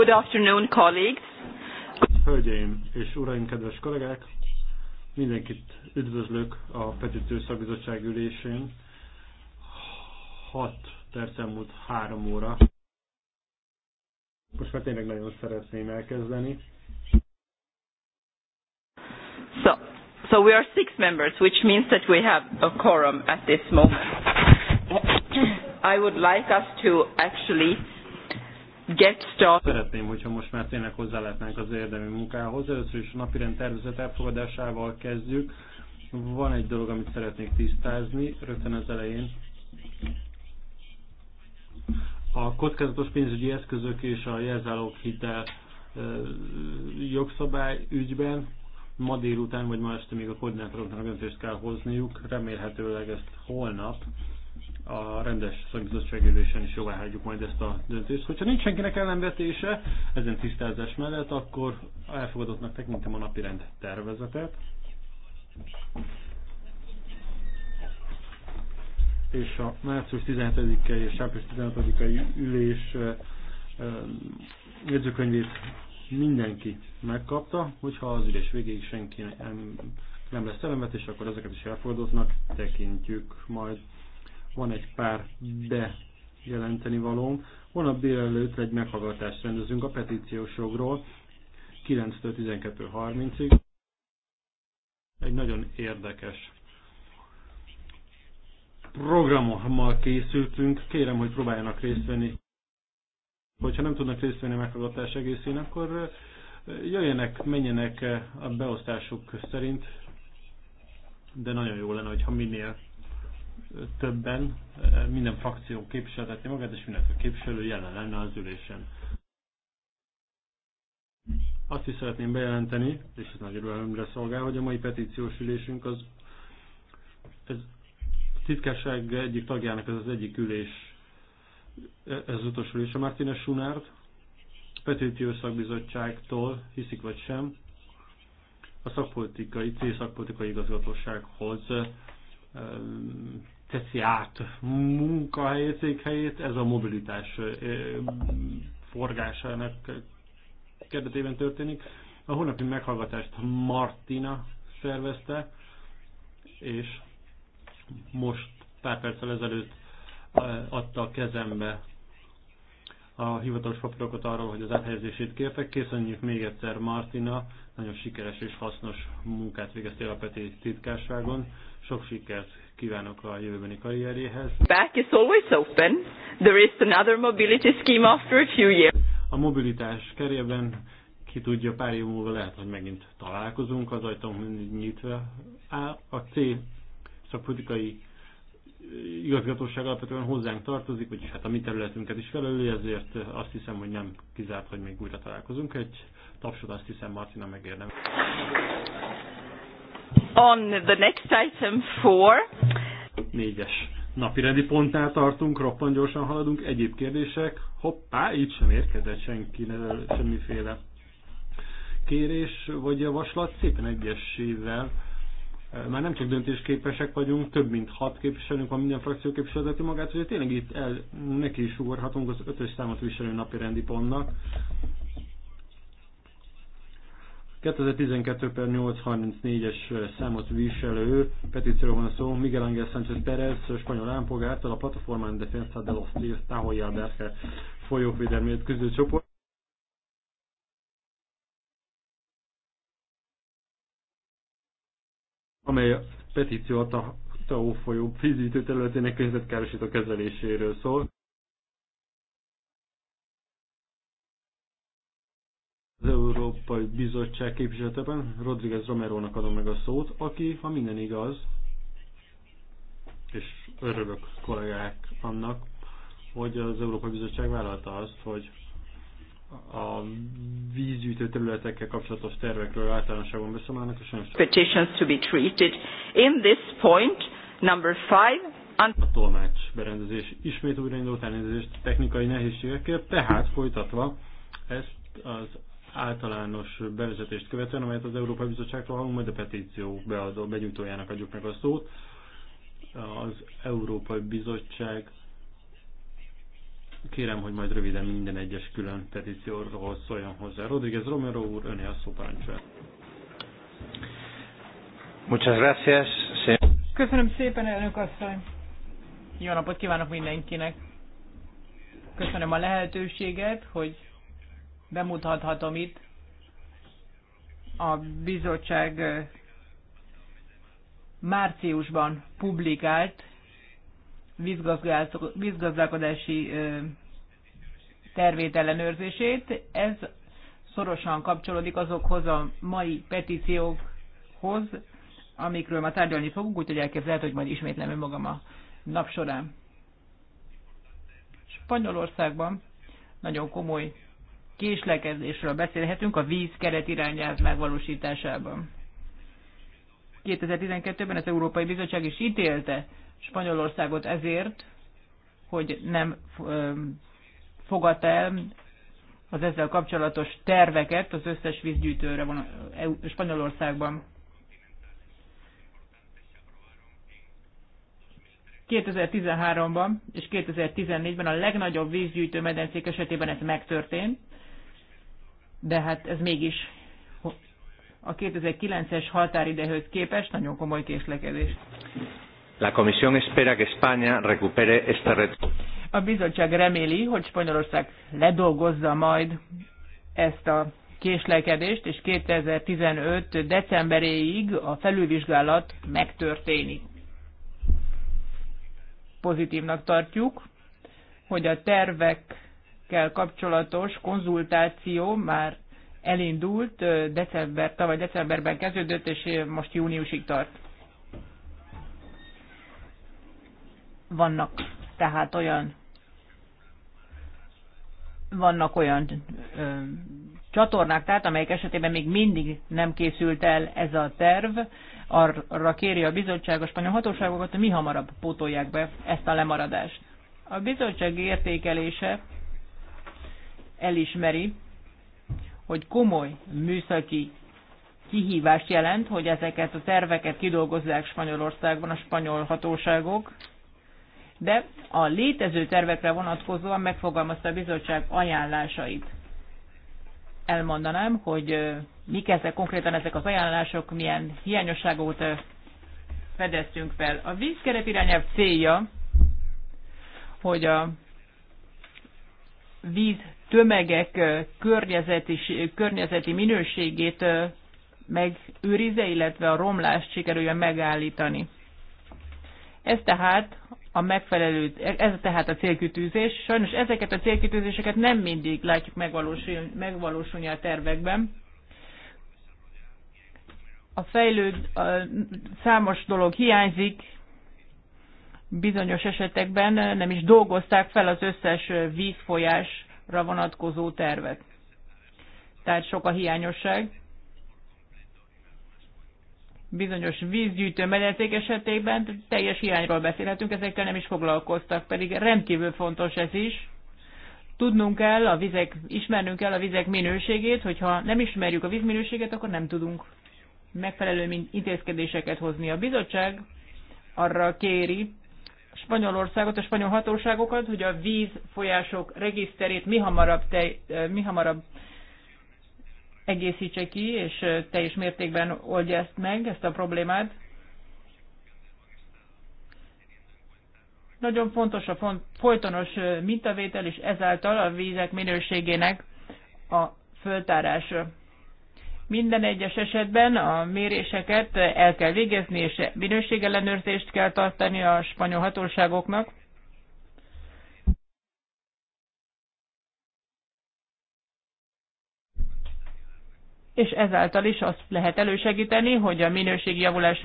Good afternoon, colleagues. Hölgyeim és uraim, kedves kollégák! Mindenkit üdvözlök a Petitő Szakbizottság ülésén. 6 percen múlt 3 óra. Most már tényleg nagyon szeretném elkezdeni. So, so we are six members, which means that we have a quorum at this moment. I would like us to actually get started. Szeretném, hogyha most már tényleg hozzá lehetnénk az érdemi munkához. Először is a napirend tervezet elfogadásával kezdjük. Van egy dolog, amit szeretnék tisztázni rögtön az elején. A kockázatos pénzügyi eszközök és a jelzálók hitel jogszabály ügyben ma délután vagy ma este még a koordinátoroknak döntést kell hozniuk, remélhetőleg ezt holnap a rendes szakbizottságülésen is jóvá hagyjuk majd ezt a döntést. Hogyha nincs senkinek ellenvetése ezen tisztázás mellett, akkor elfogadottnak tekintem a napirend tervezetet. És a március 17-e és április 16 i ülés jegyzőkönyvét mindenki megkapta, hogyha az ülés végéig senki nem, lesz ellenvetés, akkor ezeket is elfogadottnak, tekintjük majd. Van egy pár bejelenteni valóm. Holnap délelőtt egy meghallgatást rendezünk a petíciós jogról 9 12.30-ig. Egy nagyon érdekes programmal készültünk. Kérem, hogy próbáljanak részt venni. Hogyha nem tudnak részt venni a meghallgatás egészén, akkor eh, jöjjenek, menjenek eh, a beosztásuk szerint, de nagyon jó lenne, hogyha minél többen, minden frakció képviseltetni magát, és a képviselő jelen lenne az ülésen. Azt is szeretném bejelenteni, és ez nagy örömre szolgál, hogy a mai petíciós ülésünk az ez a titkárság egyik tagjának ez az egyik ülés, ez az utolsó ülés, a Martínez Sunárd, petíciós szakbizottságtól, hiszik vagy sem, a szakpolitikai, C szakpolitikai igazgatósághoz teszi át munkahelyét, ez a mobilitás forgásának keretében történik. A holnapi meghallgatást Martina szervezte, és most pár perccel ezelőtt adta a kezembe a hivatalos papírokat arról, hogy az áthelyezését kértek. Köszönjük még egyszer Martina, nagyon sikeres és hasznos munkát végeztél a Peti titkárságon. Sok sikert kívánok a jövőbeni karrieréhez. Back is always open. There is another mobility scheme after a few years. A mobilitás kerében ki tudja, pár év múlva lehet, hogy megint találkozunk, az ajtó mindig nyitva áll. A C szakpolitikai eh, igazgatóság alapvetően hozzánk tartozik, vagyis hát a mi területünket is felelő, ezért eh, azt hiszem, hogy nem kizárt, hogy még újra találkozunk. Egy tapsot azt hiszem Martina megérdem on the next item four. Négyes napirendi pontnál tartunk, roppant gyorsan haladunk. Egyéb kérdések? Hoppá, itt sem érkezett senki, semmiféle kérés vagy javaslat. Szépen egyesével eh, már nem csak döntésképesek vagyunk, több mint hat képviselőnk van, minden frakció képviselőzeti magát, hogy tényleg itt el, neki is ugorhatunk az ötös számot viselő napi rendi pontnak. 2012 per 834-es számot viselő petícióról van szó, Miguel Ángel Sánchez Pérez, spanyol állampolgártól a Plataformán Defensa de los Tíos Tahoyá Berke folyókvédelmét küzdő csoport. amely a petíció a Tahó folyó vízítő területének környezetkárosító kezeléséről szól. Az Európai Bizottság képviseletében Rodriguez nak adom meg a szót, aki, ha minden igaz, és örülök kollégák annak, hogy az Európai Bizottság vállalta azt, hogy a vízgyűjtő területekkel kapcsolatos tervekről általánosságban beszámolnak, és nem Petitions to be treated. In this point, number five, a tolmács berendezés ismét újraindult elnézést technikai nehézségekért, tehát folytatva ezt az általános bevezetést követően, amelyet az Európai Bizottságtól hallunk, majd a petíció beadó, benyújtójának adjuk meg a szót. Az Európai Bizottság kérem, hogy majd röviden minden egyes külön petícióról szóljon hozzá. Rodríguez Romero úr, öné a szó parancsol. Muchas gracias. Köszönöm szépen, elnök asszony. Jó napot kívánok mindenkinek. Köszönöm a lehetőséget, hogy bemutathatom itt a bizottság márciusban publikált vízgazdálkodási tervét ellenőrzését. Ez szorosan kapcsolódik azokhoz a mai petíciókhoz, amikről ma tárgyalni fogunk, úgyhogy elképzelhet, hogy majd ismétlem magam a nap során. Spanyolországban nagyon komoly késlekedésről beszélhetünk a víz keret irányelv megvalósításában. 2012-ben az Európai Bizottság is ítélte Spanyolországot ezért, hogy nem fogadta el az ezzel kapcsolatos terveket az összes vízgyűjtőre van Spanyolországban. 2013-ban és 2014-ben a legnagyobb vízgyűjtő medencék esetében ez megtörtént, de hát ez mégis a 2009-es határidehöz képest nagyon komoly késlekedés. La Comisión espera que España recupere este reto. A bizottság reméli, hogy Spanyolország ledolgozza majd ezt a késlekedést, és 2015. decemberéig a felülvizsgálat megtörténik. Pozitívnak tartjuk, hogy a tervek kell kapcsolatos konzultáció már elindult, december, tavaly decemberben kezdődött, és most júniusig tart. Vannak tehát olyan vannak olyan ö, csatornák, tehát amelyek esetében még mindig nem készült el ez a terv, arra kéri a bizottság a spanyol hatóságokat, hogy mi hamarabb pótolják be ezt a lemaradást. A bizottság értékelése elismeri, hogy komoly műszaki kihívást jelent, hogy ezeket a terveket kidolgozzák Spanyolországban a spanyol hatóságok, de a létező tervekre vonatkozóan megfogalmazta a bizottság ajánlásait. Elmondanám, hogy mik ezek konkrétan ezek az ajánlások, milyen hiányosságot fedeztünk fel. A vízkerep irányelv célja, hogy a víz tömegek környezeti, környezeti minőségét megőrize, illetve a romlást sikerüljön megállítani. Ez tehát a megfelelő, ez tehát a célkütőzés. Sajnos ezeket a célkütőzéseket nem mindig látjuk megvalósulni, megvalósulni a tervekben. A fejlőd, a számos dolog hiányzik, bizonyos esetekben nem is dolgozták fel az összes vízfolyás vonatkozó tervet. Tehát sok a hiányosság. Bizonyos vízgyűjtő medeték esetében teljes hiányról beszélhetünk, ezekkel nem is foglalkoztak, pedig rendkívül fontos ez is. Tudnunk kell a vizek, ismernünk kell a vizek minőségét, hogyha nem ismerjük a vízminőséget, akkor nem tudunk megfelelő intézkedéseket hozni. A bizottság arra kéri Spanyolországot, a spanyol hatóságokat, hogy a vízfolyások regiszterét mi hamarabb, te, mi hamarabb egészítse ki, és teljes mértékben oldja ezt meg, ezt a problémát. Nagyon fontos a font, folytonos mintavétel, és ezáltal a vízek minőségének a föltárása. Minden egyes esetben a méréseket el kell végezni, és minőségellenőrzést kell tartani a spanyol hatóságoknak. És ezáltal is azt lehet elősegíteni, hogy a minőségi javulás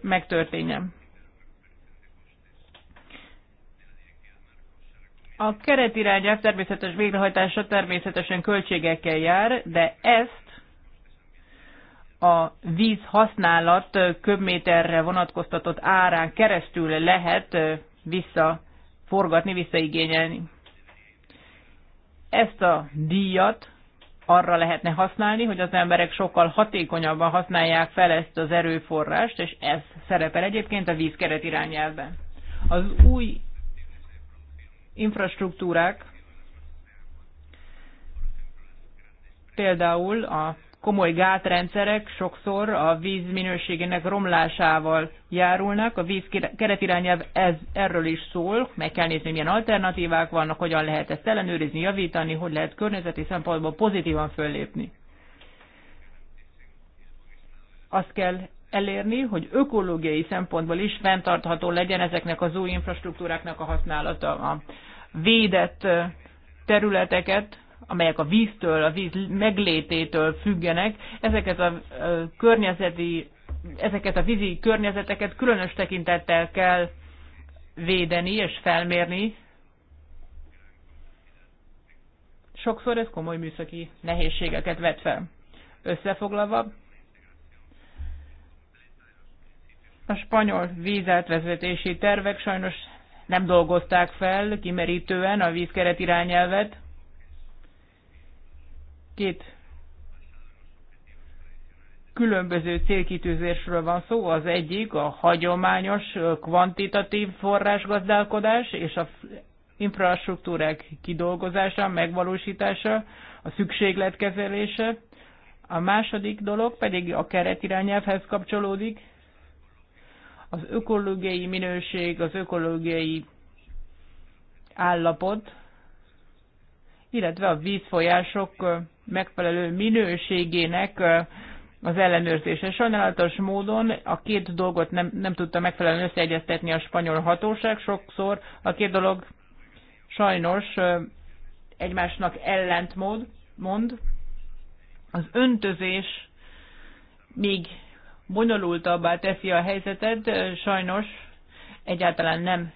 megtörténjen. A keretirányelv természetes végrehajtása természetesen költségekkel jár, de ezt a víz használat köbméterre vonatkoztatott árán keresztül lehet visszaforgatni, visszaigényelni. Ezt a díjat arra lehetne használni, hogy az emberek sokkal hatékonyabban használják fel ezt az erőforrást, és ez szerepel egyébként a vízkeret irányelben. Az új infrastruktúrák, például a komoly gátrendszerek sokszor a víz minőségének romlásával járulnak. A víz keretirányelv ez, erről is szól, meg kell nézni, milyen alternatívák vannak, hogyan lehet ezt ellenőrizni, javítani, hogy lehet környezeti szempontból pozitívan föllépni. Azt kell elérni, hogy ökológiai szempontból is fenntartható legyen ezeknek az új infrastruktúráknak a használata. A védett területeket amelyek a víztől, a víz meglététől függenek, ezeket a környezeti, ezeket a vízi környezeteket különös tekintettel kell védeni és felmérni. Sokszor ez komoly műszaki nehézségeket vet fel. Összefoglalva, a spanyol vízátvezetési tervek sajnos nem dolgozták fel kimerítően a vízkeret irányelvet, Két különböző célkitűzésről van szó. Az egyik a hagyományos kvantitatív forrásgazdálkodás és a infrastruktúrák kidolgozása, megvalósítása, a szükségletkezelése. A második dolog pedig a keretirányelvhez kapcsolódik, az ökológiai minőség, az ökológiai állapot, illetve a vízfolyások megfelelő minőségének az ellenőrzése. Sajnálatos módon a két dolgot nem, nem tudta megfelelően összeegyeztetni a spanyol hatóság, sokszor a két dolog sajnos egymásnak ellentmond, mond. Az öntözés még bonyolultabbá teszi a helyzetet, sajnos egyáltalán nem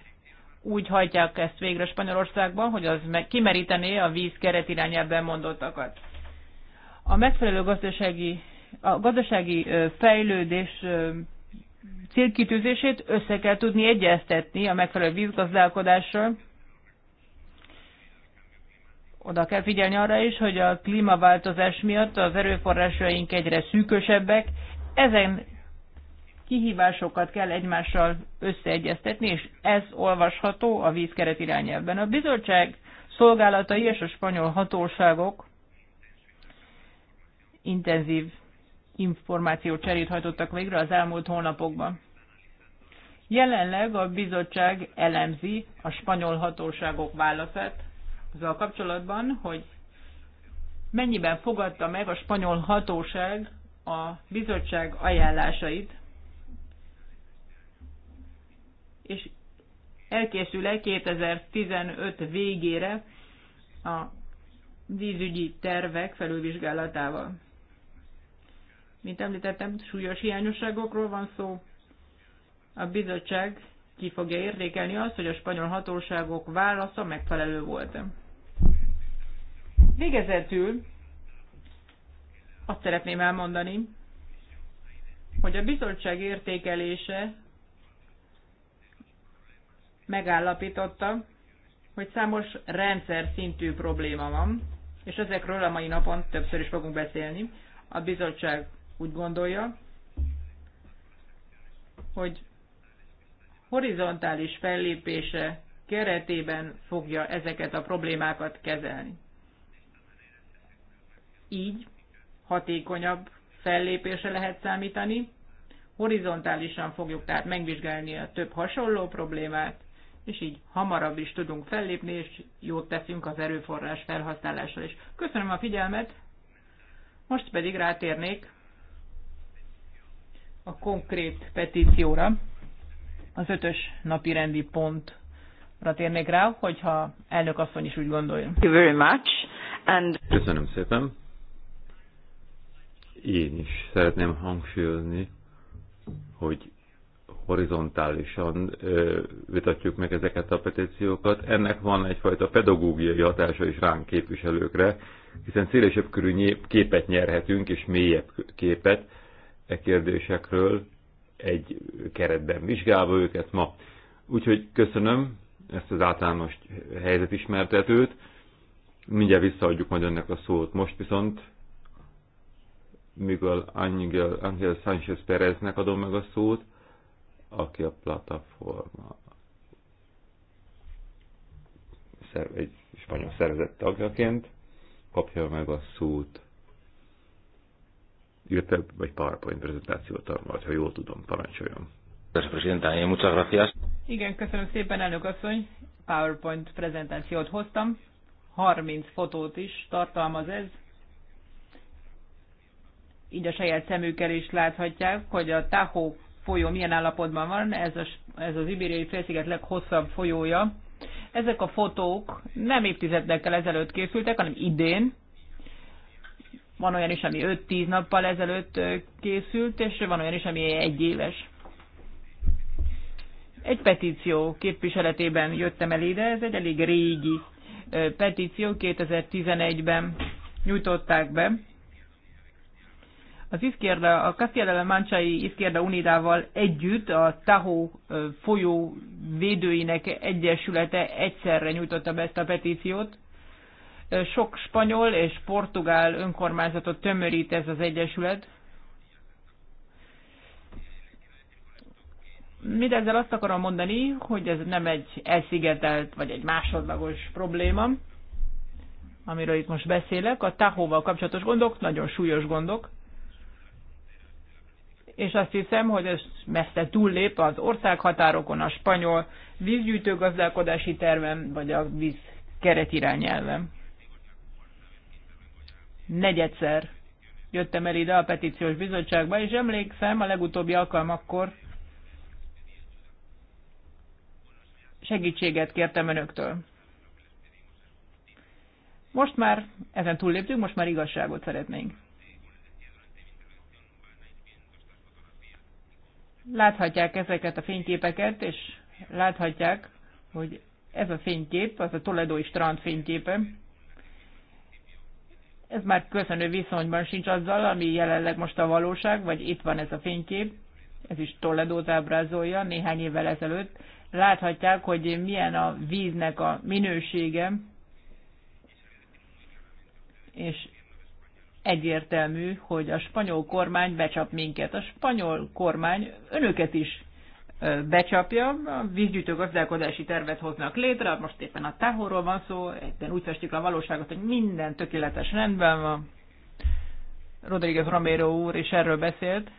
úgy hajtják ezt végre Spanyolországban, hogy az kimerítené a víz keret irányában mondottakat. A megfelelő gazdasági, a gazdasági fejlődés célkitűzését össze kell tudni egyeztetni a megfelelő vízgazdálkodással. Oda kell figyelni arra is, hogy a klímaváltozás miatt az erőforrásaink egyre szűkösebbek, ezen kihívásokat kell egymással összeegyeztetni, és ez olvasható a vízkeret irányelvben. A bizottság szolgálatai és a spanyol hatóságok intenzív cserét hajtottak végre az elmúlt hónapokban. Jelenleg a bizottság elemzi a spanyol hatóságok válaszát azzal kapcsolatban, hogy mennyiben fogadta meg a spanyol hatóság a bizottság ajánlásait és elkészül-e 2015 végére a vízügyi tervek felülvizsgálatával. Mint említettem, súlyos hiányosságokról van szó. A bizottság ki fogja értékelni azt, hogy a spanyol hatóságok válasza megfelelő volt. Végezetül azt szeretném elmondani, hogy a bizottság értékelése megállapította, hogy számos rendszer szintű probléma van, és ezekről a mai napon többször is fogunk beszélni. A bizottság úgy gondolja, hogy horizontális fellépése keretében fogja ezeket a problémákat kezelni. Így hatékonyabb fellépése lehet számítani, horizontálisan fogjuk tehát megvizsgálni a több hasonló problémát, és így hamarabb is tudunk fellépni, és jót teszünk az erőforrás felhasználással is. Köszönöm a figyelmet, most pedig rátérnék a konkrét petícióra, az ötös napi rendi pont térnék rá, hogyha elnök asszony is úgy gondolja. Thank you very much. And... Köszönöm szépen. Én is szeretném hangsúlyozni, hogy horizontálisan ö, vitatjuk meg ezeket a petíciókat. Ennek van egyfajta pedagógiai hatása is ránk képviselőkre, hiszen szélesebb körű képet nyerhetünk, és mélyebb képet e kérdésekről egy keretben vizsgálva őket ma. Úgyhogy köszönöm ezt az általános helyzetismertetőt. Mindjárt visszaadjuk majd ennek a szót. Most viszont Miguel Angel, Angel Sánchez Pereznek adom meg a szót, aki a plataforma egy spanyol szervezet tagjaként kapja meg a szót illetve vagy PowerPoint prezentációt tartalmaz, ha jól tudom, parancsoljon. Eh, Igen, köszönöm szépen, elnök asszony. PowerPoint prezentációt hoztam. 30 fotót is tartalmaz ez. Így a saját szemükkel is láthatják, hogy a Tahoe folyó milyen állapotban van, ez, a, ez az Ibériai félsziget leghosszabb folyója. Ezek a fotók nem évtizedekkel ezelőtt készültek, hanem idén. Van olyan is, ami 5-10 nappal ezelőtt készült, és van olyan is, ami egy éves. Egy petíció képviseletében jöttem el ide, ez egy elég régi petíció, 2011-ben nyújtották be az Izquierda, a Castilla de Manchai Izquierda Unidával együtt a Tahó folyó védőinek egyesülete egyszerre nyújtotta be ezt a petíciót. Sok spanyol és portugál önkormányzatot tömörít ez az egyesület. Mindezzel azt akarom mondani, hogy ez nem egy elszigetelt vagy egy másodlagos probléma, amiről itt most beszélek. A tahóval kapcsolatos gondok nagyon súlyos gondok és azt hiszem, hogy ez messze túllép az országhatárokon a spanyol vízgyűjtőgazdálkodási tervem, vagy a víz keretirányelvem. Negyedszer jöttem el ide a petíciós bizottságba, és emlékszem a legutóbbi alkalmakkor segítséget kértem önöktől. Most már ezen túlléptünk, most már igazságot szeretnénk. Láthatják ezeket a fényképeket, és láthatják, hogy ez a fénykép, az a Toledói strand fényképe, ez már köszönő viszonyban sincs azzal, ami jelenleg most a valóság, vagy itt van ez a fénykép, ez is Toledót ábrázolja néhány évvel ezelőtt. Láthatják, hogy milyen a víznek a minősége, és egyértelmű, hogy a spanyol kormány becsap minket. A spanyol kormány önöket is becsapja, a vízgyűjtő gazdálkodási tervet hoznak létre, most éppen a táhorról van szó, egyben úgy festik a valóságot, hogy minden tökéletes rendben van. Rodríguez Romero úr is erről beszélt.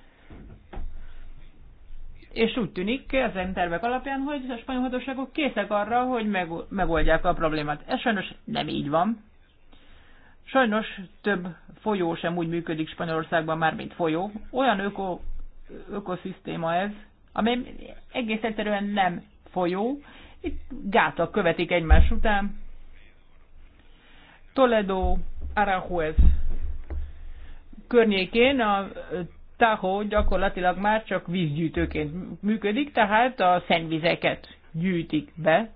És úgy tűnik ezen tervek alapján, hogy a spanyol hatóságok készek arra, hogy megoldják a problémát. Ez sajnos nem így van. Sajnos több folyó sem úgy működik Spanyolországban már, mint folyó. Olyan öko, ökoszisztéma ez, amely egész egyszerűen nem folyó. Itt gátak követik egymás után. Toledo, Arahuez környékén a Tahó gyakorlatilag már csak vízgyűjtőként működik, tehát a szennyvizeket gyűjtik be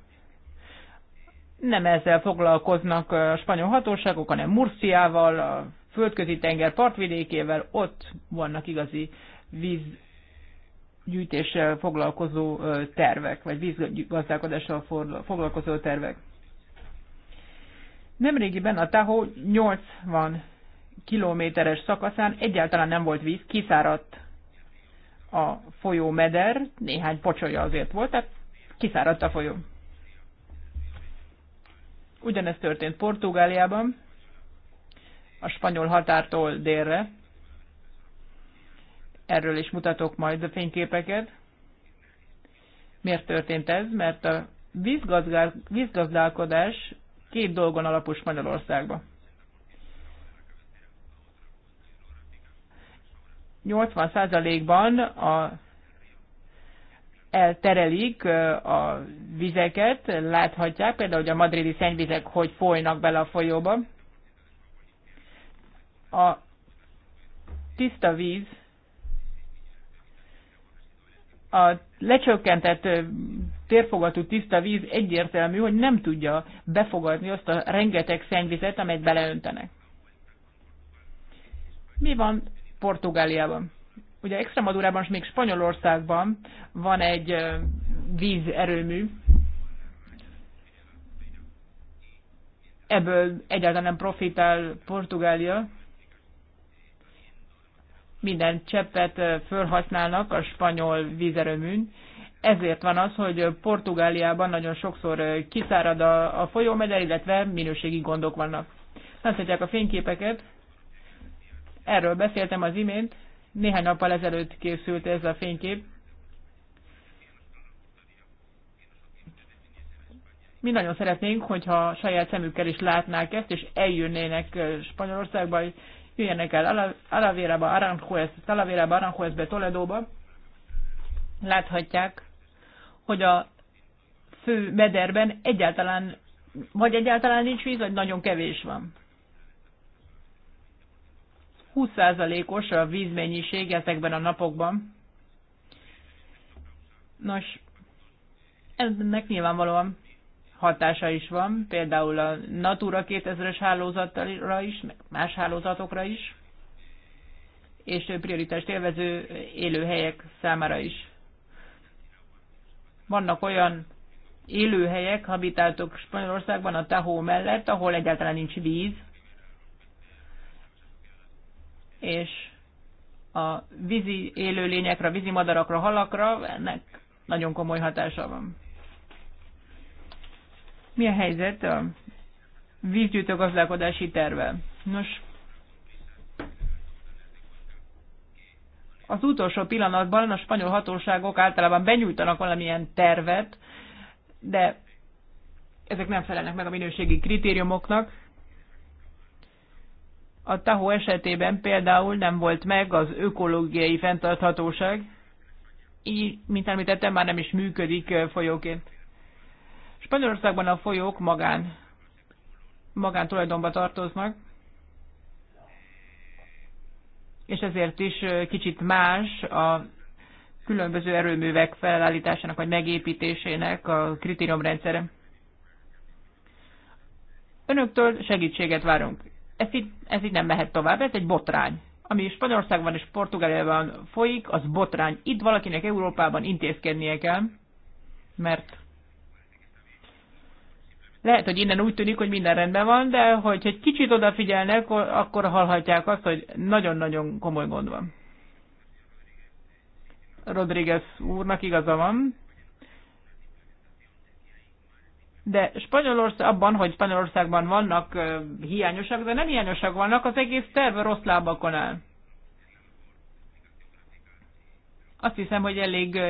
nem ezzel foglalkoznak a spanyol hatóságok, hanem Murciával, a földközi tenger partvidékével, ott vannak igazi gyűjtéssel foglalkozó tervek, vagy vízgazdálkodással foglalkozó tervek. Nemrégiben a Tahó 80 kilométeres szakaszán egyáltalán nem volt víz, kiszáradt a folyó meder, néhány pocsolya azért volt, tehát kiszáradt a folyó. Ugyanezt történt Portugáliában, a spanyol határtól délre. Erről is mutatok majd a fényképeket. Miért történt ez? Mert a vízgazdálkodás két dolgon alapos Magyarországban. 80%-ban a elterelik a vizeket, láthatják például, hogy a madridi szennyvizek hogy folynak bele a folyóba. A tiszta víz a lecsökkentett térfogatú tiszta víz egyértelmű, hogy nem tudja befogadni azt a rengeteg szennyvizet, amelyet beleöntenek. Mi van Portugáliában? Ugye Extremadurában és még Spanyolországban van egy vízerőmű, ebből egyáltalán nem profitál Portugália. Minden cseppet felhasználnak a spanyol vízerőműn. Ezért van az, hogy Portugáliában nagyon sokszor kiszárad a, a folyómeder, illetve minőségi gondok vannak. Láthatják a fényképeket. Erről beszéltem az imént. Néhány nappal ezelőtt készült ez a fénykép. Mi nagyon szeretnénk, hogyha saját szemükkel is látnák ezt, és eljönnének eh, Spanyolországba, jöjjenek el Alavérába, Aranjuez, Alavérába, Aranjuezbe, Toledóba. Láthatják, hogy a fő mederben egyáltalán, vagy egyáltalán nincs víz, vagy nagyon kevés van. 20%-os a vízmennyiség ezekben a napokban. Nos, ennek nyilvánvalóan hatása is van, például a Natura 2000-es hálózatra is, meg más hálózatokra is, és prioritást élvező élőhelyek számára is. Vannak olyan élőhelyek, habitátok Spanyolországban a Tahó mellett, ahol egyáltalán nincs víz, és a vízi élőlényekre, vízi madarakra, halakra ennek nagyon komoly hatása van. Mi a helyzet a vízgyűjtő gazdálkodási terve? Nos, az utolsó pillanatban a spanyol hatóságok általában benyújtanak valamilyen tervet, de ezek nem felelnek meg a minőségi kritériumoknak. A tahó esetében például nem volt meg az ökológiai fenntarthatóság, így, mint említettem, már nem is működik folyóként. Spanyolországban a folyók magán, magán tulajdonba tartoznak, és ezért is kicsit más a különböző erőművek felállításának vagy megépítésének a kritériumrendszere. Önöktől segítséget várunk ez így, ez így nem mehet tovább, ez egy botrány. Ami Spanyolországban és Portugáliában folyik, az botrány. Itt valakinek Európában intézkednie kell, mert lehet, hogy innen úgy tűnik, hogy minden rendben van, de hogyha egy kicsit odafigyelnek, akkor hallhatják azt, hogy nagyon-nagyon komoly gond van. Rodriguez úrnak igaza van, de Spanyolország, abban, hogy Spanyolországban vannak hiányosak, de nem hiányosak vannak, az egész terve rossz lábakon áll. Azt hiszem, hogy elég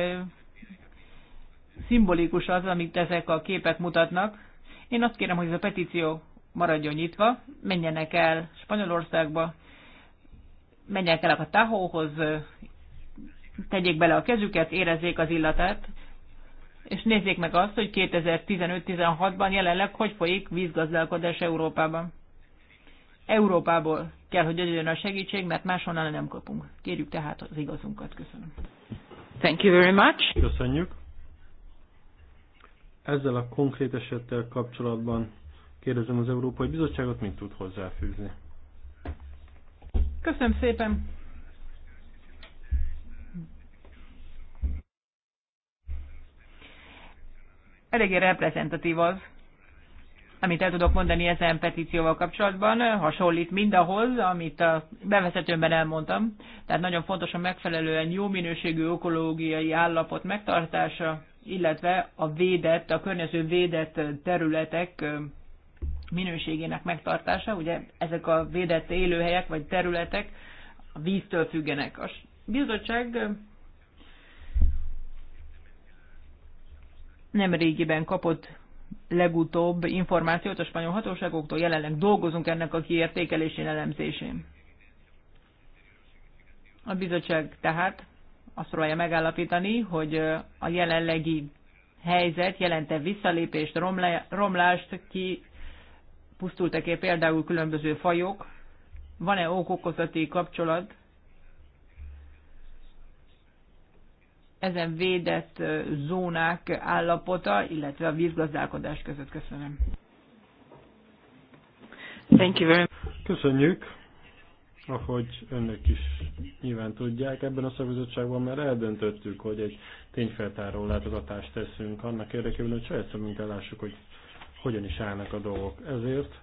szimbolikus az, amit ezek a képek mutatnak. Én azt kérem, hogy ez a petíció maradjon nyitva, menjenek el Spanyolországba, menjenek el a tahóhoz, tegyék bele a kezüket, érezzék az illatát és nézzék meg azt, hogy 2015-16-ban jelenleg hogy folyik vízgazdálkodás Európában. Európából kell, hogy jöjjön a segítség, mert máshonnan nem kapunk. Kérjük tehát az igazunkat. Köszönöm. Thank you very much. Köszönjük. Ezzel a konkrét esettel kapcsolatban kérdezem az Európai Bizottságot, mit tud hozzáfűzni. Köszönöm szépen. eléggé reprezentatív az, amit el tudok mondani ezen petícióval kapcsolatban, hasonlít mindahhoz, amit a bevezetőmben elmondtam. Tehát nagyon fontos a megfelelően jó minőségű ökológiai állapot megtartása, illetve a védett, a környező védett területek minőségének megtartása. Ugye ezek a védett élőhelyek vagy területek a víztől függenek. A bizottság nem régiben kapott legutóbb információt a spanyol hatóságoktól, jelenleg dolgozunk ennek a kiértékelésén, elemzésén. A bizottság tehát azt próbálja megállapítani, hogy a jelenlegi helyzet jelente visszalépést, romlást, ki pusztultak-e például különböző fajok, van-e okokozati kapcsolat ezen védett zónák állapota, illetve a vízgazdálkodás között. Köszönöm. Thank you very much. Köszönjük, ahogy önök is nyilván tudják, ebben a szakbizottságban mert eldöntöttük, hogy egy tényfeltáró látogatást teszünk annak érdekében, hogy saját szemünkkel lássuk, hogy hogyan is állnak a dolgok. Ezért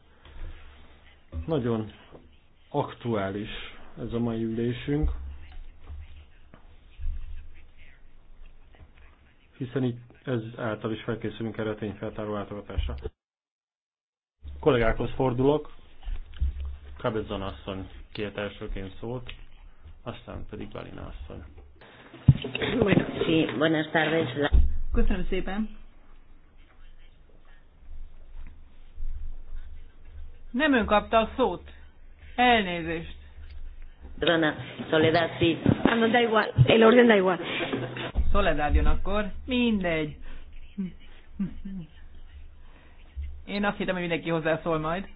nagyon aktuális ez a mai ülésünk, hiszen így által is felkészülünk erre a tényfeltáró látogatásra. Kollégákhoz fordulok. Cabezon asszony két elsőként szólt, aztán pedig Balina asszony. buenas tardes. Köszönöm szépen. Nem ön kapta a szót. Elnézést. Perdona, Soledad, sí. Ah, no da igual, el orden da igual. Szoledád jön akkor. Mindegy. Én azt hittem, hogy mindenki hozzászól majd.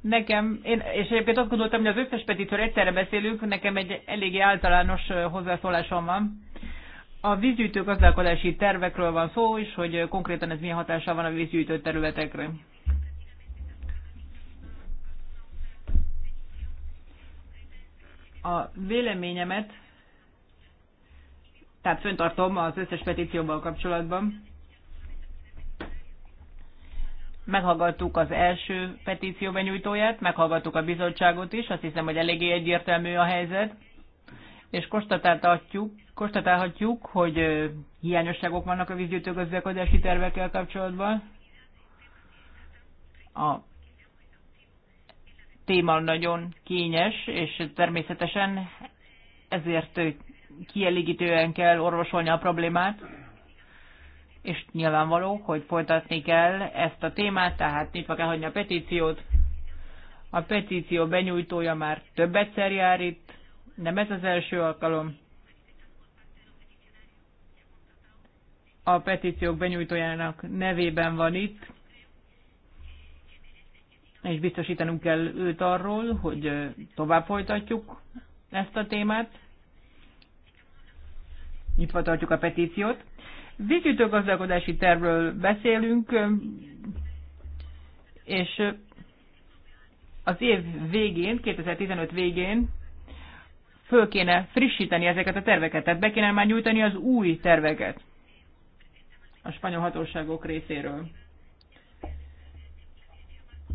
Nekem, én, és egyébként azt gondoltam, hogy az összes petitől egyszerre beszélünk, nekem egy eléggé általános hozzászólásom van. A vízgyűjtő gazdálkodási tervekről van szó, és hogy konkrétan ez milyen hatással van a vízgyűjtő területekre. A véleményemet tehát föntartom az összes petícióval kapcsolatban. Meghallgattuk az első petíció benyújtóját, meghallgattuk a bizottságot is, azt hiszem, hogy eléggé egyértelmű a helyzet, és konstatálhatjuk, konstatálhatjuk hogy hiányosságok vannak a vízgyűjtőgazdálkodási tervekkel kapcsolatban. A téma nagyon kényes, és természetesen ezért kielégítően kell orvosolni a problémát, és nyilvánvaló, hogy folytatni kell ezt a témát, tehát nyitva kell hagyni a petíciót. A petíció benyújtója már több egyszer jár itt, nem ez az első alkalom. A petíciók benyújtójának nevében van itt, és biztosítanunk kell őt arról, hogy tovább folytatjuk ezt a témát nyitva tartjuk a petíciót. Vízgyűjtőgazdálkodási tervről beszélünk, és az év végén, 2015 végén föl kéne frissíteni ezeket a terveket, tehát be kéne már nyújtani az új terveket a spanyol hatóságok részéről.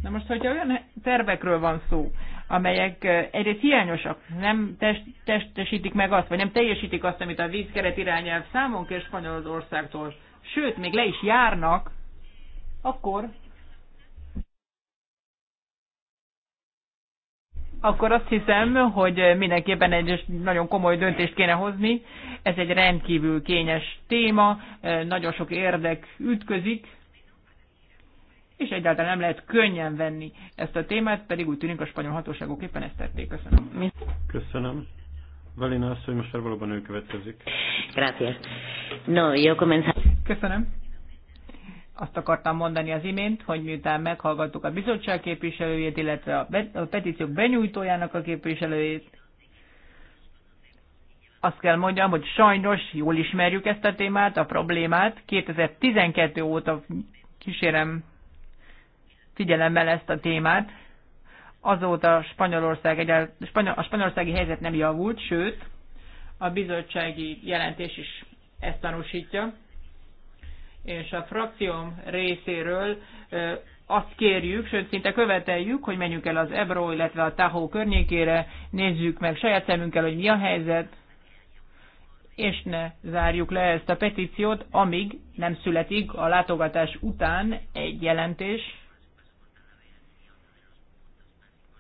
Na most, hogyha olyan tervekről van szó, amelyek egyrészt hiányosak, nem test, testesítik meg azt, vagy nem teljesítik azt, amit a vízkeret irányelv számon kér Spanyolországtól, sőt, még le is járnak, akkor akkor azt hiszem, hogy mindenképpen egy nagyon komoly döntést kéne hozni. Ez egy rendkívül kényes téma, nagyon sok érdek ütközik, és egyáltalán nem lehet könnyen venni ezt a témát, pedig úgy tűnik a spanyol hatóságok éppen ezt tették. Köszönöm. Köszönöm. Valina azt, hogy most már valóban ő következik. Gracias. No, yo comenzar. Köszönöm. Azt akartam mondani az imént, hogy miután meghallgattuk a bizottság képviselőjét, illetve a, be, a petíciók benyújtójának a képviselőjét, azt kell mondjam, hogy sajnos jól ismerjük ezt a témát, a problémát. 2012 óta kísérem figyelemmel ezt a témát. Azóta Spanyolország, egy Spanyol, a spanyolországi helyzet nem javult, sőt, a bizottsági jelentés is ezt tanúsítja. És a frakcióm részéről azt kérjük, sőt szinte követeljük, hogy menjünk el az Ebro, illetve a Tahó környékére, nézzük meg saját szemünkkel, hogy mi a helyzet, és ne zárjuk le ezt a petíciót, amíg nem születik a látogatás után egy jelentés,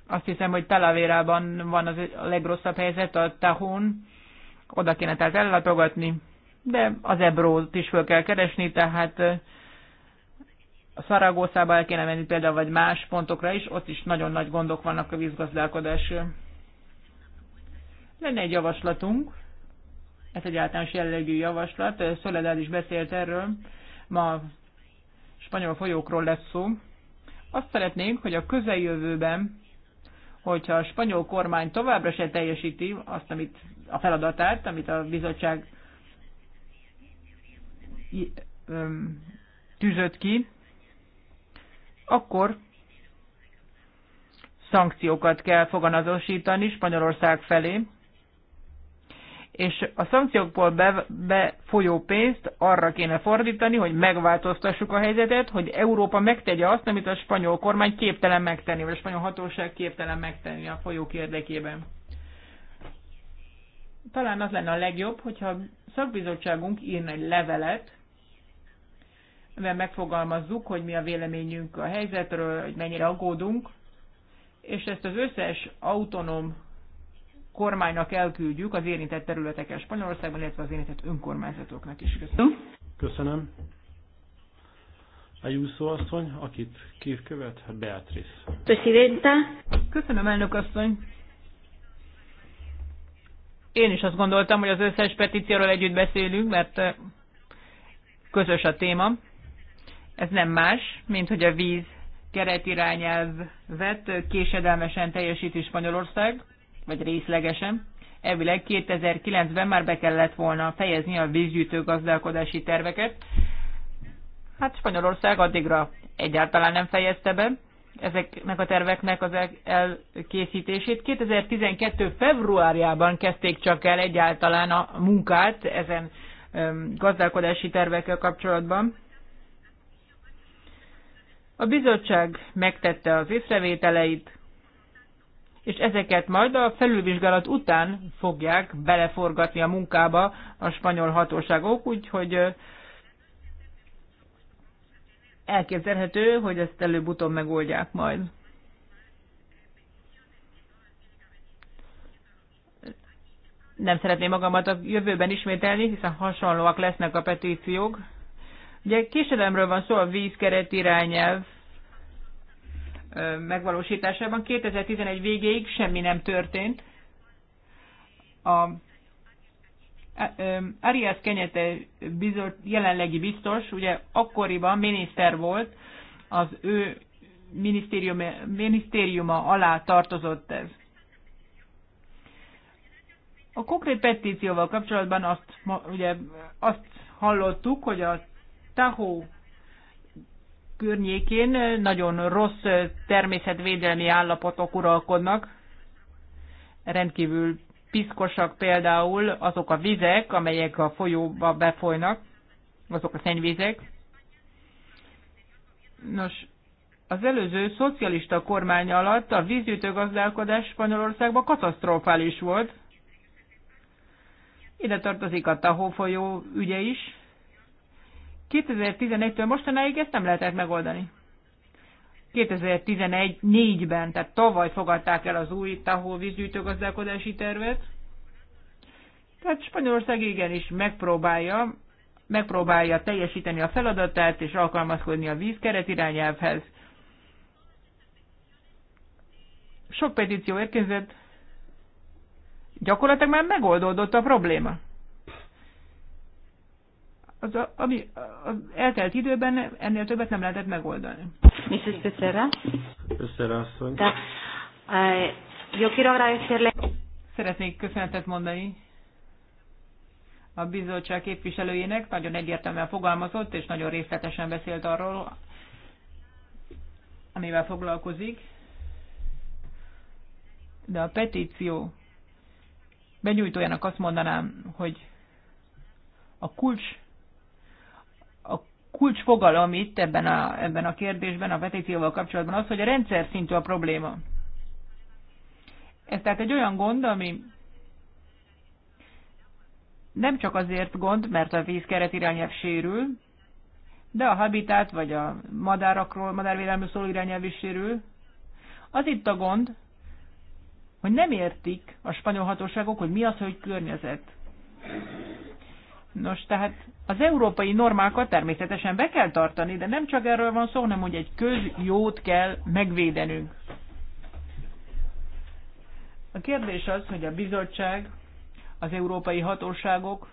azt hiszem, hogy Talavérában van az a legrosszabb helyzet, a Tahun. Oda kéne tehát ellátogatni, de az Ebrót is föl kell keresni, tehát a Szaragószába el kéne menni például, vagy más pontokra is, ott is nagyon nagy gondok vannak a vízgazdálkodás. Lenne egy javaslatunk, ez egy általános jellegű javaslat, Szöledel is beszélt erről, ma spanyol folyókról lesz szó. Azt szeretnénk, hogy a közeljövőben hogyha a spanyol kormány továbbra se teljesíti azt, amit a feladatát, amit a bizottság tűzött ki, akkor szankciókat kell foganatosítani Spanyolország felé, és a szankciókból be, befolyó pénzt arra kéne fordítani, hogy megváltoztassuk a helyzetet, hogy Európa megtegye azt, amit a spanyol kormány képtelen megtenni, vagy a spanyol hatóság képtelen megtenni a folyók érdekében. Talán az lenne a legjobb, hogyha a szakbizottságunk írna egy levelet, amiben megfogalmazzuk, hogy mi a véleményünk a helyzetről, hogy mennyire aggódunk, és ezt az összes autonóm kormánynak elküldjük az érintett területeken Spanyolországban, illetve az érintett önkormányzatoknak is. Köszönöm. Köszönöm. Ayuso asszony, akit kív követ, Beatrice. Presidenta. Köszönöm, elnök asszony. Én is azt gondoltam, hogy az összes petícióról együtt beszélünk, mert eh, közös a téma. Ez nem más, mint hogy a víz keretirányelvet eh, késedelmesen teljesíti Spanyolország vagy részlegesen. Elvileg 2009-ben már be kellett volna fejezni a vízgyűjtő gazdálkodási terveket. Hát Spanyolország addigra egyáltalán nem fejezte be ezeknek a terveknek az elkészítését. 2012. februárjában kezdték csak el egyáltalán a munkát ezen gazdálkodási tervekkel kapcsolatban. A bizottság megtette az észrevételeit, és ezeket majd a felülvizsgálat után fogják beleforgatni a munkába a spanyol hatóságok, úgyhogy elképzelhető, hogy ezt előbb-utóbb megoldják majd. Nem szeretném magamat a jövőben ismételni, hiszen hasonlóak lesznek a petíciók. Ugye késedelemről van szó a vízkeret irányelv megvalósításában 2011 végéig semmi nem történt. A Arias Kenyete bizot, jelenlegi biztos, ugye akkoriban miniszter volt, az ő minisztérium, minisztériuma alá tartozott ez. A konkrét petícióval kapcsolatban azt, ugye, azt hallottuk, hogy a Tahoe környékén nagyon rossz természetvédelmi állapotok uralkodnak. Rendkívül piszkosak például azok a vizek, amelyek a folyóba befolynak, azok a szennyvizek. Nos, az előző szocialista kormány alatt a vízgyűjtőgazdálkodás Spanyolországban katasztrofális volt. Ide tartozik a Tahó folyó ügye is. 2011-től mostanáig ezt nem lehetett megoldani. 2014-ben, tehát tavaly fogadták el az új Tahó vízgyűjtőgazdálkodási tervet. Tehát Spanyolország igenis megpróbálja, megpróbálja teljesíteni a feladatát és alkalmazkodni a vízkeret irányelvhez. Sok petíció érkezett, gyakorlatilag már megoldódott a probléma az, a, ami az eltelt időben ennél többet nem lehetett megoldani. Mrs. Pecerra. Pecerra asszony. De, yo quiero agradecerle. Szeretnék köszönetet mondani a bizottság képviselőjének, nagyon egyértelműen fogalmazott, és nagyon részletesen beszélt arról, amivel foglalkozik. De a petíció benyújtójának azt mondanám, hogy a kulcs kulcsfogalom itt ebben a, ebben a kérdésben, a petícióval kapcsolatban az, hogy a rendszer szintű a probléma. Ez tehát egy olyan gond, ami nem csak azért gond, mert a víz irányelv sérül, de a habitát vagy a madárakról, madárvédelmű szóló irányelv is sérül. Az itt a gond, hogy nem értik a spanyol hatóságok, hogy mi az, hogy környezet. Nos, tehát az európai normákat természetesen be kell tartani, de nem csak erről van szó, hanem hogy egy közjót kell megvédenünk. A kérdés az, hogy a bizottság, az európai hatóságok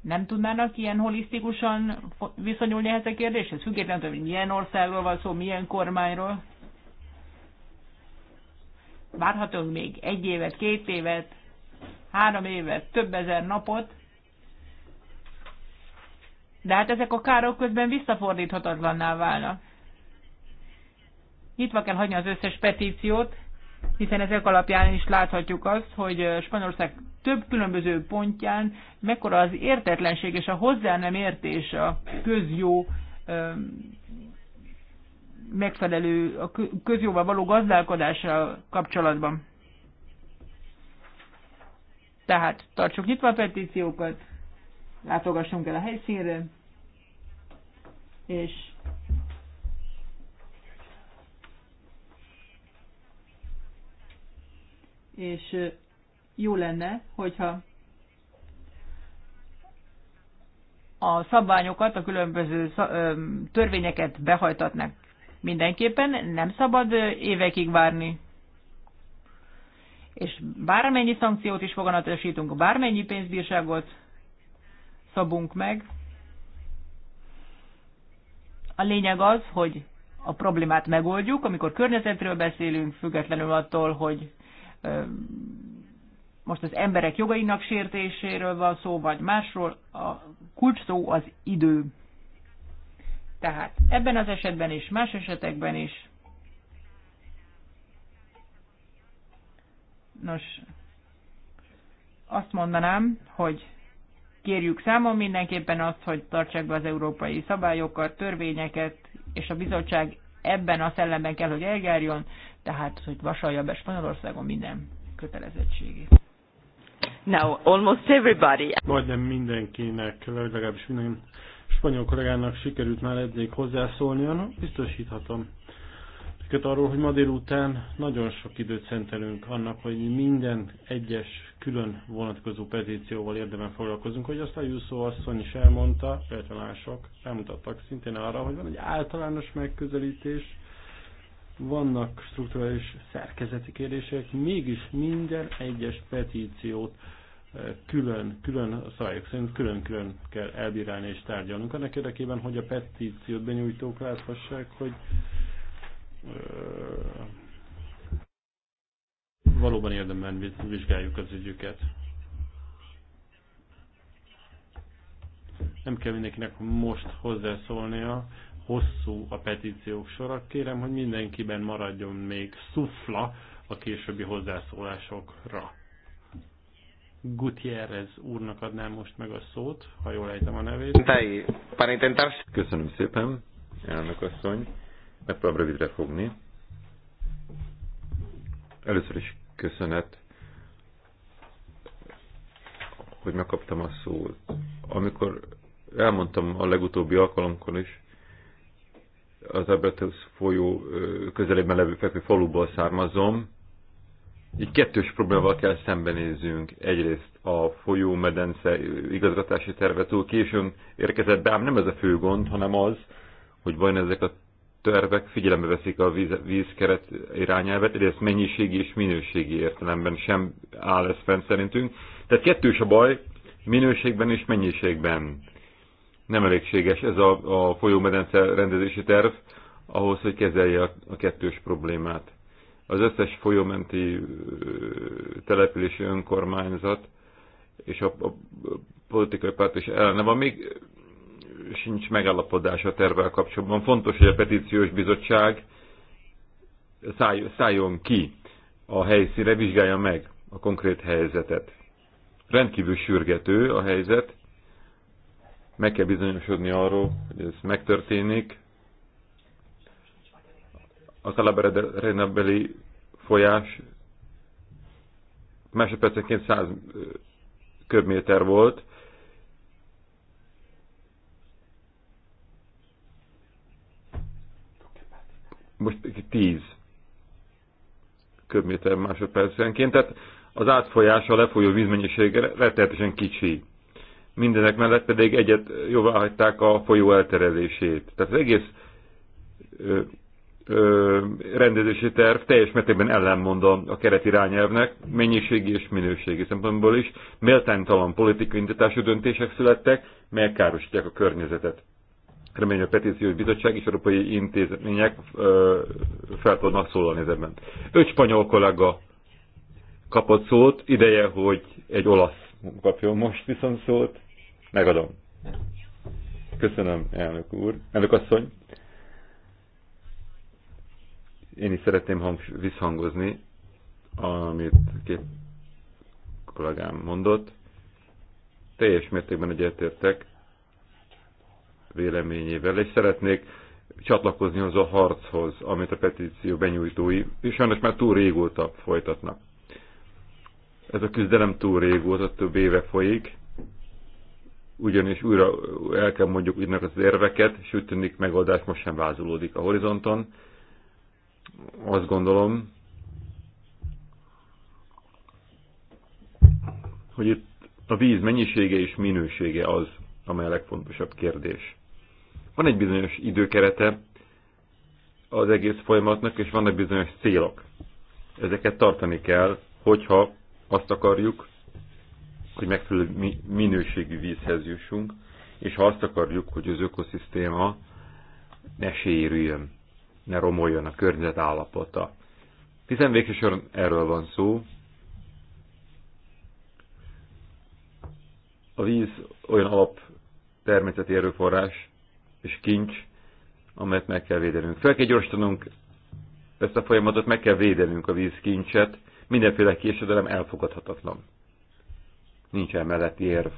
nem tudnának ilyen holisztikusan viszonyulni ehhez a kérdéshez, függetlenül, hogy milyen országról van szó, milyen kormányról. Várhatunk még egy évet, két évet, három évet, több ezer napot, de hát ezek a károk közben visszafordíthatatlanná válnak. Nyitva kell hagyni az összes petíciót, hiszen ezek alapján is láthatjuk azt, hogy Spanyolország több különböző pontján mekkora az értetlenség és a hozzá nem értés a közjó megfelelő, a közjóval való gazdálkodással kapcsolatban. Tehát tartsuk nyitva a petíciókat, látogassunk el a helyszínre, és és jó lenne, hogyha a szabványokat, a különböző törvényeket behajtatnak mindenképpen, nem szabad évekig várni. És bármennyi szankciót is foganatosítunk, bármennyi pénzbírságot szabunk meg, a lényeg az, hogy a problémát megoldjuk, amikor környezetről beszélünk, függetlenül attól, hogy most az emberek jogainak sértéséről van szó, vagy másról, a kulcs szó az idő. Tehát ebben az esetben is, más esetekben is. Nos, azt mondanám, hogy kérjük számon mindenképpen azt, hogy tartsák be az európai szabályokat, törvényeket, és a bizottság ebben a szellemben kell, hogy eljárjon, tehát, hogy vasalja be Spanyolországon minden kötelezettségét. Now, almost everybody. Majdnem mindenkinek, legalábbis minden spanyol kollégának sikerült már eddig hozzászólnia, biztosíthatom cikket arról, hogy ma délután nagyon sok időt szentelünk annak, hogy minden egyes külön vonatkozó petícióval érdemben foglalkozunk, hogy azt a Jusszó asszony is elmondta, illetve mások elmutattak szintén arra, hogy van egy általános megközelítés, vannak strukturális szerkezeti kérdések, mégis minden egyes petíciót eh, külön, külön a szabályok szerint külön-külön kell elbírálni és tárgyalnunk. Annak érdekében, hogy a petíciót benyújtók láthassák, hogy valóban érdemben vizsgáljuk az ügyüket. Nem kell mindenkinek most hozzászólnia, hosszú a petíciók sora. Kérem, hogy mindenkiben maradjon még szufla a későbbi hozzászólásokra. Gutierrez úrnak adnám most meg a szót, ha jól ejtem a nevét. Köszönöm szépen, elnök asszony. Megpróbálom rövidre fogni. Először is köszönet, hogy megkaptam a szót. Amikor elmondtam a legutóbbi alkalomkor is, az Ebretus folyó közelében levő fekvő faluból származom. Így kettős problémával kell szembenézzünk. Egyrészt a folyó medence igazgatási terve túl későn érkezett be, ám nem ez a fő gond, hanem az, hogy vajon ezek a tervek figyelembe veszik a víz, vízkeret irányelvet, ez mennyiségi és minőségi értelemben sem áll ez fent szerintünk. Tehát kettős a baj, minőségben és mennyiségben. Nem elégséges ez a, a folyómedence rendezési terv ahhoz, hogy kezelje a, a kettős problémát. Az összes folyómenti települési önkormányzat és a, a politikai párt is ellene van. Még sincs megállapodás a tervvel kapcsolatban. Fontos, hogy a petíciós bizottság száll, szálljon ki a helyszíre, vizsgálja meg a konkrét helyzetet. Rendkívül sürgető a helyzet, meg kell bizonyosodni arról, hogy ez megtörténik. A Calabreda-Renabeli folyás másodpercenként 100 köbméter volt, most 10 köbméter másodpercenként, tehát az átfolyás a lefolyó vízmennyisége rettenetesen kicsi. Mindenek mellett pedig egyet jóvá hagyták a folyó elterelését. Tehát az egész ö, ö, rendezési terv teljes mértékben ellenmond a irányelvnek, mennyiségi és minőségi szempontból is. Méltánytalan politikai indítású döntések születtek, melyek károsítják a környezetet. Remélem, hogy a petíciós bizottság és európai intézmények fel tudnak szólalni ezekben. Öt spanyol kollega kapott szót, ideje, hogy egy olasz kapjon most viszont szót. Megadom. Köszönöm, elnök úr. Elnök asszony. Én is szeretném hang, visszhangozni, amit két kollégám mondott. Teljes mértékben egyetértek véleményével, és szeretnék csatlakozni az a harchoz, amit a petíció benyújtói, és sajnos már túl régóta folytatnak. Ez a küzdelem túl régóta, több éve folyik, ugyanis újra el kell mondjuk ügynek az érveket, és úgy tűnik megoldás most sem vázolódik a horizonton. Azt gondolom, hogy itt a víz mennyisége és minősége az, amely a legfontosabb kérdés. Van egy bizonyos időkerete az egész folyamatnak, és vannak bizonyos célok. Ezeket tartani kell, hogyha azt akarjuk, hogy megfelelő minőségű vízhez jussunk, és ha azt akarjuk, hogy az ökoszisztéma ne sérüljön, ne romoljon a környezet állapota. Hiszen végsősorban erről van szó. A víz olyan alap természeti erőforrás, és kincs, amelyet meg kell védenünk. Fel kell gyorsítanunk ezt a folyamatot, meg kell védenünk a vízkincset, mindenféle késedelem elfogadhatatlan. Nincs emellett érv.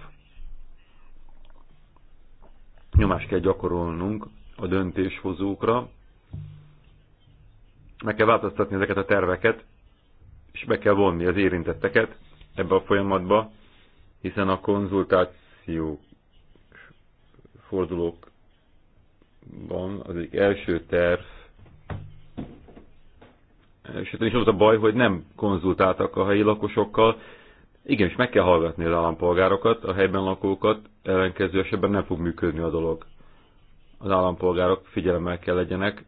Nyomást kell gyakorolnunk a döntéshozókra, meg kell változtatni ezeket a terveket, és be kell vonni az érintetteket ebbe a folyamatba, hiszen a konzultáció fordulók van, az egy első terv, és itt is volt a baj, hogy nem konzultáltak a helyi lakosokkal. Igen, és meg kell hallgatni az állampolgárokat, a helyben lakókat, ellenkező esetben nem fog működni a dolog. Az állampolgárok figyelemmel kell legyenek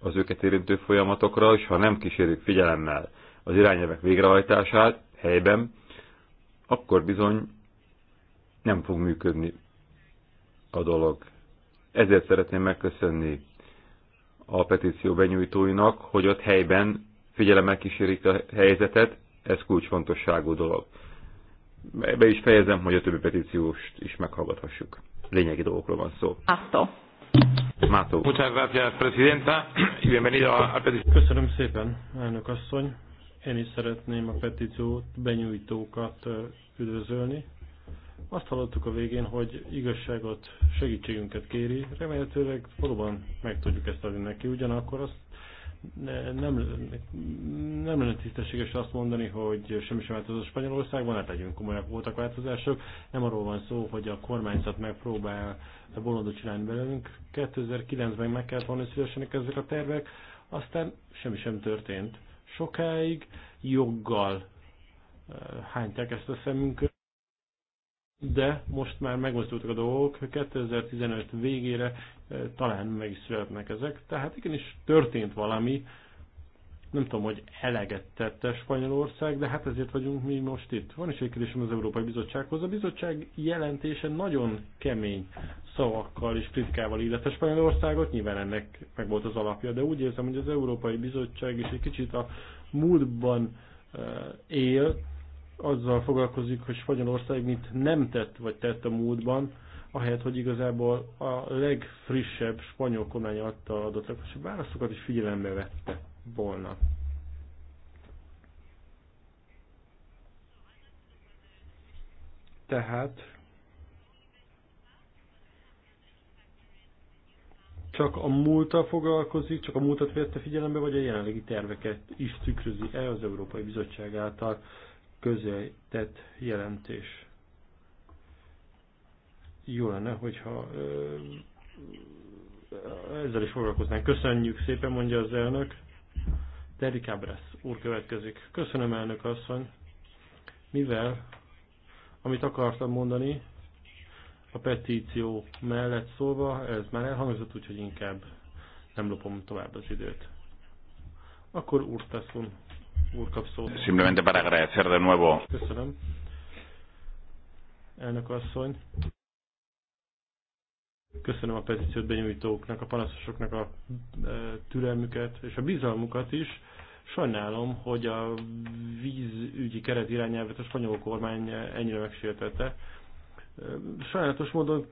az őket érintő folyamatokra, és ha nem kísérjük figyelemmel az irányelvek végrehajtását helyben, akkor bizony nem fog működni a dolog. Ezért szeretném megköszönni a petíció benyújtóinak, hogy ott helyben figyelemmel kísérik a helyzetet, ez kulcsfontosságú dolog. Be is fejezem, hogy a többi petíciót is meghallgathassuk. Lényegi dolgokról van szó. Mátó. Mátó. Köszönöm szépen, elnök asszony. Én is szeretném a petíciót, benyújtókat üdvözölni. Azt hallottuk a végén, hogy igazságot, segítségünket kéri, remélhetőleg valóban meg tudjuk ezt adni neki, ugyanakkor azt nem, nem lenne tisztességes azt mondani, hogy semmi sem változott Spanyolországban, hát legyünk komolyak, voltak változások. Nem arról van szó, hogy a kormányzat megpróbál bolondot csinálni belőlünk. 2009-ben meg kellett volna szülesenek ezek a tervek, aztán semmi sem történt. Sokáig joggal eh, hányták ezt a szemünket de most már megmozdultak a dolgok, 2015 végére eh, talán meg is születnek ezek, tehát igenis történt valami, nem tudom, hogy eleget tette Spanyolország, de hát ezért vagyunk mi most itt. Van is egy kérdésem az Európai Bizottsághoz. A bizottság jelentése nagyon kemény szavakkal és kritikával illette Spanyolországot, nyilván ennek meg volt az alapja, de úgy érzem, hogy az Európai Bizottság is egy kicsit a múltban eh, él, azzal foglalkozik, hogy Spanyolország mit nem tett, vagy tett a múltban, ahelyett, hogy igazából a legfrissebb spanyol kormány adta adott a válaszokat is figyelembe vette volna. Tehát csak a múlttal foglalkozik, csak a múltat vette figyelembe, vagy a jelenlegi terveket is tükrözi el az Európai Bizottság által közé tett jelentés. Jó lenne, hogyha ezzel is foglalkoznánk. Köszönjük szépen, mondja az elnök. Terry Cabrász úr következik. Köszönöm, elnök asszony. Mivel, amit akartam mondani, a petíció mellett szólva, ez már elhangzott, úgyhogy inkább nem lopom tovább az időt. Akkor úr teszünk. Simplemente para agradecer de nuevo. Köszönöm. Köszönöm a petíciót benyújtóknak, a panaszosoknak a e, türelmüket és a bizalmukat is. Sajnálom, hogy a vízügyi keret irányelvet a spanyol kormány ennyire megsértette. E, sajnálatos módon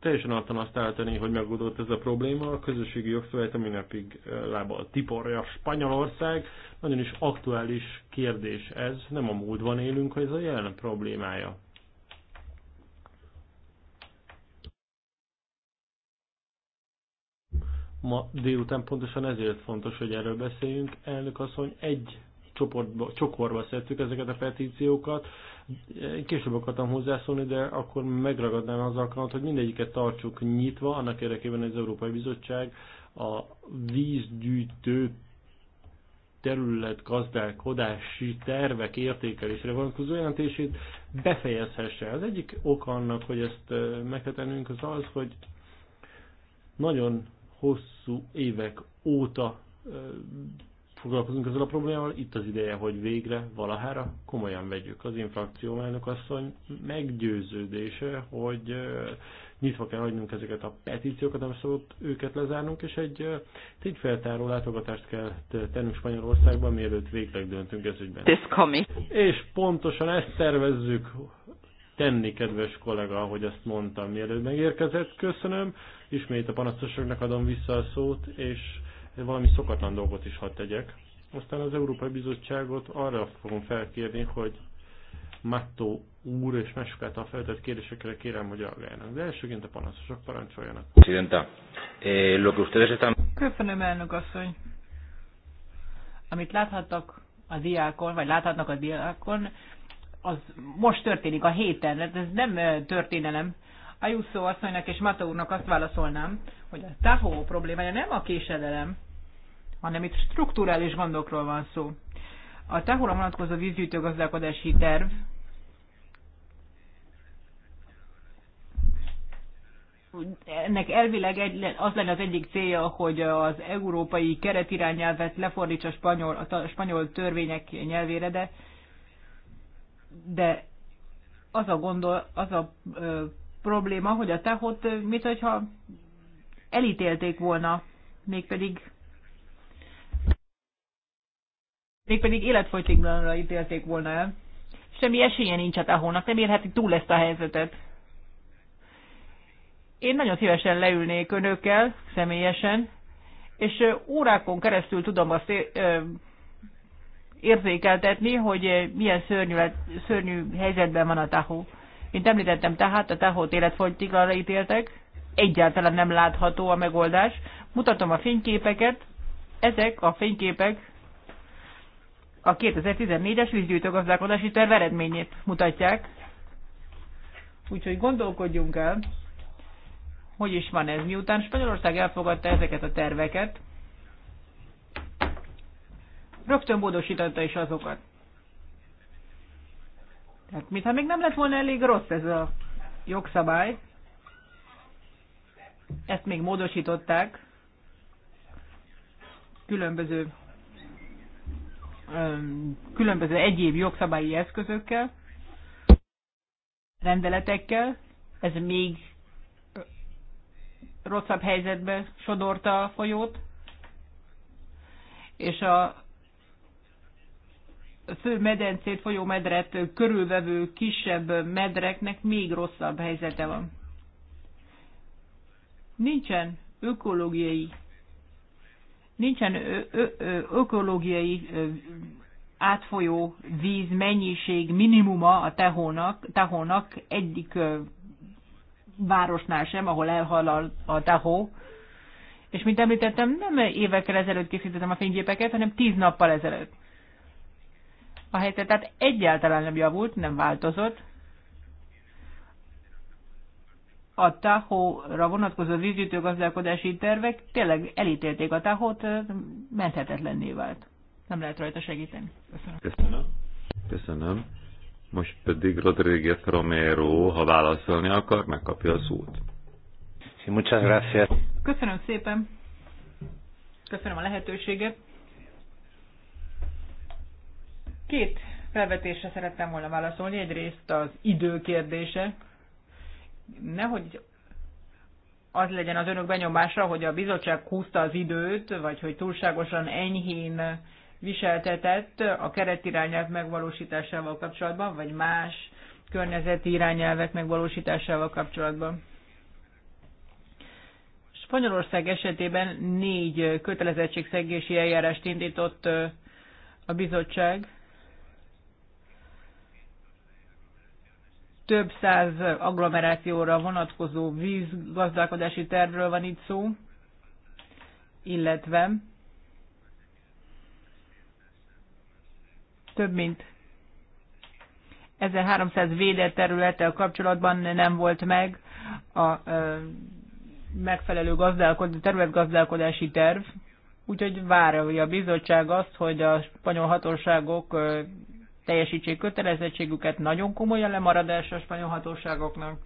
teljesen altan azt állítani, hogy megoldott ez a probléma. A közösségi jogszabályt ami napig lába a eh, tiporja Spanyolország. Nagyon is aktuális kérdés ez. Nem a múltban élünk, hogy ez a jelen problémája. Ma délután pontosan ezért fontos, hogy erről beszéljünk. Elnök asszony, egy csoportba, csokorba szedtük ezeket a petíciókat. Én később akartam hozzászólni, de akkor megragadnám az alkalmat, hogy mindegyiket tartsuk nyitva, annak érdekében az Európai Bizottság a vízgyűjtő terület gazdálkodási tervek értékelésre vonatkozó jelentését befejezhesse. Az egyik oka annak, hogy ezt megtenünk, az az, hogy nagyon hosszú évek óta foglalkozunk ezzel a problémával, itt az ideje, hogy végre valahára komolyan vegyük. Az infrakció elnök asszony meggyőződése, hogy nyitva kell hagynunk ezeket a petíciókat, nem szabad őket lezárnunk, és egy tényfeltáró látogatást kell tennünk Spanyolországban, mielőtt végleg döntünk ez ügyben. És pontosan ezt tervezzük tenni, kedves kollega, hogy ezt mondtam, mielőtt megérkezett. Köszönöm, ismét a panaszosoknak adom vissza a szót, és valami szokatlan dolgot is hadd tegyek. Aztán az Európai Bizottságot arra fogom felkérni, hogy Mattó úr és mások a feltett kérdésekre kérem, hogy reagáljanak. De elsőként a panaszosok parancsoljanak. Eh, Köszönöm, elnök asszony. Amit láthattak a diákon, vagy láthatnak a diákon, az most történik a héten, ez nem eh, történelem. Ajuszó asszonynak és Mata úrnak azt válaszolnám, hogy a tahó problémája nem a késedelem, hanem itt strukturális gondokról van szó. A tahóra vonatkozó gazdálkodási terv ennek elvileg egy, az lenne az egyik célja, hogy az európai keretirányelvet lefordítsa a spanyol, a spanyol törvények nyelvére, de, de az a gondol, az a ö, probléma, hogy a tehot, mit hogyha elítélték volna, mégpedig mégpedig életfogytiglanra ítélték volna el. Semmi esélye nincs a tehónak, nem érheti túl ezt a helyzetet. Én nagyon szívesen leülnék önökkel, személyesen, és órákon keresztül tudom azt érzékeltetni, hogy milyen szörnyű, szörnyű helyzetben van a tahó. Mint említettem, tehát a életfogytig arra ítéltek, egyáltalán nem látható a megoldás. Mutatom a fényképeket, ezek a fényképek a 2014-es vízgyűjtőgazdálkodási terv eredményét mutatják. Úgyhogy gondolkodjunk el, hogy is van ez, miután Spanyolország elfogadta ezeket a terveket, rögtön módosította is azokat. Tehát mintha még nem lett volna elég rossz ez a jogszabály, ezt még módosították különböző különböző egyéb jogszabályi eszközökkel, rendeletekkel, ez még rosszabb helyzetbe sodorta a folyót, és a fő medencét, medret körülvevő kisebb medreknek még rosszabb helyzete van. Nincsen ökológiai nincsen ökológiai átfolyó víz mennyiség minimuma a tehónak, tehónak egyik városnál sem, ahol elhal a, a tehó. És mint említettem, nem évekkel ezelőtt készítettem a fényképeket, hanem tíz nappal ezelőtt. A helyzet tehát egyáltalán nem javult, nem változott. A Tahóra vonatkozó vízgyűjtőgazdálkodási tervek tényleg elítélték a Tahót, menthetetlenné vált. Nem lehet rajta segíteni. Köszönöm. Köszönöm. Köszönöm. Most pedig Rodríguez Romero, ha válaszolni akar, megkapja a szót. muchas gracias. Köszönöm szépen. Köszönöm a lehetőséget. Két felvetésre szerettem volna válaszolni. Egyrészt az idő kérdése. Nehogy az legyen az önök benyomása, hogy a bizottság húzta az időt, vagy hogy túlságosan enyhén viseltetett a keretirányelv megvalósításával kapcsolatban, vagy más környezeti irányelvek megvalósításával kapcsolatban. Spanyolország esetében négy kötelezettségszegési eljárást indított a bizottság. több száz agglomerációra vonatkozó vízgazdálkodási tervről van itt szó, illetve több mint 1300 védett területtel kapcsolatban nem volt meg a megfelelő területgazdálkodási terv, úgyhogy várja a bizottság azt, hogy a spanyol hatóságok teljesítsék kötelezettségüket, nagyon komoly a lemaradás a spanyol hatóságoknak.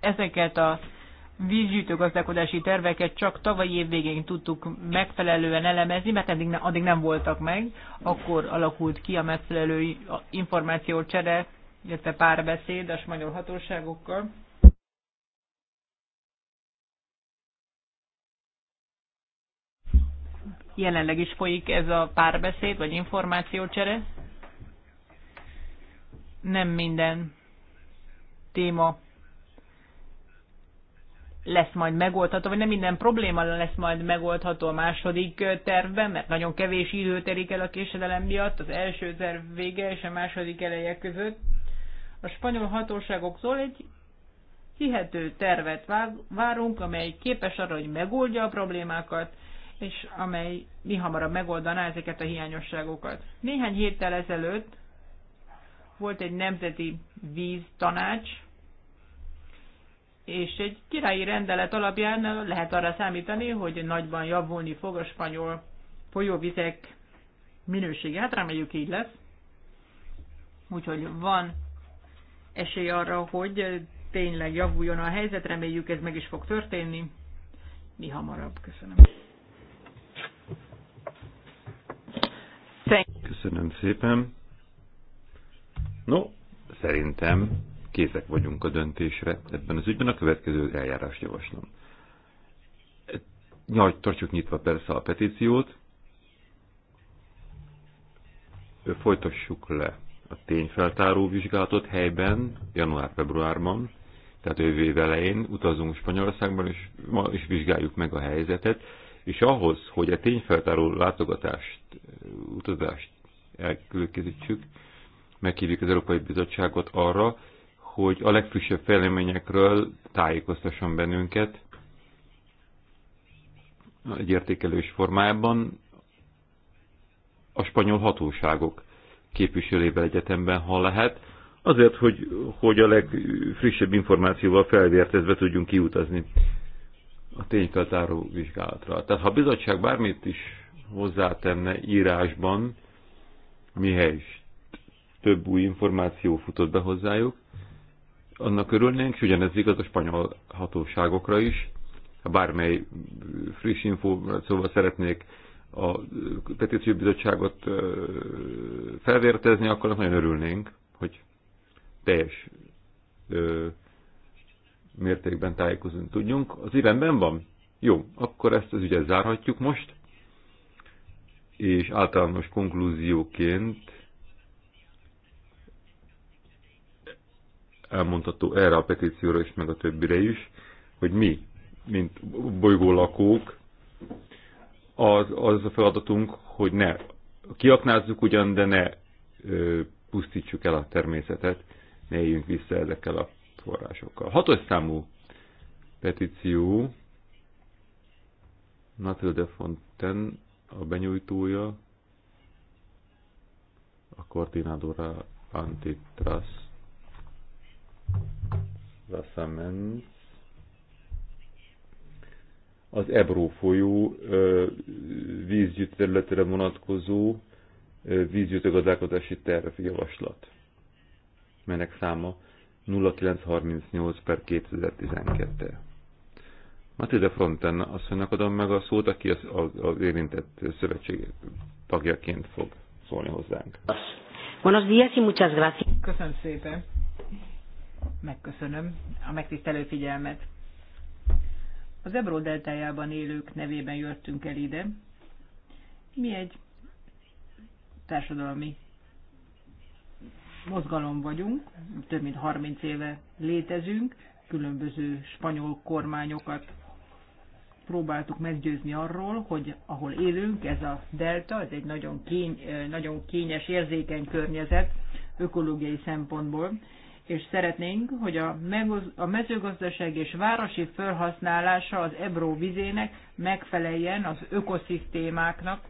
Ezeket a vízgyűjtőgazdálkodási terveket csak tavalyi év végén tudtuk megfelelően elemezni, mert eddig, ne, addig nem voltak meg, akkor alakult ki a megfelelő csere, illetve párbeszéd a spanyol hatóságokkal. Jelenleg is folyik ez a párbeszéd, vagy információcsere. Nem minden téma lesz majd megoldható, vagy nem minden probléma lesz majd megoldható a második tervben, mert nagyon kevés idő terik el a késedelem miatt, az első terv vége és a második eleje között. A spanyol hatóságoktól egy hihető tervet várunk, amely képes arra, hogy megoldja a problémákat, és amely mi hamarabb megoldaná ezeket a hiányosságokat. Néhány héttel ezelőtt volt egy nemzeti víztanács, és egy királyi rendelet alapján lehet arra számítani, hogy nagyban javulni fog a spanyol folyóvizek minősége. Hát reméljük így lesz. Úgyhogy van esély arra, hogy tényleg javuljon a helyzet, reméljük ez meg is fog történni. Mi hamarabb. Köszönöm. Köszönöm szépen. No, szerintem készek vagyunk a döntésre. Ebben az ügyben a következő eljárást javaslom. Nyaj, tartsuk nyitva persze a petíciót. Folytassuk le a tényfeltáró vizsgálatot helyben, január-februárban, tehát jövő év elején utazunk Spanyolországban, és, ma is vizsgáljuk meg a helyzetet, és ahhoz, hogy a tényfeltáró látogatást, utazást elkészítsük, meghívjuk az Európai Bizottságot arra, hogy a legfrissebb fejleményekről tájékoztasson bennünket egy értékelős formájában a spanyol hatóságok képviselővel egyetemben, ha lehet, azért, hogy, hogy a legfrissebb információval felvértezve tudjunk kiutazni a tényfeltáró vizsgálatra. Tehát ha a bizottság bármit is hozzátenne írásban, mihez több új információ futott be hozzájuk, annak örülnénk, és ugyanez igaz a spanyol hatóságokra is. Ha bármely friss információval szeretnék a petíció bizottságot felvértezni, akkor nagyon örülnénk, hogy teljes mértékben tájékozni tudjunk. Az irányben van? Jó, akkor ezt az ügyet zárhatjuk most, és általános konklúzióként elmondható erre a petícióra is, meg a többire is, hogy mi, mint lakók, az, az a feladatunk, hogy ne kiaknázzuk ugyan, de ne ö, pusztítsuk el a természetet, ne éljünk vissza ezekkel a forrásokkal. Hatos számú petíció de Fonten a benyújtója, a koordinádora antitrust Lassamenz, az Ebro folyó vízgyűjtő területére vonatkozó vízgyűjtő gazdálkodási terv javaslat, melynek száma 0938 per 2012. Matilde Fronten asszonynak adom meg a szót, aki az, az, az érintett szövetség tagjaként fog szólni hozzánk. Buenos días y muchas gracias. Köszönöm szépen. Megköszönöm a megtisztelő figyelmet. Az Ebro deltájában élők nevében jöttünk el ide. Mi egy társadalmi mozgalom vagyunk, több mint 30 éve létezünk, különböző spanyol kormányokat próbáltuk meggyőzni arról, hogy ahol élünk, ez a delta, ez egy nagyon, kény, nagyon kényes, érzékeny környezet ökológiai szempontból, és szeretnénk, hogy a, mezőgazdaság és városi felhasználása az Ebró vizének megfeleljen az ökoszisztémáknak,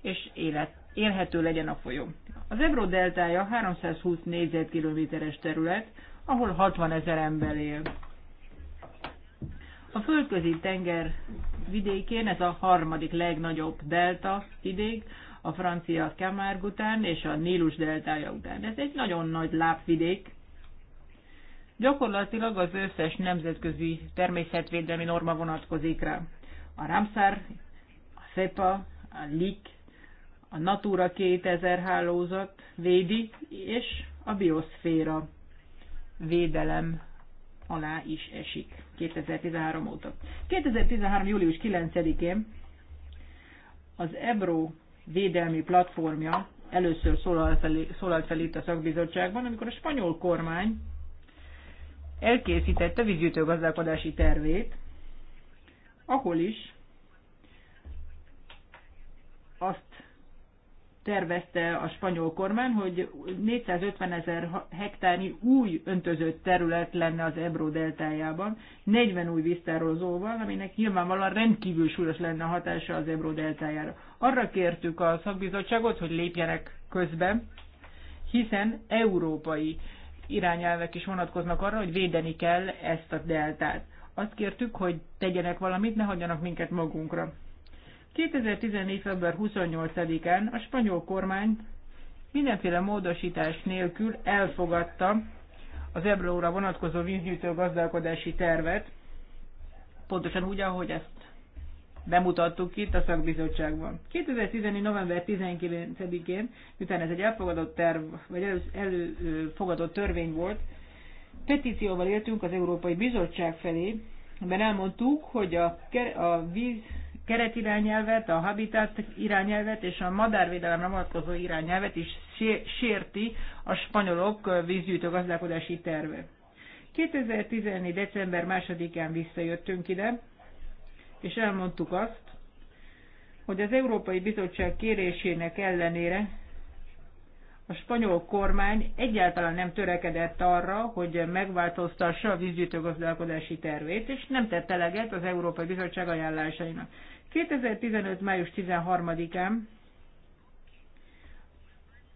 és élet élhető legyen a folyó. Az Ebro deltája 320 négyzetkilométeres terület, ahol 60 ezer ember él. A földközi tenger vidékén ez a harmadik legnagyobb delta vidék, a francia Kemárg után és a Nílus deltája után. Ez egy nagyon nagy lábvidék. Gyakorlatilag az összes nemzetközi természetvédelmi norma vonatkozik rá. A Ramsar, a SEPA, a LIC a Natura 2000 hálózat védi, és a bioszféra védelem alá is esik 2013 óta. 2013. július 9-én az EBRO védelmi platformja először szólalt fel, szólalt fel itt a szakbizottságban, amikor a spanyol kormány elkészítette vízgyűjtőgazdálkodási tervét, ahol is azt tervezte a spanyol kormány, hogy 450 ezer hektárnyi új öntözött terület lenne az Ebro deltájában, 40 új víztározóval, aminek nyilvánvalóan rendkívül súlyos lenne a hatása az Ebro deltájára. Arra kértük a szakbizottságot, hogy lépjenek közbe, hiszen európai irányelvek is vonatkoznak arra, hogy védeni kell ezt a deltát. Azt kértük, hogy tegyenek valamit, ne hagyjanak minket magunkra. 2014. február 28-án a spanyol kormány mindenféle módosítás nélkül elfogadta az Ebróra vonatkozó vízgyűjtő gazdálkodási tervet, pontosan úgy, ahogy ezt bemutattuk itt a szakbizottságban. 2014. november 19-én, miután ez egy elfogadott terv, vagy előfogadott elő, törvény volt, petícióval éltünk az Európai Bizottság felé, mert elmondtuk, hogy a, a víz keretirányelvet, a habitat irányelvet és a madárvédelemre vonatkozó irányelvet is sérti a spanyolok vízgyűjtő gazdálkodási terve. 2014. december 2-án visszajöttünk ide, és elmondtuk azt, hogy az Európai Bizottság kérésének ellenére a spanyol kormány egyáltalán nem törekedett arra, hogy megváltoztassa a vízgyűjtőgazdálkodási tervét, és nem tett eleget az Európai Bizottság ajánlásainak. 2015. május 13-án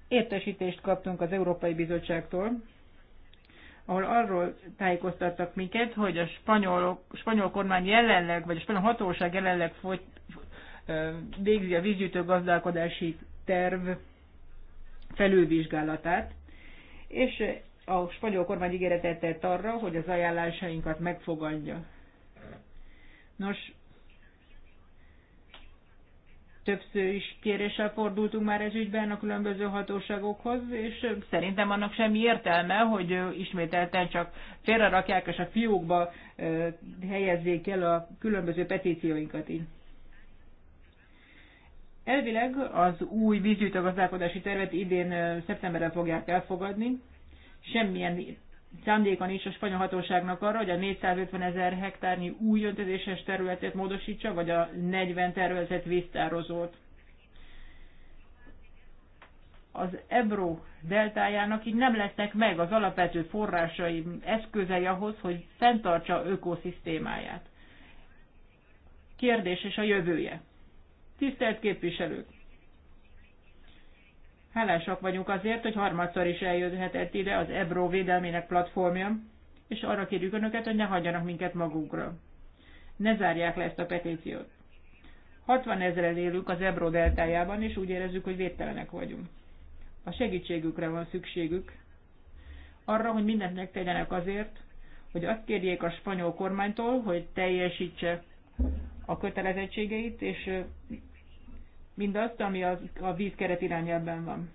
értesítést kaptunk az Európai Bizottságtól, ahol arról tájékoztattak minket, hogy a a spanyol kormány jelenleg, vagy a spanyol hatóság jelenleg folyt, végzi a vízgyűjtő gazdálkodási terv felülvizsgálatát, és a spanyol kormány ígéretet tett arra, hogy az ajánlásainkat megfogadja. Nos, többször is kéréssel fordultunk már ez ügyben a különböző hatóságokhoz, és szerintem annak semmi értelme, hogy ismételten csak félrerakják és a fiókba helyezzék el a különböző petícióinkat. Így. Elvileg az új vízgyűjtőgazdálkodási tervet idén szeptemberben fogják elfogadni. Semmilyen szándéka nincs a spanyol hatóságnak arra, hogy a 450 ezer hektárnyi új öntözéses területet módosítsa, vagy a 40 tervezett víztározót. Az Ebro deltájának így nem lesznek meg az alapvető forrásai, eszközei ahhoz, hogy fenntartsa ökoszisztémáját. Kérdés és a jövője Tisztelt képviselők! Hálásak vagyunk azért, hogy harmadszor is eljöhetett ide az EBRO védelmének platformja, és arra kérjük Önöket, hogy ne hagyjanak minket magunkra. Ne zárják le ezt a petíciót. 60 ezeren élünk az Ebro deltájában, és úgy érezzük, hogy védtelenek vagyunk. A segítségükre van szükségük, arra, hogy mindent megtegyenek azért, hogy azt kérjék a spanyol kormánytól, hogy teljesítse a kötelezettségeit, és mindazt, ami az, a keret irányában van.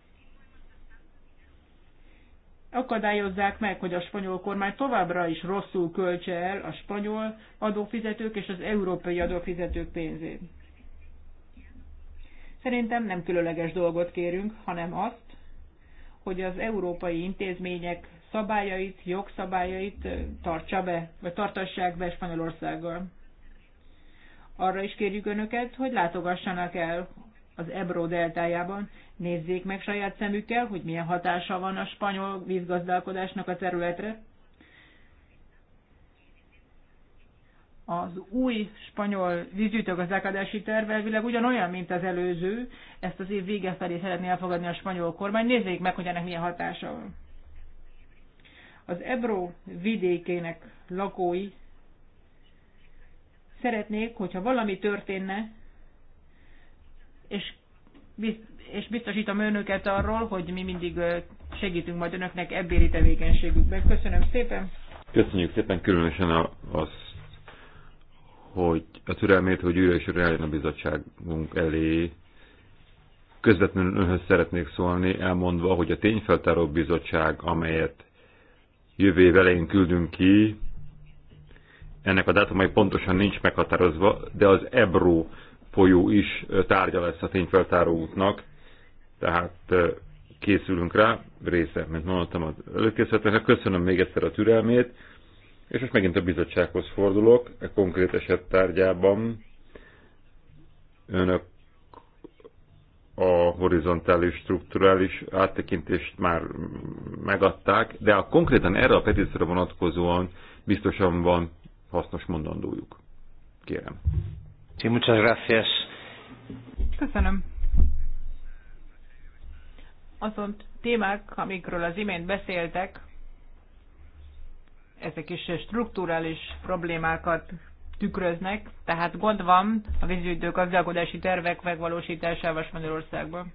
Akadályozzák meg, hogy a spanyol kormány továbbra is rosszul költse el a spanyol adófizetők és az európai adófizetők pénzét. Szerintem nem különleges dolgot kérünk, hanem azt, hogy az európai intézmények szabályait, jogszabályait tartsa be, vagy tartassák be Spanyolországgal. Arra is kérjük Önöket, hogy látogassanak el az Ebro deltájában. Nézzék meg saját szemükkel, hogy milyen hatása van a spanyol vízgazdálkodásnak a területre. Az új spanyol vízgyűjtőgazdálkodási terv elvileg ugyanolyan, mint az előző. Ezt az év vége felé szeretné elfogadni a spanyol kormány. Nézzék meg, hogy ennek milyen hatása van. Az Ebro vidékének lakói szeretnék, hogyha valami történne, és, és biztosítom önöket arról, hogy mi mindig segítünk majd önöknek ebbéli tevékenységükben. Köszönöm szépen! Köszönjük szépen különösen az, hogy a türelmét, hogy újra és újra a bizottságunk elé. Közvetlenül önhöz szeretnék szólni, elmondva, hogy a tényfeltáró bizottság, amelyet jövő év elején küldünk ki, ennek a dátumai pontosan nincs meghatározva, de az EBRO folyó is tárgya lesz a tényfeltáró útnak, tehát készülünk rá, része, mint mondtam az előkészületeknek. Köszönöm még egyszer a türelmét, és most megint a bizottsághoz fordulok, a e konkrét eset tárgyában önök a horizontális, strukturális áttekintést már megadták, de a konkrétan erre a petícióra vonatkozóan biztosan van hasznos mondandójuk. Kérem. Sí, muchas gracias. Köszönöm. Azon témák, amikről az imént beszéltek, ezek is strukturális problémákat tükröznek, tehát gond van a vízügydő gazdálkodási tervek megvalósításával Magyarországban.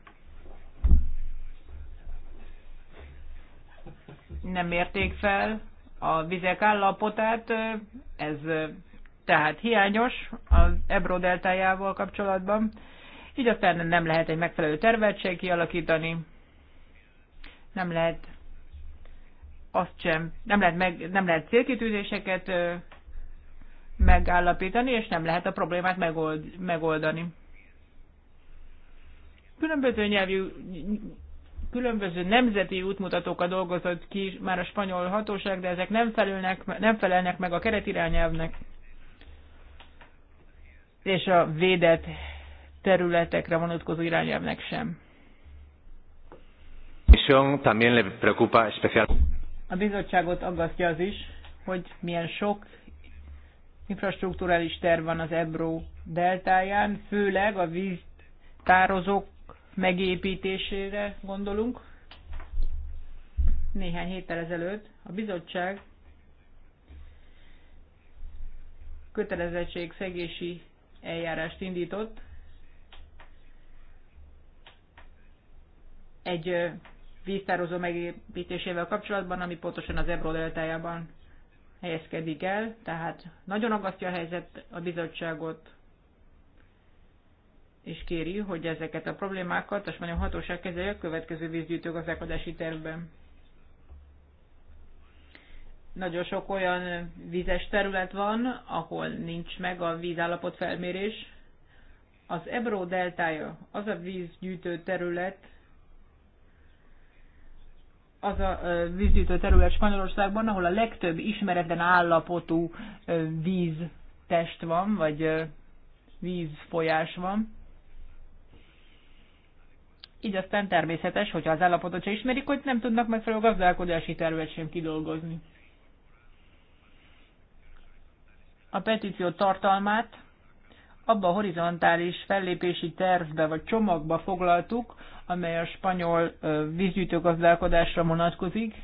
Nem mérték fel a vizek állapotát, ez tehát hiányos az Ebro deltájával kapcsolatban, így aztán nem lehet egy megfelelő tervet se kialakítani, nem lehet azt sem, nem lehet, meg, nem lehet célkitűzéseket ö, megállapítani, és nem lehet a problémát megold, megoldani. Különböző nyelvű, különböző nemzeti útmutatókat dolgozott ki már a spanyol hatóság, de ezek nem felelnek, nem felelnek meg a keretirányelvnek és a védett területekre vonatkozó irányelvnek sem. A bizottságot aggasztja az is, hogy milyen sok infrastruktúrális terv van az Ebro deltáján, főleg a víztározók megépítésére gondolunk. Néhány héttel ezelőtt a bizottság szegési eljárást indított. Egy víztározó megépítésével kapcsolatban, ami pontosan az Ebro deltájában helyezkedik el, tehát nagyon aggasztja a helyzet a bizottságot, és kéri, hogy ezeket a problémákat a spanyol hatóság kezelje a következő vízgyűjtő gazdálkodási tervben. Nagyon sok olyan vizes terület van, ahol nincs meg a vízállapot felmérés. Az Ebro deltája, az a vízgyűjtő terület, az a vízgyűjtő terület Spanyolországban, ahol a legtöbb ismeretlen állapotú víztest van, vagy vízfolyás van. Így aztán természetes, hogyha az állapotot se ismerik, hogy nem tudnak megfelelő gazdálkodási tervet sem kidolgozni. a petíció tartalmát abba a horizontális fellépési tervbe vagy csomagba foglaltuk, amely a spanyol vízgyűjtőgazdálkodásra vonatkozik,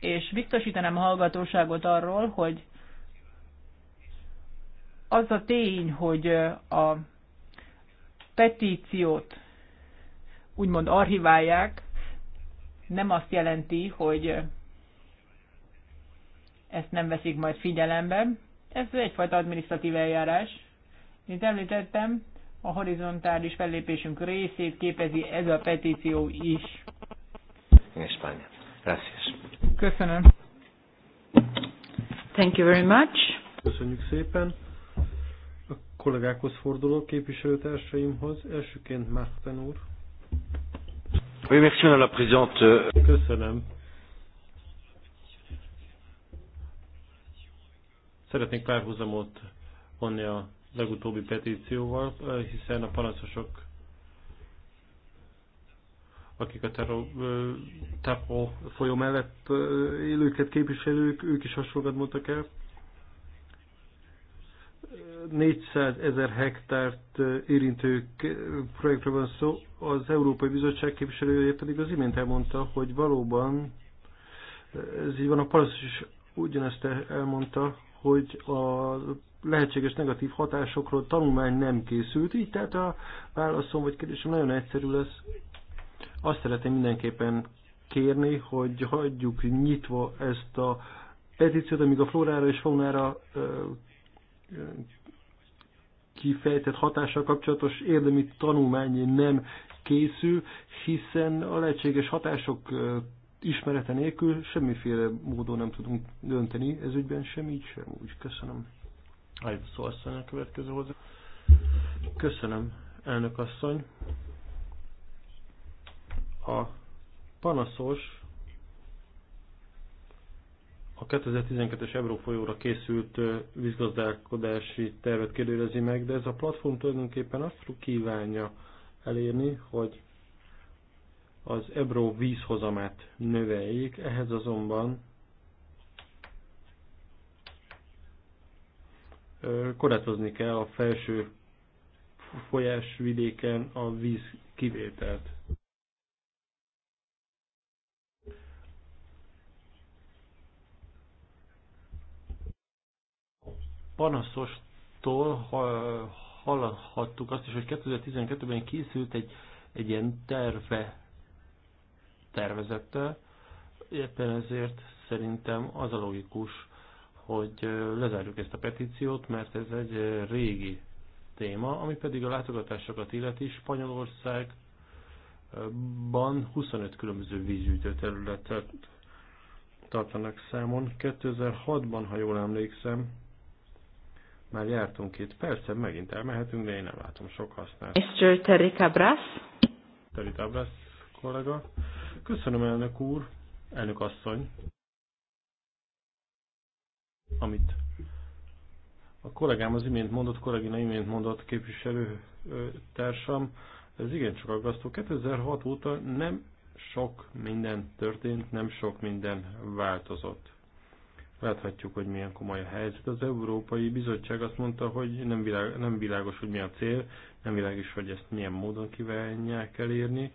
és biztosítanám a hallgatóságot arról, hogy az a tény, hogy a petíciót úgymond archiválják, nem azt jelenti, hogy ezt nem veszik majd figyelembe, ez egyfajta adminisztratív eljárás. Mint említettem, a horizontális fellépésünk részét képezi ez a petíció is. In España. Gracias. Köszönöm. Thank you very much. Köszönjük szépen. A kollégákhoz forduló képviselőtársaimhoz. Elsőként Márten úr. Oui, merci, Köszönöm, Szeretnék párhuzamot vonni a legutóbbi petícióval, hiszen a panaszosok, akik a Tapo folyó mellett élőket képviselők, ők is hasonlókat mondtak el. 400 ezer hektárt érintő projektről van szó, az Európai Bizottság képviselője pedig az imént elmondta, hogy valóban ez így van, a Palasz is ugyanezt elmondta, hogy a lehetséges negatív hatásokról tanulmány nem készült, így tehát a válaszom vagy kérdésem nagyon egyszerű lesz. Azt szeretném mindenképpen kérni, hogy hagyjuk nyitva ezt a petíciót, amíg a flórára és faunára kifejtett hatással kapcsolatos érdemi tanulmány nem készül, hiszen a lehetséges hatások ismerete nélkül semmiféle módon nem tudunk dönteni ez ügyben sem, így sem úgy. Köszönöm. Hát szó a következő hozzá. Köszönöm, elnök asszony. A panaszos a 2012-es folyóra készült vízgazdálkodási tervet kérdőrezi meg, de ez a platform tulajdonképpen azt kívánja elérni, hogy az ebro vízhozamát növeljék, ehhez azonban korlátozni kell a felső folyásvidéken a víz kivételt. Panaszostól hallhattuk azt is, hogy 2012-ben készült egy, egy ilyen terve tervezettel. Éppen ezért szerintem az a logikus, hogy lezárjuk ezt a petíciót, mert ez egy régi téma, ami pedig a látogatásokat illeti Spanyolországban 25 különböző vízgyűjtő területet tartanak számon. 2006-ban, ha jól emlékszem, már jártunk itt. Persze, megint elmehetünk, de én nem látom sok hasznát. Mr. Terry Cabras. Terry Cabras kollega. Köszönöm, elnök úr, elnök asszony, amit a kollégám az imént mondott, kollégina imént mondott képviselő társam, ez igencsak aggasztó. 2006 óta nem sok minden történt, nem sok minden változott. Láthatjuk, hogy milyen komoly a helyzet. Az Európai Bizottság azt mondta, hogy nem, nem világos, hogy mi a cél, nem világos, hogy ezt milyen módon kívánják elérni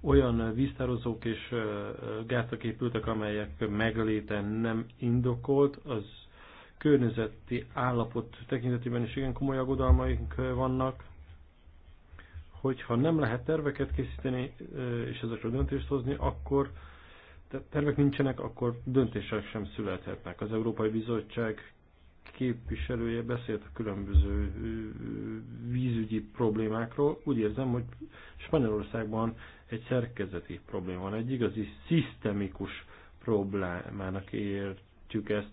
olyan víztározók és gátak épültek, amelyek megléte nem indokolt, az környezeti állapot tekintetében is igen komoly aggodalmaink vannak, hogyha nem lehet terveket készíteni és ezekről döntést hozni, akkor tervek nincsenek, akkor döntések sem születhetnek. Az Európai Bizottság képviselője beszélt a különböző vízügyi problémákról. Úgy érzem, hogy Spanyolországban egy szerkezeti probléma van, egy igazi szisztemikus problémának értjük ezt.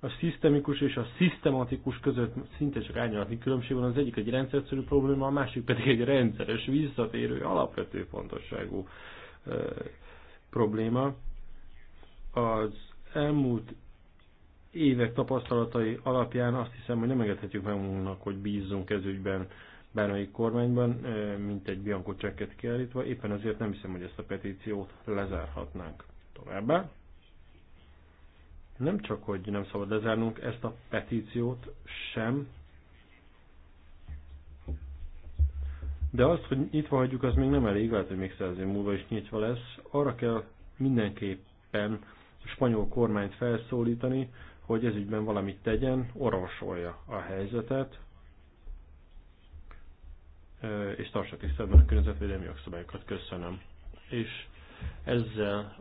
A szisztemikus és a szisztematikus között szinte csak árnyalatni különbség van, az egyik egy rendszerszerű probléma, a másik pedig egy rendszeres, visszatérő, alapvető fontosságú ö, probléma. Az elmúlt évek tapasztalatai alapján azt hiszem, hogy nem engedhetjük meg magunknak, hogy bízzunk ezügyben. ügyben bármelyik kormányban, mint egy bianco csekket kiállítva, éppen azért nem hiszem, hogy ezt a petíciót lezárhatnánk továbbá. Nem csak, hogy nem szabad lezárnunk ezt a petíciót sem, de azt, hogy nyitva hagyjuk, az még nem elég, lehet, hogy még száz év múlva is nyitva lesz. Arra kell mindenképpen a spanyol kormányt felszólítani, hogy ezügyben valamit tegyen, orvosolja a helyzetet, és tartsak tiszteletben a környezetvédelmi jogszabályokat. Köszönöm. És ezzel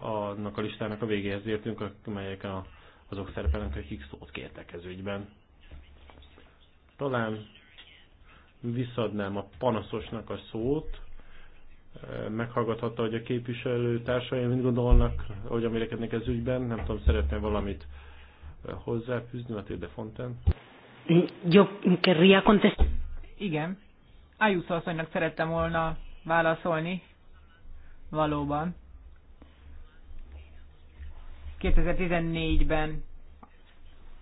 annak a listának a végéhez értünk, amelyek a, azok szerepelnek, akik szót kértek ez ügyben. Talán visszadnám a panaszosnak a szót, meghallgathatta, hogy a képviselő társaim mit gondolnak, hogy amirekednek ez ügyben, nem tudom, szeretne valamit hozzáfűzni, a de Fonten. Jó, querría contestar. Igen, Ájuszó asszonynak szerettem volna válaszolni. Valóban. 2014-ben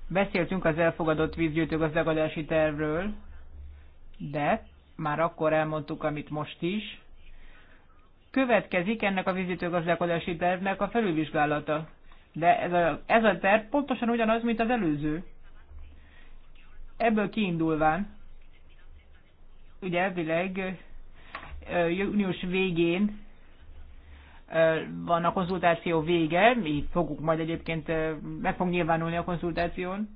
beszéltünk az elfogadott vízgyűjtőgazdagadási tervről, de már akkor elmondtuk, amit most is. Következik ennek a vízgyűjtőgazdagadási tervnek a felülvizsgálata. De ez a, ez a terv pontosan ugyanaz, mint az előző. Ebből kiindulván ugye elvileg június végén van a konzultáció vége, mi fogunk majd egyébként, meg fog nyilvánulni a konzultáción.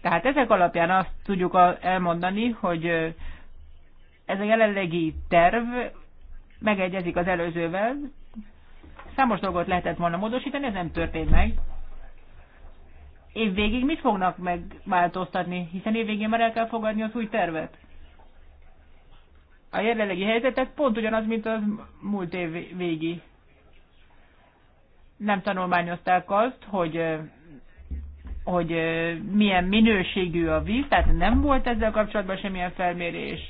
Tehát ezek alapján azt tudjuk elmondani, hogy ez a jelenlegi terv megegyezik az előzővel. Számos dolgot lehetett volna módosítani, ez nem történt meg. Évvégig mit fognak megváltoztatni, hiszen évvégén már el kell fogadni az új tervet? a jelenlegi helyzetet pont ugyanaz, mint az múlt év végi. Nem tanulmányozták azt, hogy hogy milyen minőségű a víz, tehát nem volt ezzel kapcsolatban semmilyen felmérés.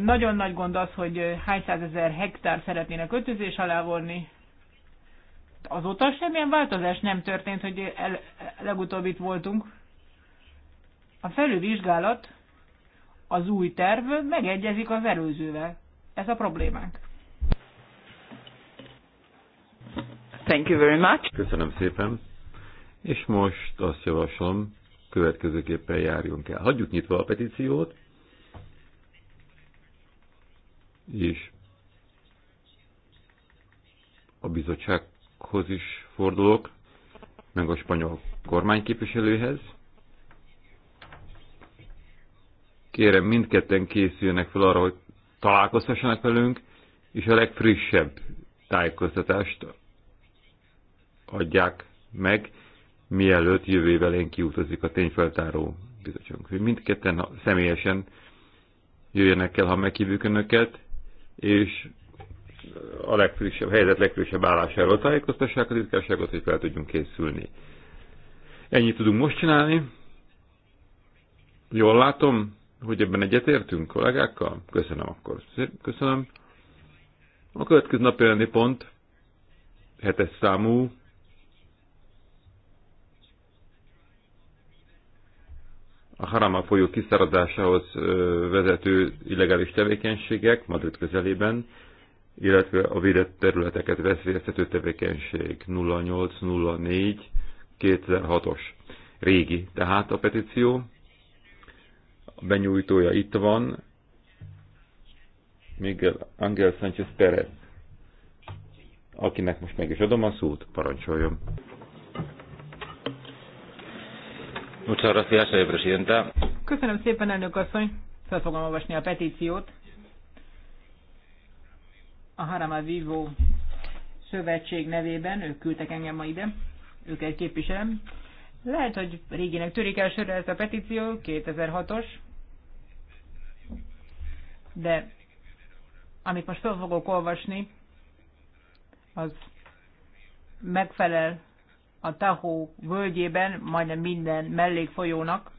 Nagyon nagy gond az, hogy hány százezer hektár szeretnének ötözés alá vonni. Azóta semmilyen változás nem történt, hogy el, legutóbb itt voltunk. A felülvizsgálat az új terv megegyezik az előzővel. Ez a problémánk. Thank you very much. Köszönöm szépen. És most azt javaslom, következőképpen járjunk el. Hagyjuk nyitva a petíciót, és a bizottsághoz is fordulok, meg a spanyol kormányképviselőhez. Kérem, mindketten készüljenek fel arra, hogy találkozhassanak velünk, és a legfrissebb tájékoztatást adják meg, mielőtt jövő év kiutazik a tényfeltáró bizottságunk. Hogy mindketten személyesen jöjjenek el, ha meghívjuk önöket, és a legfrissebb, helyzet legfrissebb állásáról tájékoztassák a titkárságot, hogy fel tudjunk készülni. Ennyit tudunk most csinálni. Jól látom hogy ebben egyetértünk kollégákkal? Köszönöm akkor. Köszönöm. A következő napi lenni pont, hetes számú, a Harama folyó kiszáradásához vezető illegális tevékenységek Madrid közelében, illetve a védett területeket veszélyeztető tevékenység 0804 2006-os régi, tehát a petíció benyújtója itt van, Miguel Angel Sánchez Pérez, akinek most meg is adom a szót, parancsoljon. Köszönöm szépen, elnök asszony. Fel fogom olvasni a petíciót. A Harama Vivo szövetség nevében, ők küldtek engem ma ide, őket képviselem. Lehet, hogy réginek törik elsőre ez a petíció, 2006-os, de amit most fel fogok olvasni, az megfelel a Tahó völgyében, majdnem minden mellékfolyónak,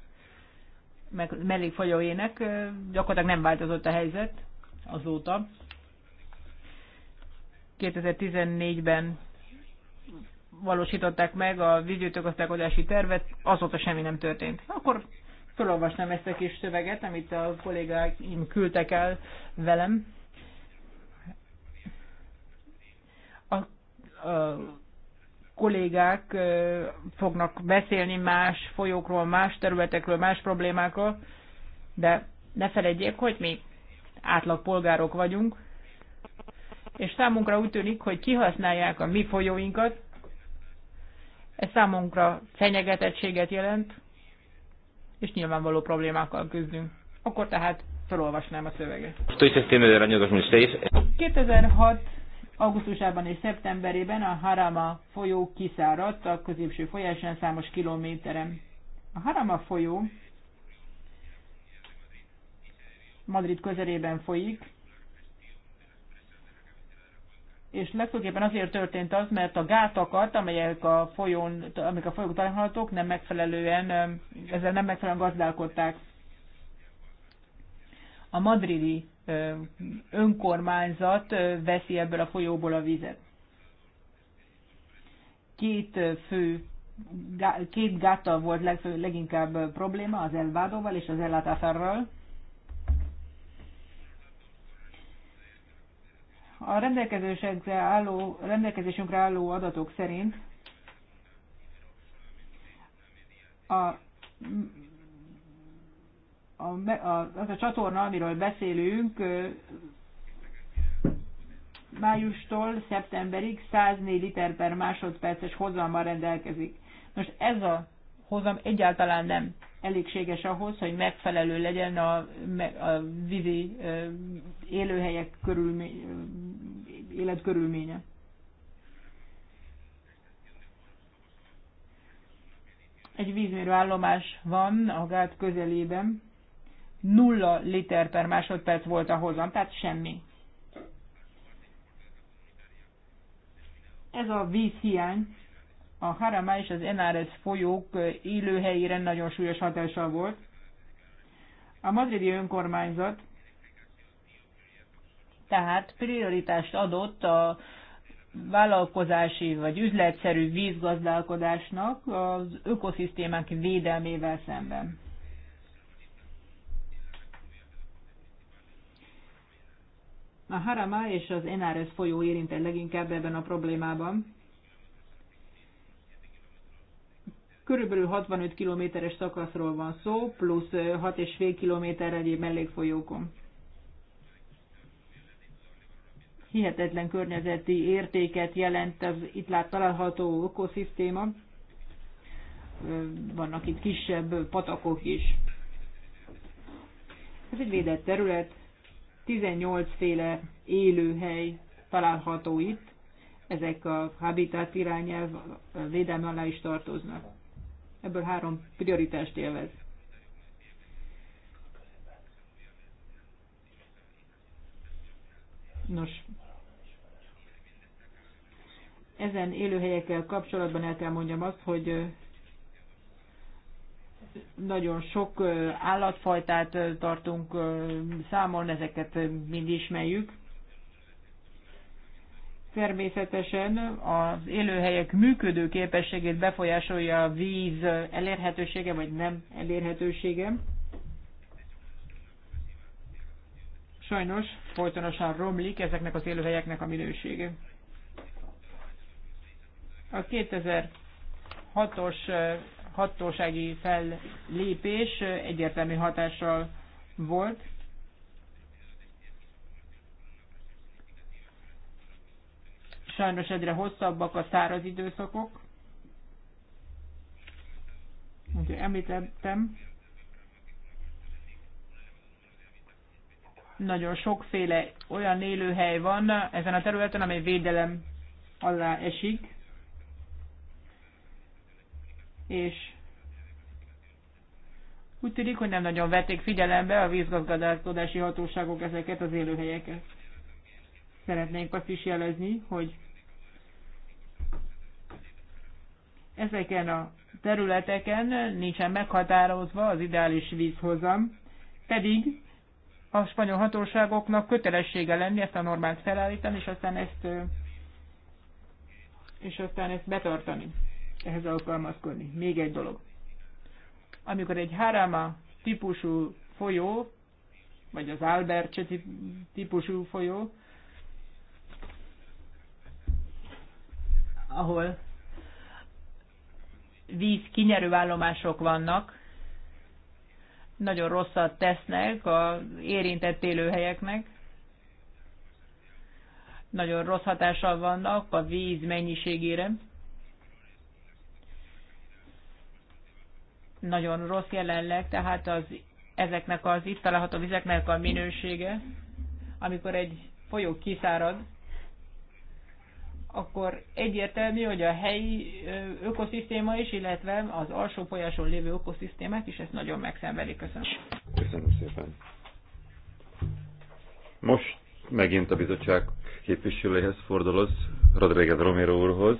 mellékfolyóének, gyakorlatilag nem változott a helyzet azóta. 2014-ben valósították meg a vízgyűjtőgazdálkodási tervet, azóta semmi nem történt. Akkor felolvasnám ezt a kis szöveget, amit a kollégáim küldtek el velem. A, a kollégák fognak beszélni más folyókról, más területekről, más problémákról, de ne felejtjék, hogy mi átlagpolgárok vagyunk, és számunkra úgy tűnik, hogy kihasználják a mi folyóinkat, ez számunkra fenyegetettséget jelent, és nyilvánvaló problémákkal küzdünk. Akkor tehát felolvasnám a szöveget. 2006 augusztusában és szeptemberében a Harama folyó kiszáradt a középső folyásán számos kilométeren. A Harama folyó Madrid közelében folyik, és legfőképpen azért történt az, mert a gátakat, amelyek a folyón, amik a folyók találhatók, nem megfelelően, ezzel nem megfelelően gazdálkodták. A madridi önkormányzat veszi ebből a folyóból a vizet. Két fő két gáttal volt legfő, leginkább probléma, az Elvádóval és az Ellátáferrel. A rendelkezésünkre álló, rendelkezésünkre álló adatok szerint a, a, a, az a csatorna, amiről beszélünk, májustól szeptemberig 104 liter per másodperces hozammal rendelkezik. Most ez a hozam egyáltalán nem elégséges ahhoz, hogy megfelelő legyen a, a vízi élőhelyek körülmény, életkörülménye. Egy vízmérőállomás van a gát közelében, nulla liter per másodperc volt a hozam, tehát semmi. Ez a vízhiány a Harama és az Enárez folyók élőhelyére nagyon súlyos hatással volt. A madridi önkormányzat tehát prioritást adott a vállalkozási vagy üzletszerű vízgazdálkodásnak az ökoszisztémák védelmével szemben. A Harama és az Enárez folyó érintett leginkább ebben a problémában. Körülbelül 65 kilométeres szakaszról van szó, plusz 6,5 kilométer egyéb mellékfolyókon. Hihetetlen környezeti értéket jelent az itt lát található ökoszisztéma. Vannak itt kisebb patakok is. Ez egy védett terület, 18 féle élőhely található itt, ezek a habitat irányelv védelme alá is tartoznak ebből három prioritást élvez. Nos, ezen élőhelyekkel kapcsolatban el kell mondjam azt, hogy nagyon sok állatfajtát tartunk számon, ezeket mind ismerjük természetesen az élőhelyek működő képességét befolyásolja a víz elérhetősége, vagy nem elérhetősége. Sajnos folytonosan romlik ezeknek az élőhelyeknek a minősége. A 2006-os eh, hatósági fellépés eh, egyértelmű hatással volt Sajnos egyre hosszabbak a száraz időszakok. Úgyhogy említettem, nagyon sokféle olyan élőhely van ezen a területen, amely védelem alá esik, és úgy tűnik, hogy nem nagyon vették figyelembe a vízgazdálkodási hatóságok ezeket az élőhelyeket. Szeretnénk azt is jelezni, hogy Ezeken a területeken nincsen meghatározva az ideális vízhozam, pedig a spanyol hatóságoknak kötelessége lenni ezt a normát felállítani, és aztán ezt, és aztán ezt betartani, ehhez alkalmazkodni. Még egy dolog. Amikor egy háráma típusú folyó, vagy az Albertse típusú folyó, ahol víz kinyerőállomások vannak, nagyon rosszat tesznek az érintett élőhelyeknek, nagyon rossz hatással vannak a víz mennyiségére, nagyon rossz jelenleg, tehát az, ezeknek az itt található vizeknek a minősége, amikor egy folyó kiszárad, akkor egyértelmű, hogy a helyi ökoszisztéma is, illetve az alsó folyáson lévő ökoszisztémák is ezt nagyon megszenvedik. Köszönöm. Köszönöm szépen. Most megint a bizottság képviselőjéhez fordulok, Rodríguez Romero úrhoz.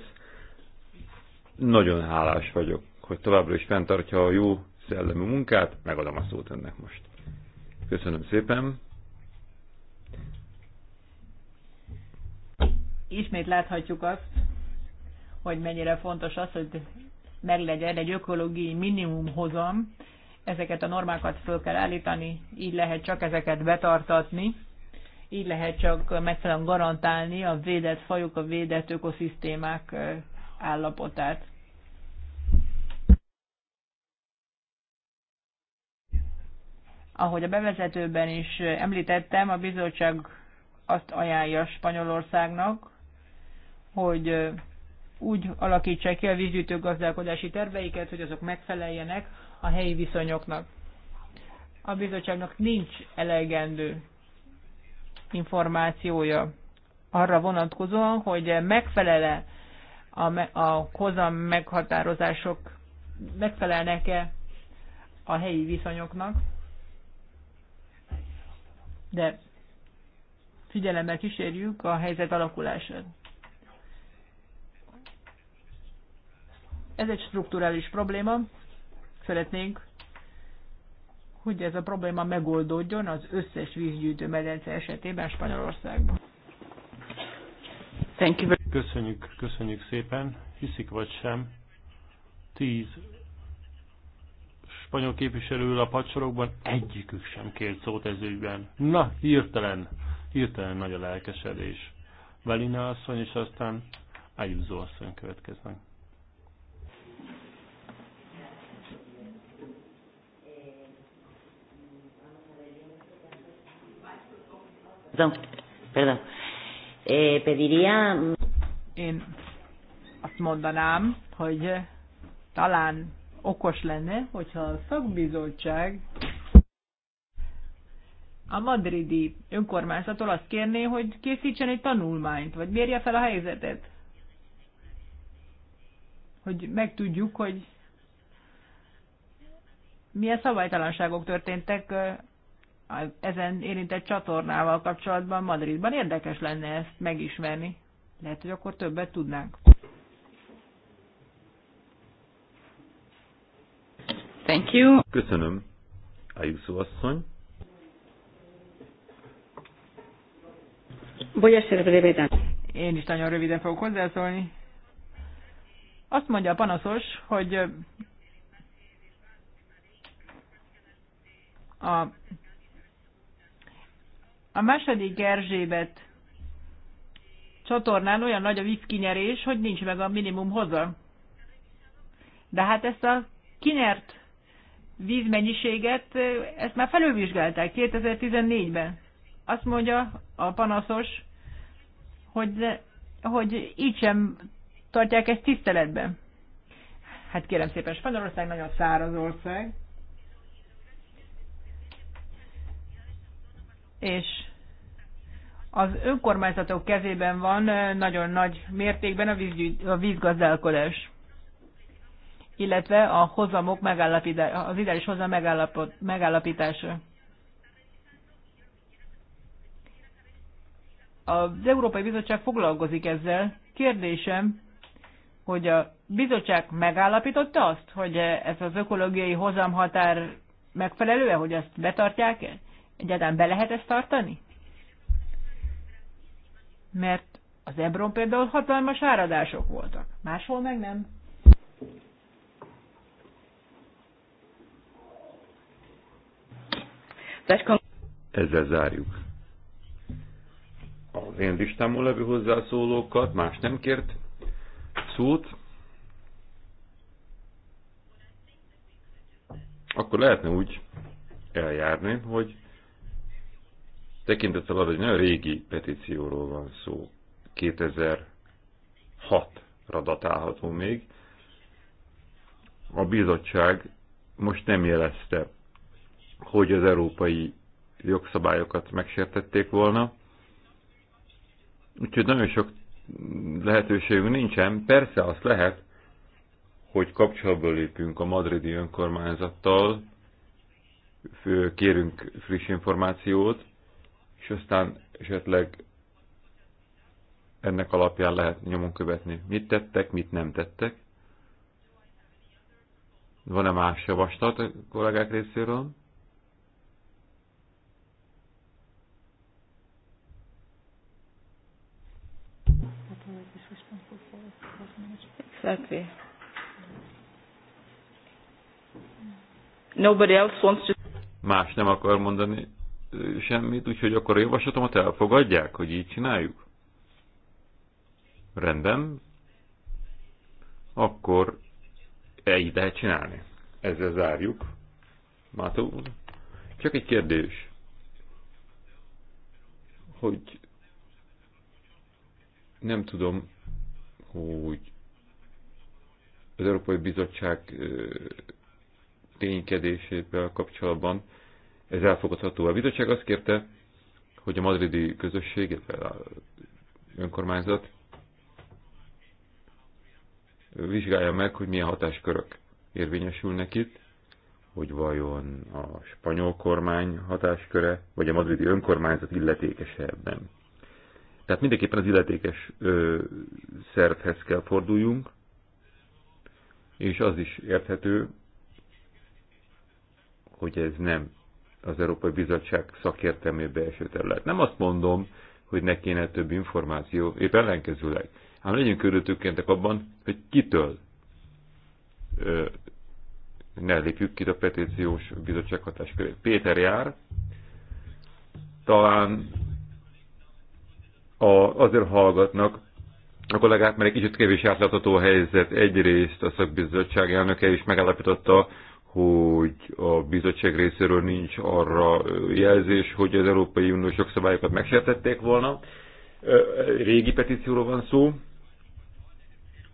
Nagyon hálás vagyok, hogy továbbra is fenntartja a jó szellemi munkát, megadom a szót ennek most. Köszönöm szépen. ismét láthatjuk azt, hogy mennyire fontos az, hogy meglegyen egy ökológiai minimumhozam, ezeket a normákat föl kell állítani, így lehet csak ezeket betartatni, így lehet csak megfelelően garantálni a védett fajok, a védett ökoszisztémák állapotát. Ahogy a bevezetőben is említettem, a bizottság azt ajánlja Spanyolországnak, hogy úgy alakítsák ki a vízgyűjtő gazdálkodási terveiket, hogy azok megfeleljenek a helyi viszonyoknak. A bizottságnak nincs elegendő információja arra vonatkozóan, hogy megfelele a, a hozam meghatározások, megfelelnek-e a helyi viszonyoknak, de figyelemmel kísérjük a helyzet alakulását. Ez egy strukturális probléma. Szeretnénk, hogy ez a probléma megoldódjon az összes vízgyűjtő medence esetében Spanyolországban. Thank you. Köszönjük, köszönjük szépen. Hiszik vagy sem, tíz spanyol képviselő a padsorokban, egyikük sem kért szót ez ügyben. Na, hirtelen, hirtelen nagy a lelkesedés. Valina asszony, és aztán Ayuso asszony következnek. Perdón, perdón. Eh, pediría... Mm, Én azt mondanám, hogy eh, talán okos lenne, hogyha a szakbizottság a madridi önkormányzattól azt kérné, hogy készítsen egy tanulmányt, vagy mérje fel a helyzetet. Hogy megtudjuk, hogy milyen szabálytalanságok történtek eh, ezen érintett csatornával kapcsolatban Madridban. Érdekes lenne ezt megismerni. Lehet, hogy akkor többet tudnánk. Thank you. Köszönöm. Ayuso asszony. a ser Én is nagyon röviden fogok hozzászólni. Azt mondja a panaszos, hogy a a második Erzsébet csatornán olyan nagy a vízkinyerés, hogy nincs meg a minimum hoza. De hát ezt a kinyert vízmennyiséget, ezt már felülvizsgálták 2014-ben. Azt mondja a panaszos, hogy, hogy így sem tartják ezt tiszteletben. Hát kérem szépen, Spanyolország nagyon száraz ország. És az önkormányzatok kezében van nagyon nagy mértékben a, vízgy, a vízgazdálkodás, illetve a hozamok megállapítása, az ideális hozam megállapítása. Az Európai Bizottság foglalkozik ezzel. Kérdésem, hogy a bizottság megállapította azt, hogy ez az ökológiai hozamhatár megfelelő-e, hogy ezt betartják-e? Egyáltalán be lehet ezt tartani? mert az Ebron például hatalmas áradások voltak, máshol meg nem. Ezzel zárjuk. Az én listámon levő hozzászólókat más nem kért szót. Akkor lehetne úgy eljárni, hogy tekintettel arra, hogy nagyon régi petícióról van szó, 2006-ra datálható még, a bizottság most nem jelezte, hogy az európai jogszabályokat megsértették volna, úgyhogy nagyon sok lehetőségünk nincsen. Persze azt lehet, hogy kapcsolatba lépünk a madridi önkormányzattal, kérünk friss információt, és aztán esetleg ennek alapján lehet nyomon követni, mit tettek, mit nem tettek. Van-e más javaslat a kollégák részéről? Exactly. Nobody else wants to... Más nem akar mondani semmit, úgyhogy akkor a javaslatomat elfogadják, hogy így csináljuk? Rendben. Akkor így lehet csinálni. Ezzel zárjuk. Mátó Csak egy kérdés. Hogy nem tudom, hogy az Európai Bizottság ténykedésével kapcsolatban ez elfogadható. A bizottság azt kérte, hogy a madridi közösség, illetve a önkormányzat vizsgálja meg, hogy milyen hatáskörök érvényesülnek itt, hogy vajon a spanyol kormány hatásköre, vagy a madridi önkormányzat illetékese ebben. Tehát mindenképpen az illetékes ö, szervhez kell forduljunk, és az is érthető, hogy ez nem az Európai Bizottság szakértelmébe eső terület. Nem azt mondom, hogy ne kéne több információ, épp ellenkezőleg. Hát legyünk körülöttükkéntek abban, hogy kitől ö, ne lépjük ki a petíciós bizottság hatásköré. Péter jár, talán a, azért hallgatnak a kollégák, mert egy kicsit kevés átlátható a helyzet. Egyrészt a szakbizottság elnöke is megállapította, hogy a bizottság részéről nincs arra jelzés, hogy az Európai Unió sok szabályokat megsértették volna. Régi petícióról van szó.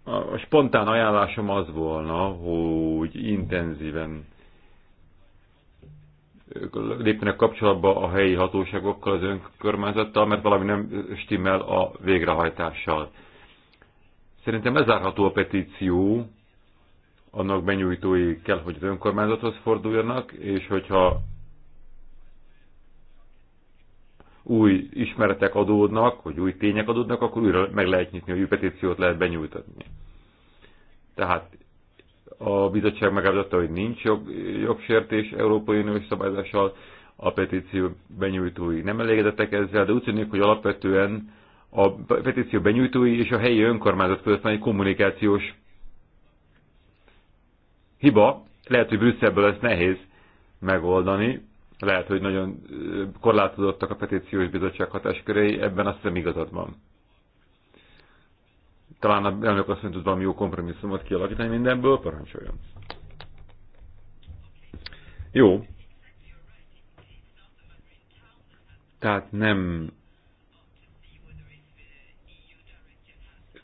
A spontán ajánlásom az volna, hogy intenzíven lépnek kapcsolatba a helyi hatóságokkal, az önkormányzattal, mert valami nem stimmel a végrehajtással. Szerintem lezárható a petíció, annak benyújtói kell, hogy az önkormányzathoz forduljanak, és hogyha új ismeretek adódnak, hogy új tények adódnak, akkor újra meg lehet nyitni, hogy új petíciót lehet benyújtatni. Tehát a bizottság megállapította, hogy nincs jog, jogsértés Európai Uniós szabályzással, a petíció benyújtói nem elégedettek ezzel, de úgy tűnik, hogy alapvetően a petíció benyújtói és a helyi önkormányzat között van egy kommunikációs hiba, lehet, hogy Brüsszelből ezt nehéz megoldani, lehet, hogy nagyon korlátozottak a petíciós bizottság hatáskörei, ebben azt hiszem igazad van. Talán a elnök azt hogy valami jó kompromisszumot kialakítani mindenből, parancsoljon. Jó. Tehát nem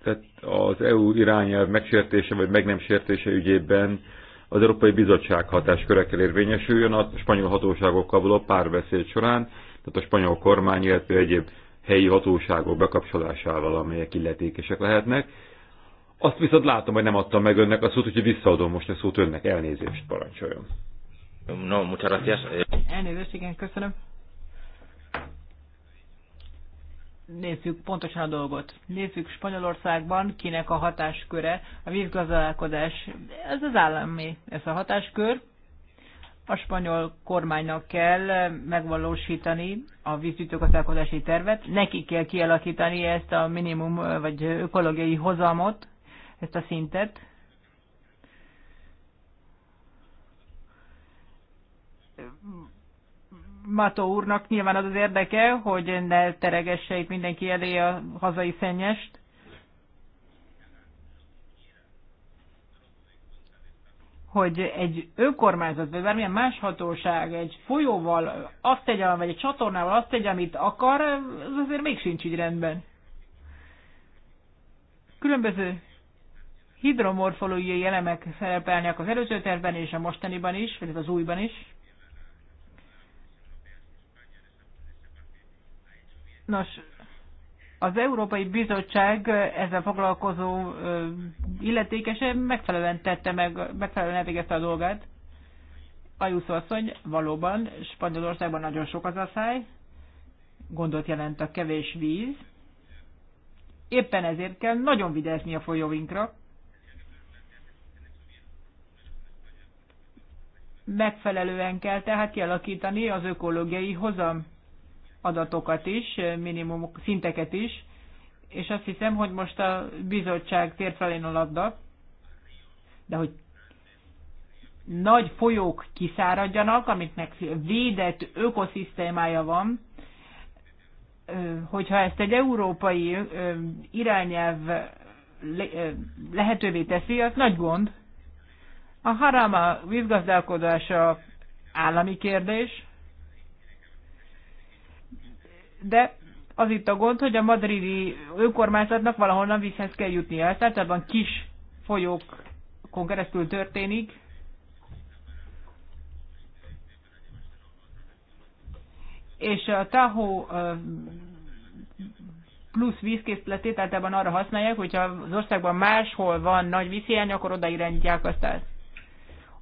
tehát az EU irányelv megsértése vagy meg nem sértése ügyében az Európai Bizottság hatásköre kell érvényesüljön a spanyol hatóságokkal való párbeszéd során, tehát a spanyol kormány, illetve egyéb helyi hatóságok bekapcsolásával, amelyek illetékesek lehetnek. Azt viszont látom, hogy nem adtam meg önnek a szót, úgyhogy visszaadom most a szót önnek. Elnézést, parancsoljon. No, muchas gracias. Elnézést, igen, köszönöm. nézzük pontosan a dolgot. Nézzük Spanyolországban, kinek a hatásköre a vízgazdálkodás. Ez az állami, ez a hatáskör. A spanyol kormánynak kell megvalósítani a vízgyűjtőgazdálkodási tervet. Neki kell kialakítani ezt a minimum vagy ökológiai hozamot, ezt a szintet. Mató úrnak nyilván az az érdeke, hogy ne teregesse itt mindenki elé a hazai szennyest. hogy egy önkormányzat, vagy bármilyen más hatóság egy folyóval azt tegye, vagy egy csatornával azt tegye, amit akar, az azért még sincs így rendben. Különböző hidromorfológiai elemek szerepelnek az előző tervben és a mostaniban is, vagy az újban is. Nos, az Európai Bizottság ezzel foglalkozó illetékesen megfelelően tette meg, megfelelően elvégezte a dolgát. A asszony, valóban Spanyolországban nagyon sok az a száj, gondot jelent a kevés víz. Éppen ezért kell nagyon vigyázni a folyóinkra. Megfelelően kell tehát kialakítani az ökológiai hozam adatokat is, minimum szinteket is, és azt hiszem, hogy most a bizottság tért felén a labda, de hogy nagy folyók kiszáradjanak, amiknek védett ökoszisztémája van, hogyha ezt egy európai irányelv lehetővé teszi, az nagy gond. A harama vízgazdálkodása állami kérdés, de az itt a gond, hogy a madridi önkormányzatnak valahonnan vízhez kell jutnia. Ez általában kis folyókon keresztül történik. És a Tahó plusz vízkészletét általában arra használják, hogyha az országban máshol van nagy vízhiány, akkor oda irányítják azt.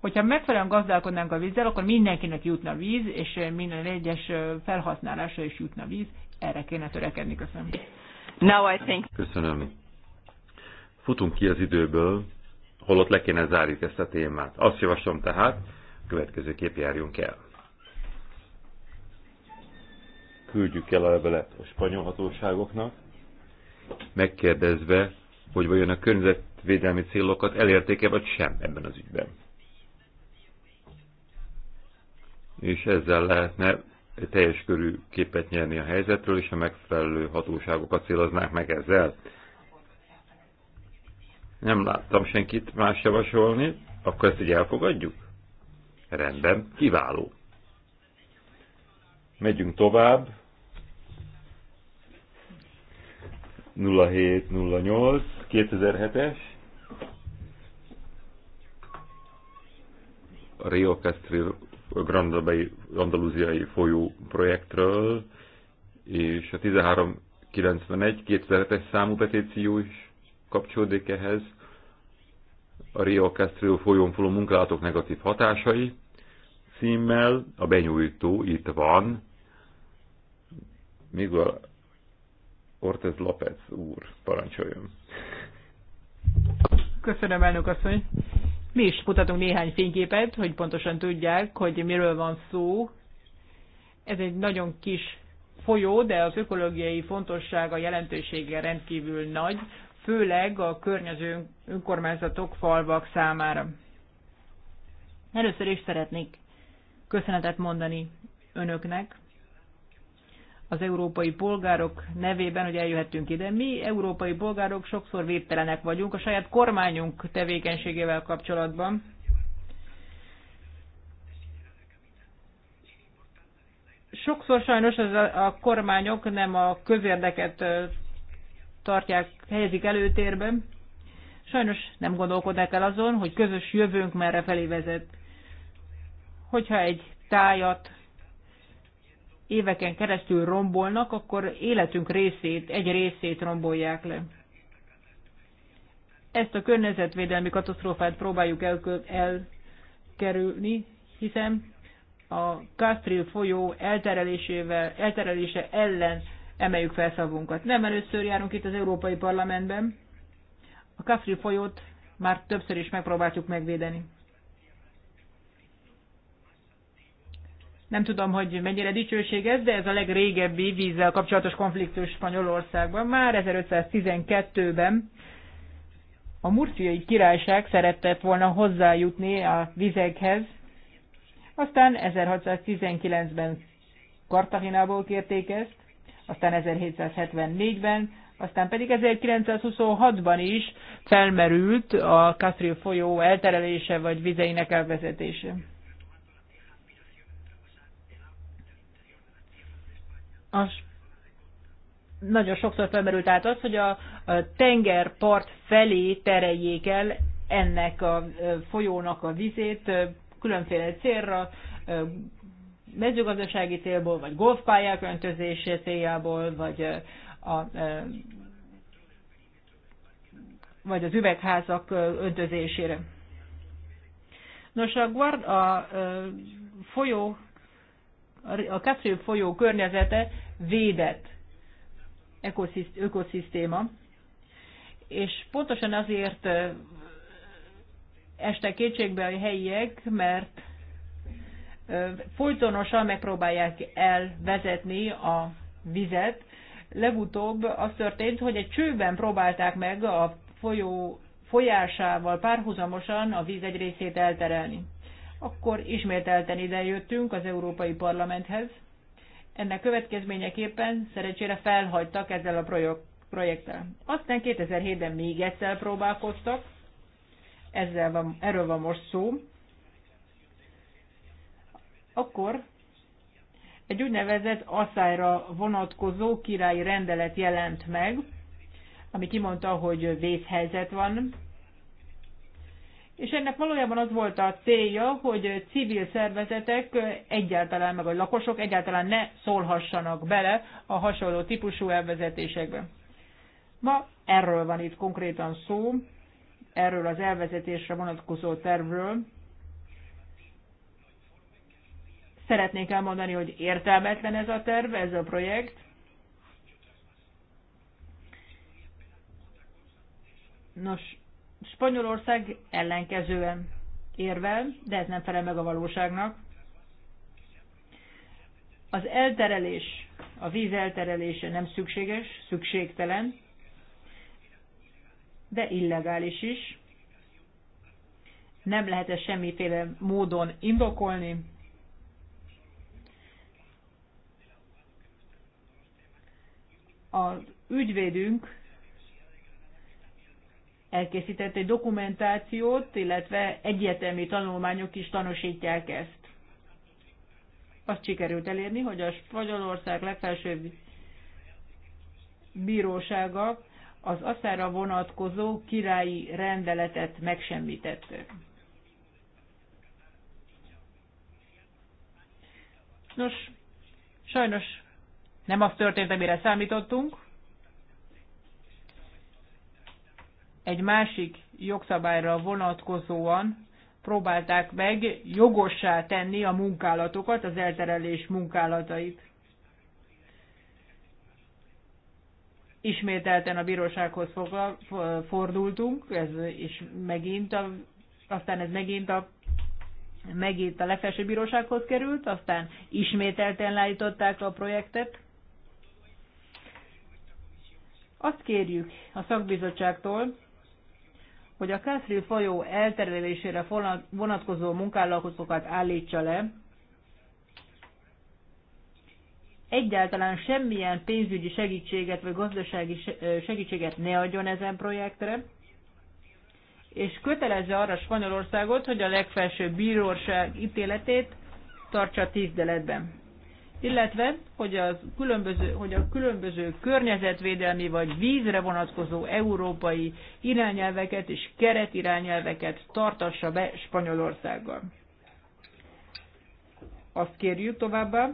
Hogyha megfelelően gazdálkodnánk a vízzel, akkor mindenkinek jutna víz, és eh, minden egyes eh, felhasználásra is jutna víz. Erre kéne törekedni. Köszönöm. Now I think... Köszönöm. Futunk ki az időből, holott le kéne zárjuk ezt a témát. Azt javaslom tehát, kép járjunk el. Küldjük el a levelet a spanyol hatóságoknak, megkérdezve, hogy vajon a környezetvédelmi célokat elérték-e vagy sem ebben az ügyben. és ezzel lehetne teljes körű képet nyerni a helyzetről, és a megfelelő hatóságokat céloznák meg ezzel. Nem láttam senkit más javasolni, akkor ezt így elfogadjuk? Rendben, kiváló. Megyünk tovább. 0708, 2007-es. Rio Castrillo Grandabai Andalúziai folyó projektről, és a 1391 2007-es számú petíció is kapcsolódik ehhez, a Rio Castro folyón folyó munkálatok negatív hatásai címmel, a benyújtó itt van, Miguel Ortez López úr, parancsoljon. Köszönöm, elnök asszony. Mi is mutatunk néhány fényképet, hogy pontosan tudják, hogy miről van szó. Ez egy nagyon kis folyó, de az ökológiai fontossága, jelentősége rendkívül nagy, főleg a környező önkormányzatok, falvak számára. Először is szeretnék köszönetet mondani önöknek, az európai polgárok nevében, hogy eljöhetünk ide. Mi európai polgárok sokszor védtelenek vagyunk a saját kormányunk tevékenységével kapcsolatban. Sokszor sajnos az a, a kormányok nem a közérdeket tartják, helyezik előtérben. Sajnos nem gondolkodnak el azon, hogy közös jövőnk merre felé vezet. Hogyha egy tájat éveken keresztül rombolnak, akkor életünk részét, egy részét rombolják le. Ezt a környezetvédelmi katasztrófát próbáljuk elkerülni, hiszen a Kastril folyó elterelésével, elterelése ellen emeljük fel szavunkat. Nem először járunk itt az Európai Parlamentben, a Kastril folyót már többször is megpróbáltuk megvédeni. Nem tudom, hogy mennyire dicsőség ez, de ez a legrégebbi vízzel kapcsolatos konfliktus Spanyolországban. Már 1512-ben a murciai királyság szeretett volna hozzájutni a vizekhez, aztán 1619-ben Kartahinából kérték ezt, aztán 1774-ben, aztán pedig 1926-ban is felmerült a Kastri folyó elterelése vagy vizeinek elvezetése. az nagyon sokszor felmerült tehát az, hogy a tengerpart felé tereljék el ennek a folyónak a vizét különféle célra, mezőgazdasági célból, vagy golfpályák öntözése céljából, vagy a vagy az üvegházak öntözésére. Nos, a, guard, a, a folyó, a Katrium folyó környezete védett ökoszisztéma, és pontosan azért este kétségbe a helyiek, mert folytonosan megpróbálják elvezetni a vizet. Legutóbb az történt, hogy egy csőben próbálták meg a folyó folyásával párhuzamosan a víz egy részét elterelni. Akkor ismételten ide jöttünk az Európai Parlamenthez, ennek következményeképpen szerencsére felhagytak ezzel a projekttel. Aztán 2007-ben még egyszer próbálkoztak, ezzel van, erről van most szó. Akkor egy úgynevezett asszályra vonatkozó királyi rendelet jelent meg, ami kimondta, hogy vészhelyzet van, és ennek valójában az volt a célja, hogy civil szervezetek egyáltalán, meg a lakosok egyáltalán ne szólhassanak bele a hasonló típusú elvezetésekbe. Ma erről van itt konkrétan szó, erről az elvezetésre vonatkozó tervről. Szeretnék elmondani, hogy értelmetlen ez a terv, ez a projekt. Nos, Spanyolország ellenkezően érvel, de ez nem felel meg a valóságnak. Az elterelés, a víz elterelése nem szükséges, szükségtelen, de illegális is. Nem lehet ezt semmiféle módon indokolni. Az ügyvédünk elkészített egy dokumentációt, illetve egyetemi tanulmányok is tanúsítják ezt. Azt sikerült elérni, hogy a Spanyolország legfelsőbb bírósága az aszára vonatkozó királyi rendeletet megsemmítette. Nos, sajnos nem az történt, amire számítottunk. egy másik jogszabályra vonatkozóan próbálták meg jogossá tenni a munkálatokat, az elterelés munkálatait. Ismételten a bírósághoz fordultunk, ez és megint a, aztán ez megint a megint a legfelsőbb bírósághoz került, aztán ismételten leállították a projektet. Azt kérjük a szakbizottságtól, hogy a Kászri folyó elterelésére vonatkozó munkálatokat állítsa le, egyáltalán semmilyen pénzügyi segítséget vagy gazdasági segítséget ne adjon ezen projektre, és kötelezze arra Spanyolországot, hogy a legfelsőbb bíróság ítéletét tartsa tiszteletben illetve hogy, az különböző, hogy a különböző környezetvédelmi vagy vízre vonatkozó európai irányelveket és keretirányelveket tartassa be Spanyolországgal. Azt kérjük továbbá,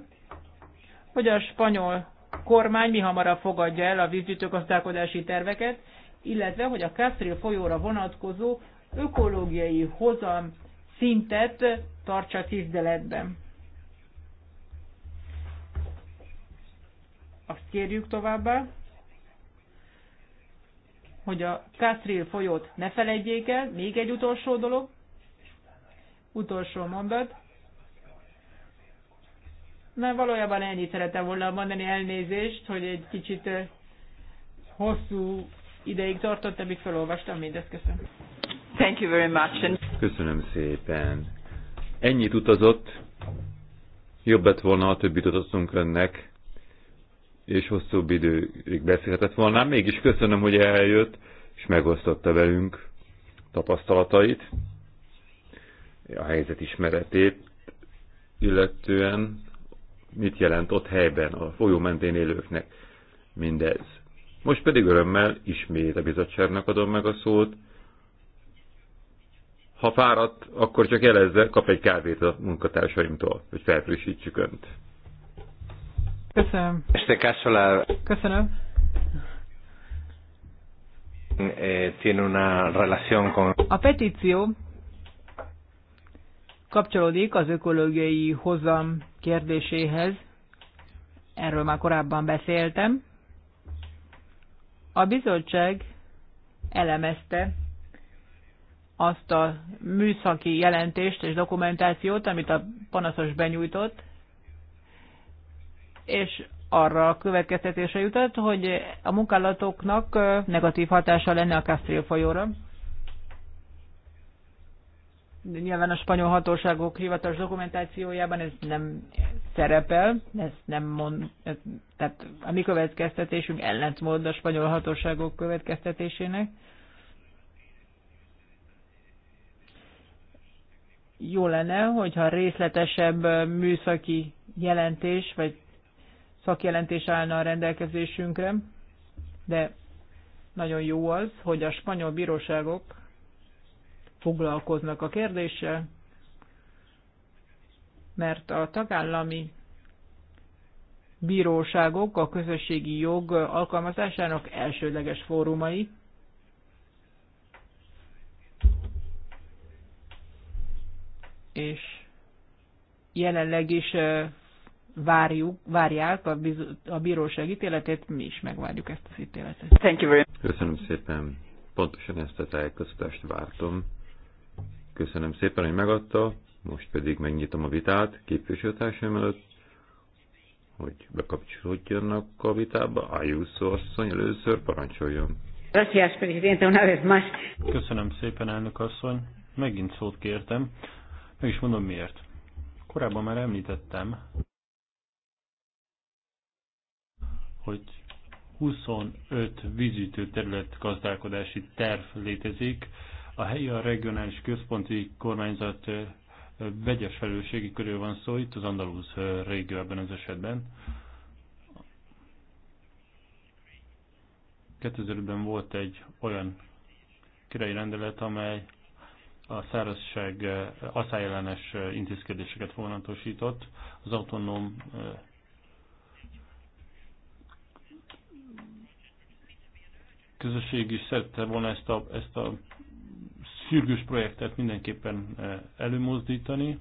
hogy a spanyol kormány mi hamarabb fogadja el a vízgyűjtőgazdálkodási terveket, illetve hogy a Castril folyóra vonatkozó ökológiai hozam szintet tartsa tiszteletben. Azt kérjük továbbá, hogy a Kastril folyót ne felejtjék el. Még egy utolsó dolog, utolsó mondat. Na, valójában ennyit szeretem volna mondani elnézést, hogy egy kicsit eh, hosszú ideig tartott, amíg felolvastam mindezt. Köszönöm. Thank you very much. Köszönöm szépen. Ennyit utazott. Jobb lett volna, ha többit utaztunk önnek és hosszúbb időig beszélhetett volna. Mégis köszönöm, hogy eljött, és megosztotta velünk tapasztalatait, a helyzet ismeretét, illetően mit jelent ott helyben a folyó mentén élőknek mindez. Most pedig örömmel ismét a bizottságnak adom meg a szót. Ha fáradt, akkor csak jelezze, kap egy kávét a munkatársaimtól, hogy felfrissítsük Önt. Köszönöm. Este Kassolár. Köszönöm. Eh, tiene una relación con... A petíció kapcsolódik az ökológiai hozam kérdéséhez. Erről már korábban beszéltem. A bizottság elemezte azt a műszaki jelentést és dokumentációt, amit a panaszos benyújtott, és arra a következtetése jutott, hogy a munkálatoknak negatív hatása lenne a Castile folyóra. De nyilván a spanyol hatóságok hivatalos dokumentációjában ez nem szerepel, ez nem mond, ez, tehát a mi következtetésünk ellentmond a spanyol hatóságok következtetésének. Jó lenne, hogyha részletesebb műszaki jelentés vagy szakjelentés állna a rendelkezésünkre, de nagyon jó az, hogy a spanyol bíróságok foglalkoznak a kérdéssel, mert a tagállami bíróságok a közösségi jog alkalmazásának elsődleges fórumai. És jelenleg is várjuk, várják a, biz, a bíróság ítéletét, mi is megvárjuk ezt az ítéletet. Thank you very much. Köszönöm szépen. Pontosan ezt a tájékoztatást vártam. Köszönöm szépen, hogy megadta. Most pedig megnyitom a vitát képviselőtársaim előtt, hogy bekapcsolódjanak a vitába. Ayuso asszony először parancsoljon. Köszönöm szépen, elnök asszony. Megint szót kértem. Meg is mondom miért. Korábban már említettem, hogy 25 vízütő terület gazdálkodási terv létezik. A helyi, a regionális központi kormányzat vegyes felelősségi körül van szó, itt az Andalusz régió ebben az esetben. 2005-ben volt egy olyan királyi rendelet, amely a szárazság asszályellenes intézkedéseket vonatosított. Az autonóm közösség is szerette volna ezt a, ezt a sürgős projektet mindenképpen eh, előmozdítani.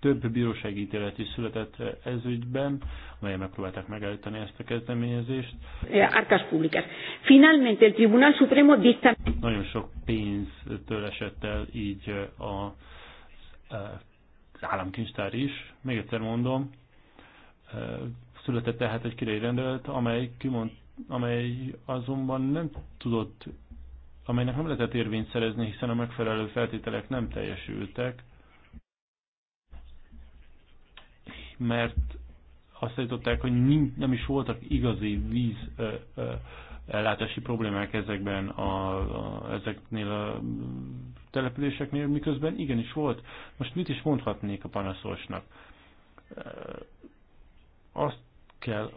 Több bírósági ítélet is született eh, ez ügyben, amelyen megpróbálták megállítani ezt a kezdeményezést. Eh, Arkas Publikás. Finalmente el Tribunal Supremo dicta... Nagyon sok pénztől esett el így a, az államkincstár is. Még egyszer mondom, született tehát egy királyi rendelet, amely kimond, amely azonban nem tudott, amelynek nem lehetett érvényt szerezni, hiszen a megfelelő feltételek nem teljesültek, mert azt állították, hogy nem is voltak igazi víz ö, ö, ellátási problémák ezekben a, a, ezeknél a településeknél, miközben igenis volt. Most mit is mondhatnék a panaszosnak? Azt kell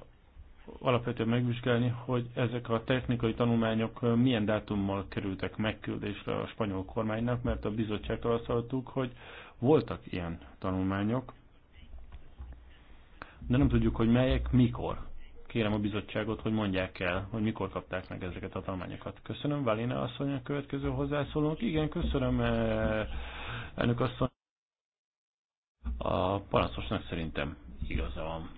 alapvetően megvizsgálni, hogy ezek a technikai tanulmányok milyen dátummal kerültek megküldésre a spanyol kormánynak, mert a bizottságtól azt hallottuk, hogy voltak ilyen tanulmányok, de nem tudjuk, hogy melyek, mikor. Kérem a bizottságot, hogy mondják el, hogy mikor kapták meg ezeket a tanulmányokat. Köszönöm, Valéna asszony a következő hozzászólónk. Igen, köszönöm, eh, elnök asszony. A panaszosnak szerintem igaza van.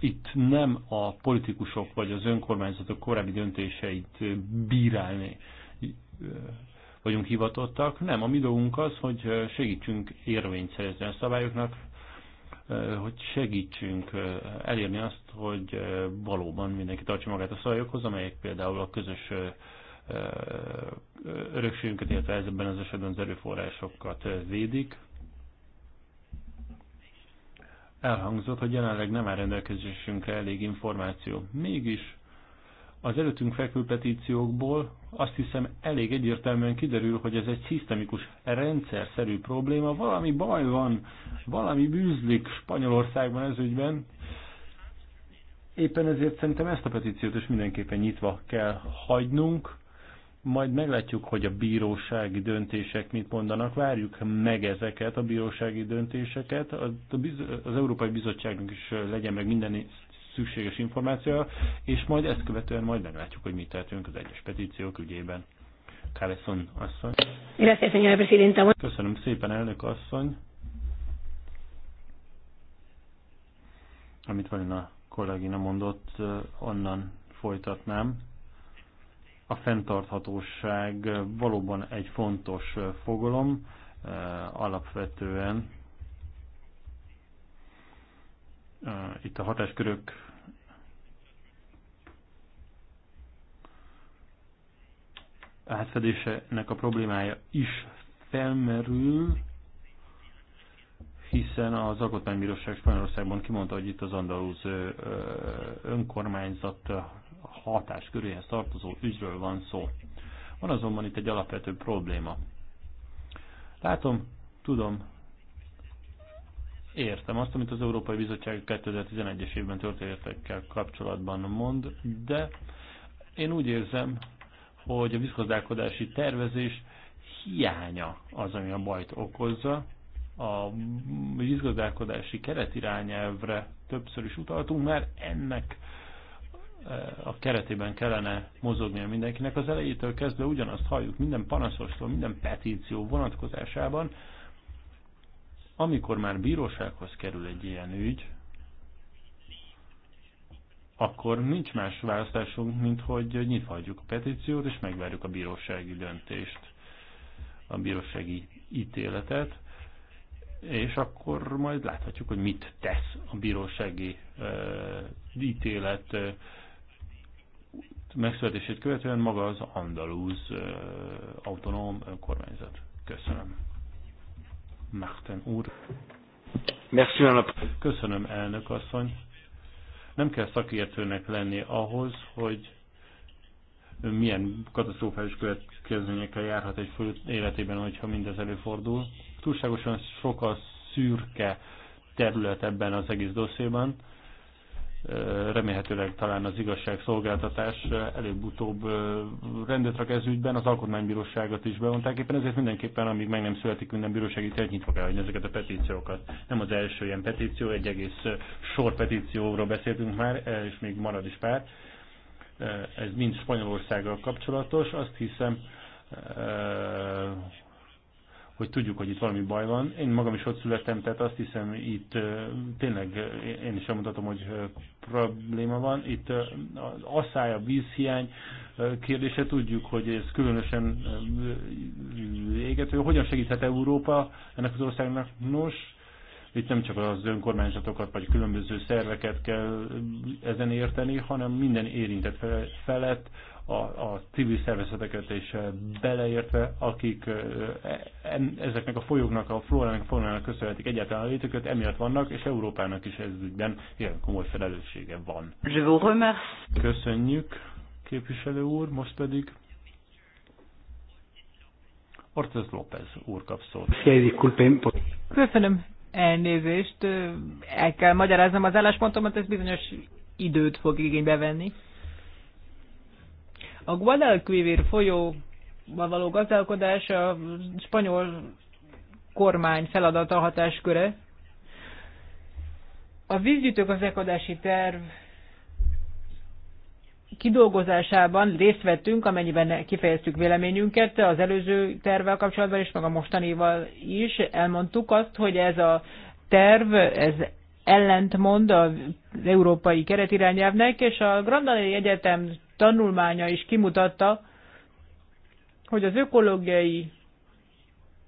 itt nem a politikusok vagy az önkormányzatok korábbi döntéseit bírálni vagyunk hivatottak. Nem, a mi dolgunk az, hogy segítsünk érvényt szerezni a szabályoknak, hogy segítsünk elérni azt, hogy valóban mindenki tartsa magát a szabályokhoz, amelyek például a közös örökségünket, illetve ezekben az esetben az erőforrásokat védik elhangzott, hogy jelenleg nem áll rendelkezésünkre elég információ. Mégis az előttünk fekvő petíciókból azt hiszem elég egyértelműen kiderül, hogy ez egy szisztemikus, rendszerszerű probléma, valami baj van, valami bűzlik Spanyolországban ez ügyben. Éppen ezért szerintem ezt a petíciót is mindenképpen nyitva kell hagynunk, majd meglátjuk, hogy a bírósági döntések mit mondanak, várjuk meg ezeket a bírósági döntéseket, az, az Európai Bizottságnak is legyen meg minden szükséges információ, és majd ezt követően majd meglátjuk, hogy mit tehetünk az egyes petíciók ügyében. Káleson asszony. Köszönöm szépen, elnök asszony. Amit Valina kollégina mondott, eh, onnan folytatnám a fenntarthatóság valóban egy fontos fogalom, eh, alapvetően eh, itt a hatáskörök átfedésének a problémája is felmerül, hiszen az Alkotmánybíróság Spanyolországban kimondta, hogy itt az andalúz eh, önkormányzat hatás köréhez tartozó ügyről van szó. Van azonban itt egy alapvető probléma. Látom, tudom, értem azt, amit az Európai Bizottság 2011-es évben történetekkel kapcsolatban mond, de én úgy érzem, hogy a vízgazdálkodási tervezés hiánya az, ami a bajt okozza. A vízgazdálkodási keretirányelvre többször is utaltunk, mert ennek Eh, a keretében kellene mozognia mindenkinek. Az elejétől kezdve ugyanazt halljuk minden panaszostól, minden petíció vonatkozásában. Amikor már bírósághoz kerül egy ilyen ügy, akkor nincs más választásunk, mint hogy nyitva hagyjuk a petíciót, és megvárjuk a bírósági döntést, a bírósági ítéletet, és akkor majd láthatjuk, hogy mit tesz a bírósági uh, ítélet uh, megszületését követően maga az andalúz autonóm kormányzat. Köszönöm. Márten úr. Köszönöm, elnök asszony. Nem kell szakértőnek lenni ahhoz, hogy milyen katasztrofális következményekkel járhat egy föld életében, hogyha mindez előfordul. Túlságosan sok a szürke terület ebben az egész dosszéban remélhetőleg talán az igazságszolgáltatás előbb-utóbb rendet rak ez ügyben, az alkotmánybíróságot is bevonták, éppen ezért mindenképpen, amíg meg nem születik minden bírósági ítélet, nyitva kell hagyni ezeket a petíciókat. Nem az első ilyen petíció, egy egész sor petícióról beszéltünk már, e, és még marad is pár. Ez mind Spanyolországgal kapcsolatos, azt hiszem, hogy tudjuk, hogy itt valami baj van. Én magam is ott születtem, tehát azt hiszem itt tényleg én is elmutatom, hogy probléma van. Itt az asszály, a vízhiány kérdése tudjuk, hogy ez különösen égető. Hogyan segíthet Európa ennek az országnak? Nos, itt nem csak az önkormányzatokat vagy különböző szerveket kell ezen érteni, hanem minden érintett felett a, a civil szervezeteket is eh, beleértve, akik eh, eh, ezeknek a folyóknak, a flórának, a faunának köszönhetik egyáltalán a létüket, emiatt vannak, és Európának is ez ügyben ilyen komoly felelőssége van. Je vous remercie. Köszönjük, képviselő úr, most pedig Ortiz López úr kap szót. Köszönöm elnézést, el kell magyaráznom az álláspontomat, ez bizonyos időt fog igénybe venni. A Guadalquivir folyóval való gazdálkodás a spanyol kormány feladata, hatásköre. A vízgyűjtőgazdálkodási terv kidolgozásában részt vettünk, amennyiben kifejeztük véleményünket az előző tervvel kapcsolatban és meg a mostanival is. Elmondtuk azt, hogy ez a terv, ez ellentmond az európai keretirányelvnek, és a Grandanai Egyetem tanulmánya is kimutatta, hogy az ökológiai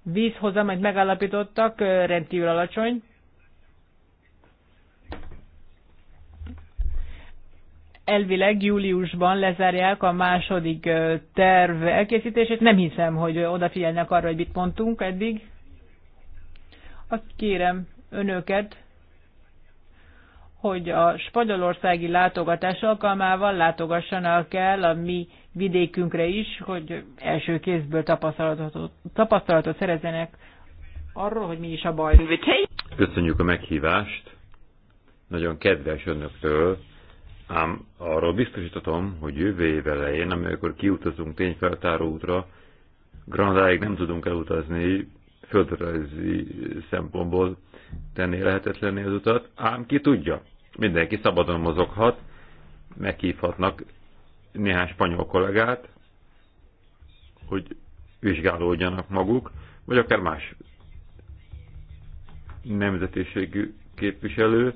vízhoz, amit megállapítottak, rendkívül alacsony. Elvileg júliusban lezárják a második terv elkészítését. Nem hiszem, hogy odafigyelnek arra, hogy mit mondtunk eddig. Azt kérem önöket, hogy a spanyolországi látogatás alkalmával látogassanak el a mi vidékünkre is, hogy első kézből tapasztalatot, tapasztalatot szerezzenek arról, hogy mi is a baj. Köszönjük a meghívást, nagyon kedves önöktől, ám arról biztosítatom, hogy jövő év elején, amikor kiutazunk tényfeltáró útra, Granadáig nem tudunk elutazni földrajzi szempontból tenni lehetetlenné az utat, ám ki tudja, mindenki szabadon mozoghat, meghívhatnak néhány spanyol kollégát, hogy vizsgálódjanak maguk, vagy akár más nemzetiségű képviselő,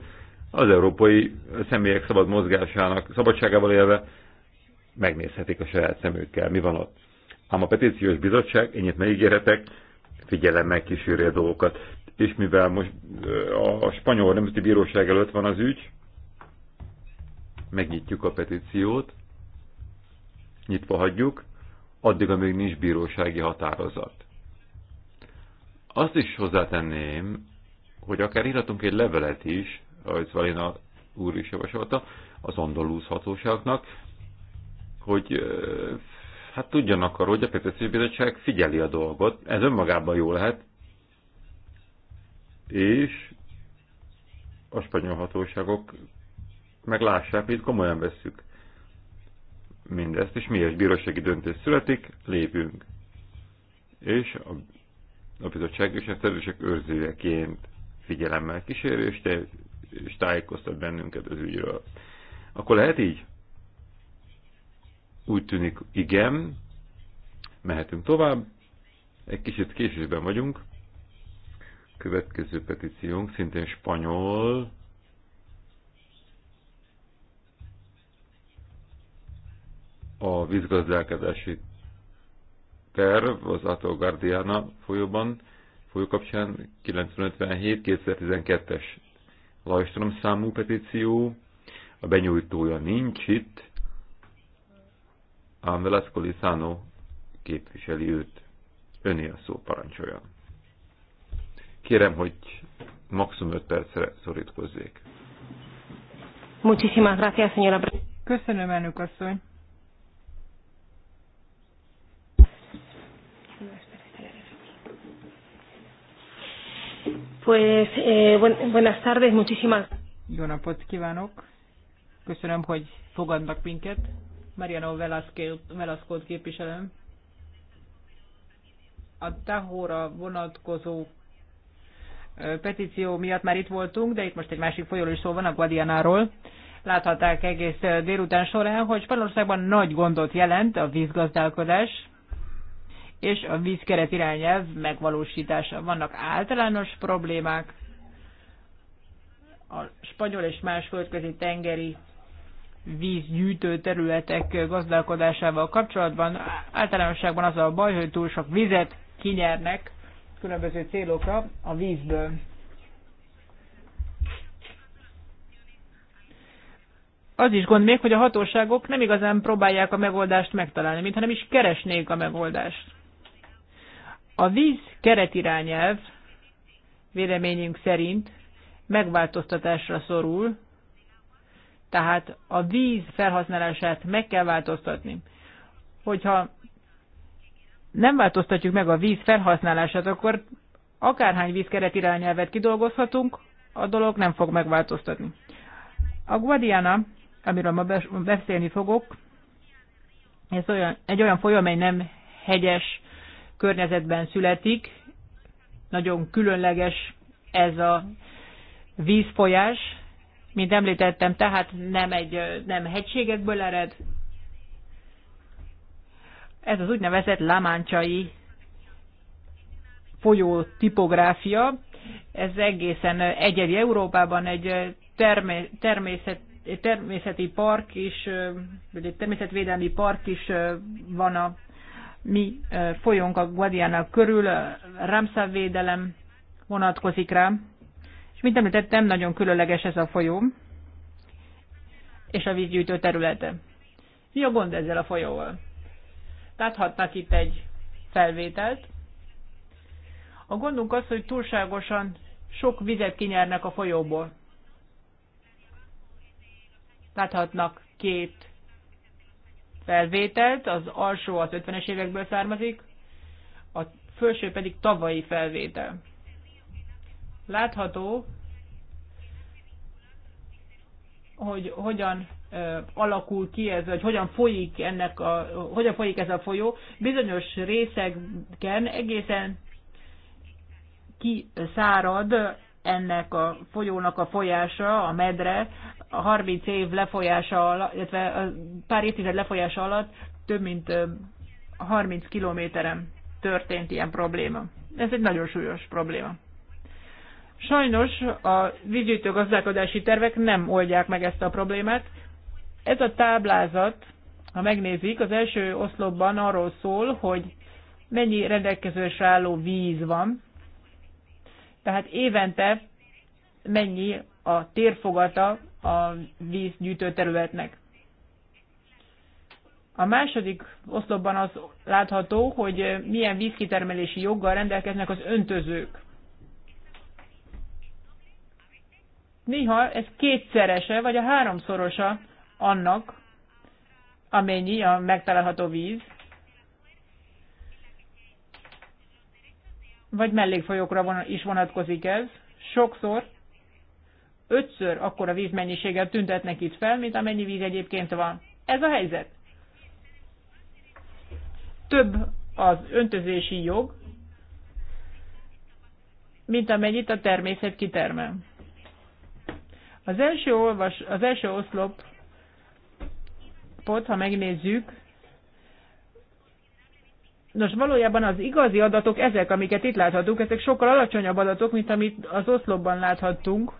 az európai személyek szabad mozgásának szabadságával élve megnézhetik a saját szemükkel, mi van ott. Ám a petíciós bizottság, ennyit megígéretek, figyelemmel kísérje a dolgokat és mivel most a spanyol nemzeti bíróság előtt van az ügy, megnyitjuk a petíciót, nyitva hagyjuk, addig, amíg nincs bírósági határozat. Azt is hozzátenném, hogy akár írhatunk egy levelet is, ahogy Valina úr is javasolta, az andalusz hatóságnak, hogy hát tudjanak arról, hogy a Petíciós Bizottság figyeli a dolgot. Ez önmagában jó lehet, és a spanyol hatóságok meglássák, hogy komolyan vesszük mindezt, és miért bírósági döntés születik, lépünk. És a, a bizottság és a szerzősek őrzőjeként figyelemmel kísérő, és, te, és tájékoztat bennünket az ügyről. Akkor lehet így? Úgy tűnik, igen, mehetünk tovább, egy kicsit késésben vagyunk, Következő petíciónk szintén spanyol. A vízgazdálkodási terv az Ato Guardiana folyóban, folyó kapcsán 957-2012-es Lajstrom számú petíció. A benyújtója nincs itt, ám Velasco Lizano képviseli őt. Öné a szó parancsoljon. Kérem, hogy maximum 5 percre szorítkozzék. Muchísimas gracias, señora. Köszönöm, elnök asszony. Pues eh, buenas tardes, muchísimas. Jó napot kívánok. Köszönöm, hogy fogadnak minket. Mariano Velasco képviselem. A Tahóra vonatkozó petíció miatt már itt voltunk, de itt most egy másik folyóról is szó van, a Guadianáról. Láthatták egész délután során, hogy Spanyolországban nagy gondot jelent a vízgazdálkodás és a vízkeret irányelv megvalósítása. Vannak általános problémák, a spanyol és más földközi tengeri vízgyűjtő területek gazdálkodásával kapcsolatban általánosságban az a baj, hogy túl sok vizet kinyernek, különböző célokra a vízből. Az is gond még, hogy a hatóságok nem igazán próbálják a megoldást megtalálni, mintha nem is keresnék a megoldást. A víz keretirányelv véleményünk szerint megváltoztatásra szorul, tehát a víz felhasználását meg kell változtatni. Hogyha nem változtatjuk meg a víz felhasználását, akkor akárhány vízkeret irányelvet kidolgozhatunk, a dolog nem fog megváltoztatni. A Guadiana, amiről ma beszélni fogok, ez olyan, egy olyan folyó, amely nem hegyes környezetben születik, nagyon különleges ez a vízfolyás, mint említettem, tehát nem egy nem hegységekből ered, ez az úgynevezett lámáncsai folyó tipográfia. Ez egészen egyedi Európában egy termé természet természeti park is, vagy egy természetvédelmi park is van a mi folyónk a Guadiana körül, Ramszá védelem vonatkozik rá, és mint említettem, nagyon különleges ez a folyó, és a vízgyűjtő területe. Mi a gond ezzel a folyóval? Láthatnak itt egy felvételt. A gondunk az, hogy túlságosan sok vizet kinyernek a folyóból. Láthatnak két felvételt, az alsó az 50-es évekből származik, a felső pedig tavalyi felvétel. Látható, hogy hogyan alakul ki ez, vagy hogyan folyik, ennek a, hogyan folyik ez a folyó. Bizonyos részeken egészen kiszárad ennek a folyónak a folyása, a medre, a 30 év lefolyása alatt, illetve a pár évtized lefolyása alatt több mint 30 kilométeren történt ilyen probléma. Ez egy nagyon súlyos probléma. Sajnos a vízgyűjtő gazdálkodási tervek nem oldják meg ezt a problémát, ez a táblázat, ha megnézik, az első oszlopban arról szól, hogy mennyi rendelkezésre álló víz van, tehát évente mennyi a térfogata a vízgyűjtő területnek. A második oszlopban az látható, hogy milyen vízkitermelési joggal rendelkeznek az öntözők. Néha ez kétszerese, vagy a háromszorosa annak, amennyi a megtalálható víz, vagy mellékfolyókra is vonatkozik ez. Sokszor ötször akkora vízmennyiséget tüntetnek itt fel, mint amennyi víz egyébként van. Ez a helyzet. Több az öntözési jog, mint amennyit a természet kitermel. Az első, olvas, az első oszlop alapot, ha megnézzük, Nos, valójában az igazi adatok ezek, amiket itt láthatunk, ezek sokkal alacsonyabb adatok, mint amit az oszlopban láthattunk.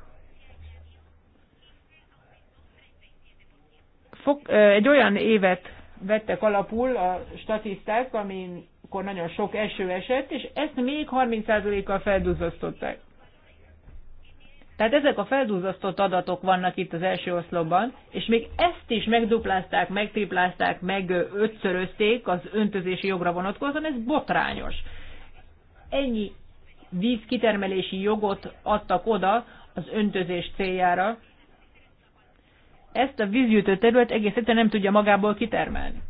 Fok, egy olyan évet vettek alapul a statiszták, amikor nagyon sok eső esett, és ezt még 30%-kal felduzzasztották. Tehát ezek a feldúzasztott adatok vannak itt az első oszlopban, és még ezt is megduplázták, megtriplázták, meg ötszörözték az öntözési jogra vonatkozóan, ez botrányos. Ennyi vízkitermelési jogot adtak oda az öntözés céljára, ezt a vízgyűjtő terület egész egyszerűen nem tudja magából kitermelni.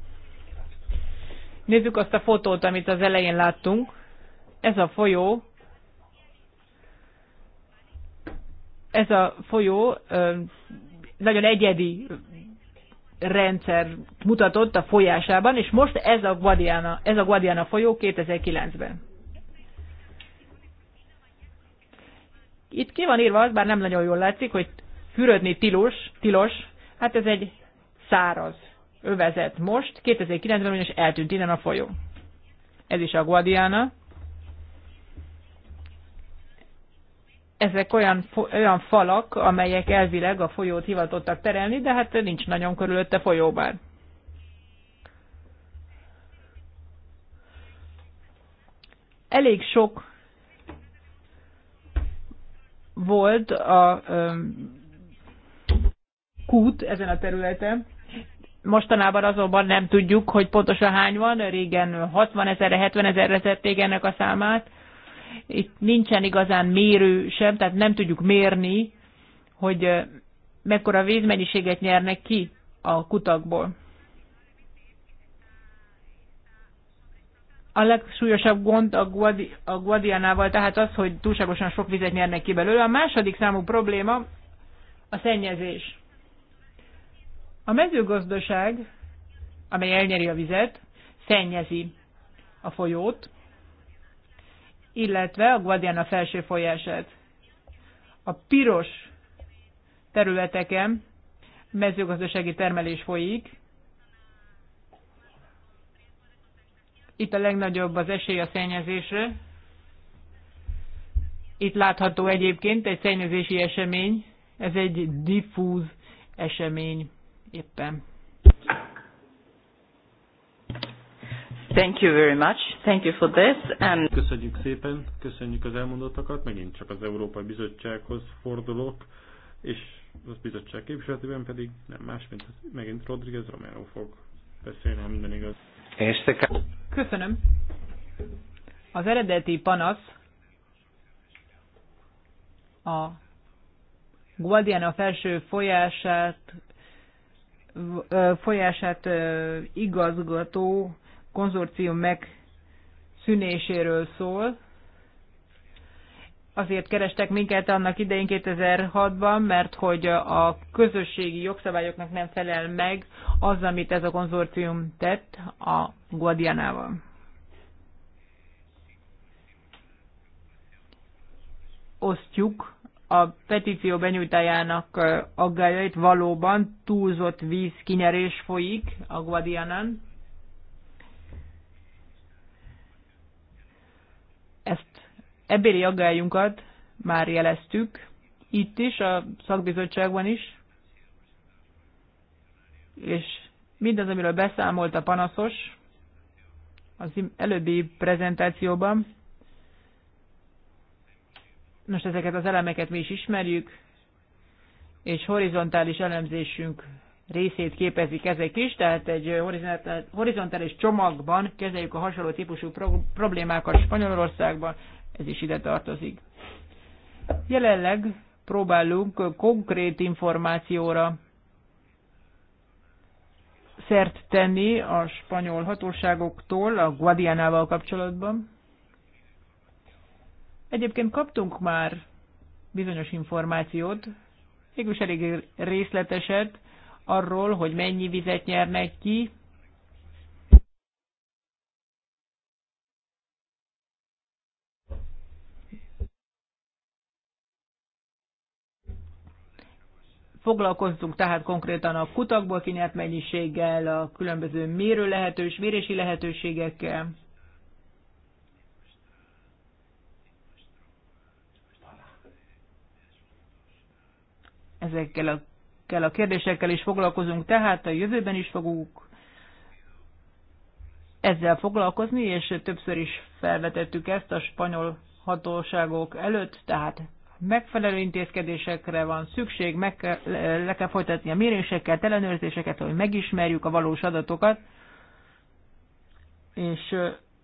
Nézzük azt a fotót, amit az elején láttunk. Ez a folyó ez a folyó nagyon egyedi rendszer mutatott a folyásában, és most ez a Guadiana, ez a Guadiana folyó 2009-ben. Itt ki van írva az, bár nem nagyon jól látszik, hogy fürödni tilos, tilos, hát ez egy száraz övezet most, 2009-ben ugyanis eltűnt innen a folyó. Ez is a Guadiana. ezek olyan, olyan falak, amelyek elvileg a folyót hivatottak terelni, de hát nincs nagyon körülötte folyóban. Elég sok volt a um, kút ezen a területen. Mostanában azonban nem tudjuk, hogy pontosan hány van, régen 60 ezerre, 70 ezerre tették ennek a számát. Itt nincsen igazán mérő sem, tehát nem tudjuk mérni, hogy mekkora vízmennyiséget nyernek ki a kutakból. a legsúlyosabb gond a, Guadi, a Guadianával, tehát az, hogy túlságosan sok vizet nyernek ki belőle. A második számú probléma a szennyezés. A mezőgazdaság, amely elnyeri a vizet, szennyezi a folyót, illetve a Guadiana felső folyását. A piros területeken mezőgazdasági termelés folyik. Itt a legnagyobb az esély a szennyezésre. Itt látható egyébként egy szennyezési esemény, ez egy diffúz esemény éppen. Thank you very much. Thank you for this. And... Köszönjük szépen, köszönjük az elmondottakat. Megint csak az Európai Bizottsághoz fordulok, és az bizottság képviseletében pedig nem más, mint az, megint Rodriguez Romero fog beszélni, ha minden igaz. Köszönöm. Az eredeti panasz a Guadiana felső folyását, folyását igazgató konzorcium megszűnéséről szól. Azért kerestek minket annak idején 2006-ban, mert hogy a közösségi jogszabályoknak nem felel meg az, amit ez a konzorcium tett a Guadianával. Osztjuk a petíció benyújtájának eh, aggájait valóban túlzott víz kinyerés folyik a Guadianán. ebbéli aggályunkat már jeleztük, itt is, a szakbizottságban is, és mindaz, amiről beszámolt a panaszos az előbbi prezentációban, most ezeket az elemeket mi is ismerjük, és horizontális elemzésünk részét képezik ezek is, tehát egy horizontális csomagban kezeljük a hasonló típusú problémákat Spanyolországban, ez is ide tartozik. Jelenleg próbálunk konkrét információra szert tenni a spanyol hatóságoktól a Guadianával kapcsolatban. Egyébként kaptunk már bizonyos információt, mégis elég részleteset arról, hogy mennyi vizet nyernek ki, Foglalkoztunk tehát konkrétan a kutakból kinyert mennyiséggel, a különböző mérő lehetős, mérési lehetőségekkel. Ezekkel a, kell a kérdésekkel is foglalkozunk, tehát a jövőben is fogunk ezzel foglalkozni, és többször is felvetettük ezt a spanyol hatóságok előtt, tehát megfelelő intézkedésekre van szükség, meg kell, le kell folytatni a méréseket, ellenőrzéseket, hogy megismerjük a valós adatokat, és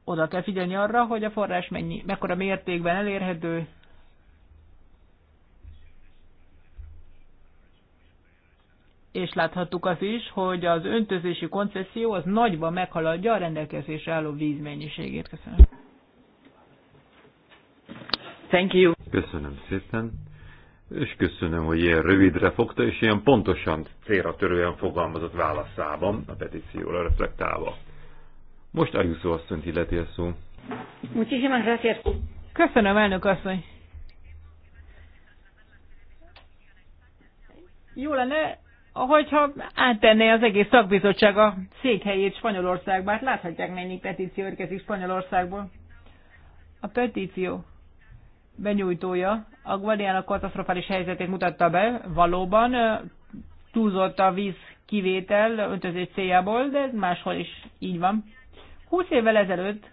oda kell figyelni arra, hogy a forrás mennyi, mekkora mértékben elérhető, és láthattuk azt is, hogy az öntözési koncesszió az nagyban meghaladja a rendelkezésre álló víz mennyiségét. Köszönöm. Thank you. Köszönöm szépen, és köszönöm, hogy ilyen rövidre fogta, és ilyen pontosan célra törően fogalmazott válaszában a petícióra reflektálva. Most Ajuszó asszonyt illeti a szó. Köszönöm, elnök asszony. Jó lenne, hogyha áttenné az egész szakbizottság a székhelyét Spanyolországba, hát láthatják, mennyi petíció érkezik Spanyolországból. A petíció benyújtója a Guadiana katasztrofális helyzetét mutatta be, valóban túlzott a víz kivétel öntözés céljából, de ez máshol is így van. 20 évvel ezelőtt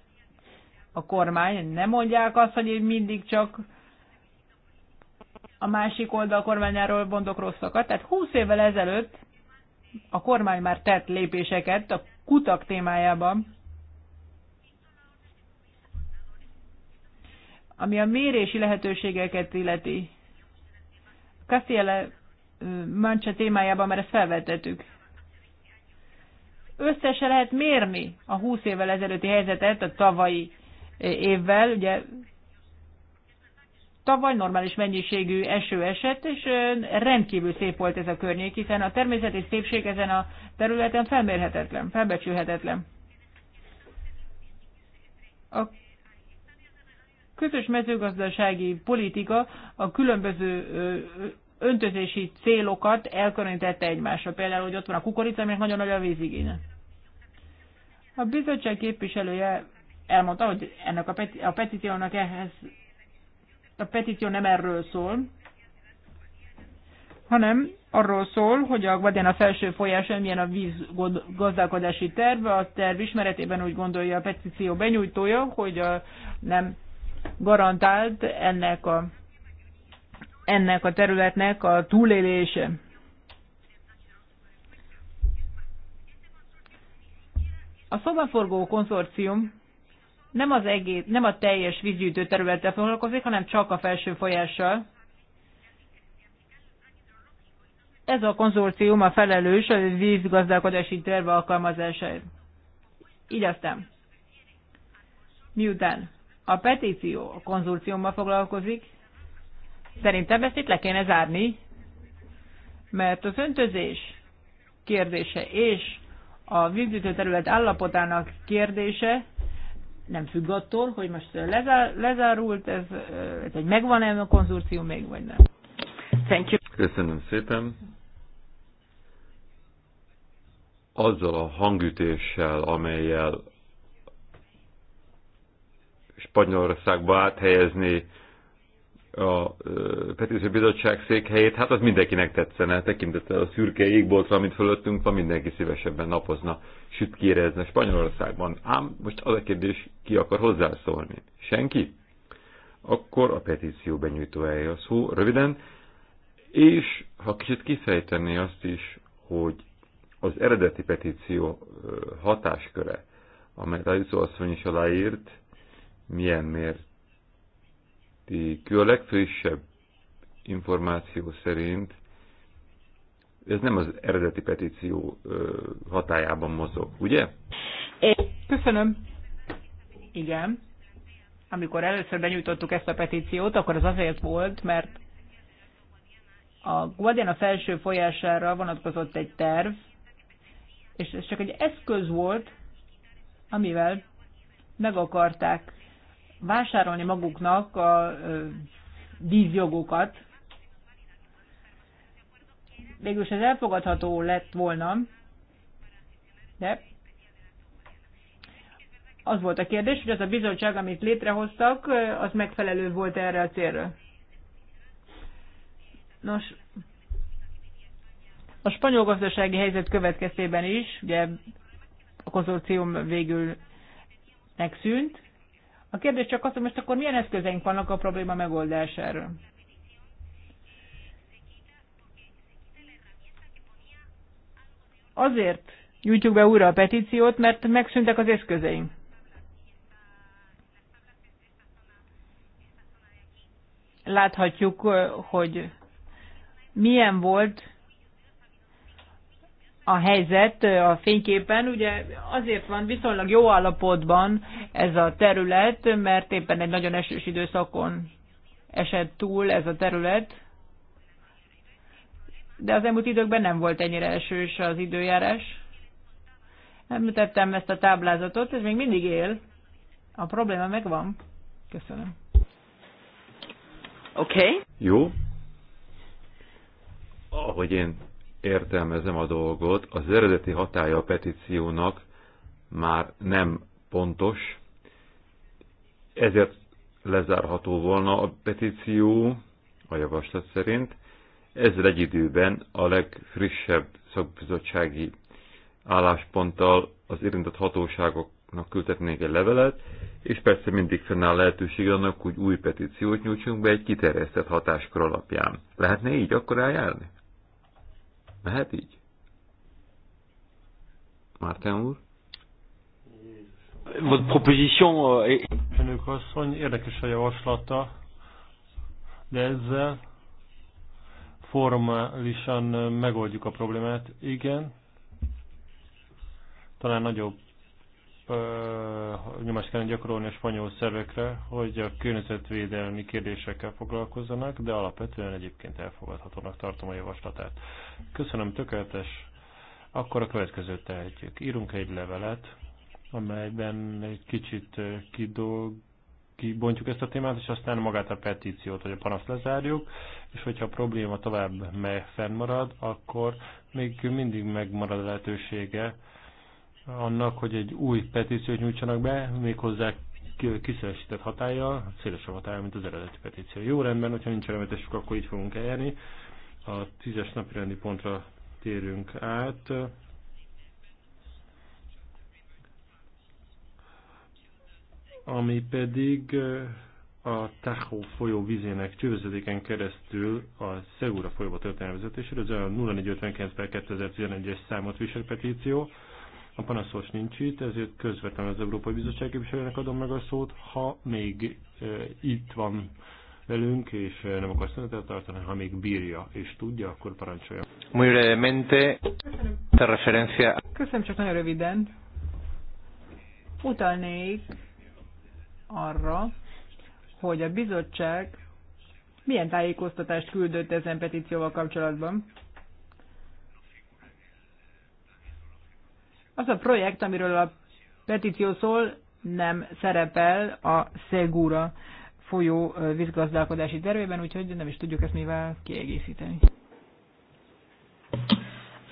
a kormány, nem mondják azt, hogy mindig csak a másik oldal kormányáról mondok rosszakat, tehát 20 évvel ezelőtt a kormány már tett lépéseket a kutak témájában, Ami a mérési lehetőségeket illeti. Kastiele Mancsa témájában már ezt felvetettük. Összesen lehet mérni a 20 évvel ezelőtti helyzetet a tavalyi évvel, ugye tavaly normális mennyiségű eső esett, és rendkívül szép volt ez a környék, hiszen a természeti szépség ezen a területen felmérhetetlen, felbecsülhetetlen. A közös mezőgazdasági politika a különböző öntözési célokat elkülönítette egymásra. Például, hogy ott van a kukorica, aminek nagyon nagy a vízigénye. A bizottság képviselője elmondta, hogy ennek a, peti- a petíciónak ehhez a petíció nem erről szól, hanem arról szól, hogy a a felső folyáson, milyen a vízgazdálkodási terv. A terv ismeretében úgy gondolja a petíció benyújtója, hogy a nem garantált ennek a, ennek a területnek a túlélése. A szobaforgó konszorcium nem, az egész, nem a teljes vízgyűjtő területtel foglalkozik, hanem csak a felső folyással. Ez a konzorcium a felelős a vízgazdálkodási terve alkalmazásáért. Így aztán. Miután a petíció a konzulciummal foglalkozik. Szerintem ezt itt le kéne zárni, mert az öntözés kérdése és a vízütő terület állapotának kérdése nem függ attól, hogy most lezár, lezárult, ez, ez egy megvan-e a konzorcium még, vagy nem. Thank you. Köszönöm szépen. Azzal a hangütéssel, amelyel Spanyolországba áthelyezni a Petíció Bizottság székhelyét, hát az mindenkinek tetszene, tekintettel a szürke égboltra, amit fölöttünk van, mindenki szívesebben napozna, süt Spanyolországban. Ám most az a kérdés, ki akar hozzászólni? Senki? Akkor a petíció benyújtója a szó, röviden, és ha kicsit kifejteni azt is, hogy az eredeti petíció hatásköre, amelyet az asszony is aláírt, milyen mértékű. A legfrissebb információ szerint ez nem az eredeti petíció hatájában mozog, ugye? Köszönöm. Igen. Amikor először benyújtottuk ezt a petíciót, akkor az azért volt, mert a Guadiana felső folyására vonatkozott egy terv, és ez csak egy eszköz volt, amivel meg akarták vásárolni maguknak a vízjogokat. Végülis ez elfogadható lett volna, de az volt a kérdés, hogy az a bizottság, amit létrehoztak, az megfelelő volt erre a célra. Nos, a spanyol gazdasági helyzet következtében is, ugye a konzorcium végül megszűnt, a kérdés csak az, hogy most akkor milyen eszközeink vannak a probléma megoldására. Azért nyújtjuk be újra a petíciót, mert megszűntek az eszközeink. Láthatjuk, hogy milyen volt a helyzet a fényképen. Ugye azért van viszonylag jó állapotban ez a terület, mert éppen egy nagyon esős időszakon esett túl ez a terület, de az elmúlt időkben nem volt ennyire esős az időjárás. Említettem ezt a táblázatot, ez még mindig él. A probléma megvan. Köszönöm. Oké. Okay. Jó. Ahogy én értelmezem a dolgot, az eredeti hatája a petíciónak már nem pontos, ezért lezárható volna a petíció, a javaslat szerint, ezzel egy időben a legfrissebb szakbizottsági állásponttal az érintett hatóságoknak küldhetnék egy levelet, és persze mindig fennáll lehetőség annak, hogy új petíciót nyújtsunk be egy kiterjesztett hatáskör alapján. Lehetne így akkor eljárni? Lehet így? Márten úr? Vagy proposition... Önök euh, asszony, érdekes a javaslata, de ezzel formálisan megoldjuk a problémát. Igen, talán nagyobb nyomást kellene gyakorolni a spanyol szervekre, hogy a környezetvédelmi kérdésekkel foglalkozzanak, de alapvetően egyébként elfogadhatónak tartom a javaslatát. Köszönöm, tökéletes. Akkor a következőt tehetjük. Írunk egy levelet, amelyben egy kicsit kidolg kibontjuk ezt a témát, és aztán magát a petíciót, hogy a panaszt lezárjuk, és hogyha a probléma tovább fennmarad, akkor még mindig megmarad a lehetősége annak, hogy egy új petíciót nyújtsanak be, méghozzá kiszélesített hatája, szélesebb hatája, mint az eredeti petíció. Jó rendben, hogyha nincs remetesük, akkor így fogunk eljárni. A tízes napi rendi pontra térünk át. Ami pedig eh, a Tahó folyó vizének csővezetéken keresztül a Szegura folyóba történő vezetésére, ez a 0459 2011-es számot visel petíció. A panaszos nincs itt, ezért közvetlenül az Európai Bizottság képviselőnek adom meg a szót. Ha még e, itt van velünk, és nem akar szünetet tartani, ha még bírja és tudja, akkor parancsolja. Muy brevemente, referencia. Köszönöm csak nagyon röviden. Utalnék arra, hogy a bizottság milyen tájékoztatást küldött ezen petícióval kapcsolatban. Az a projekt, amiről a petíció szól, nem szerepel a Segura folyó vízgazdálkodási tervében, úgyhogy nem is tudjuk ezt mivel kiegészíteni.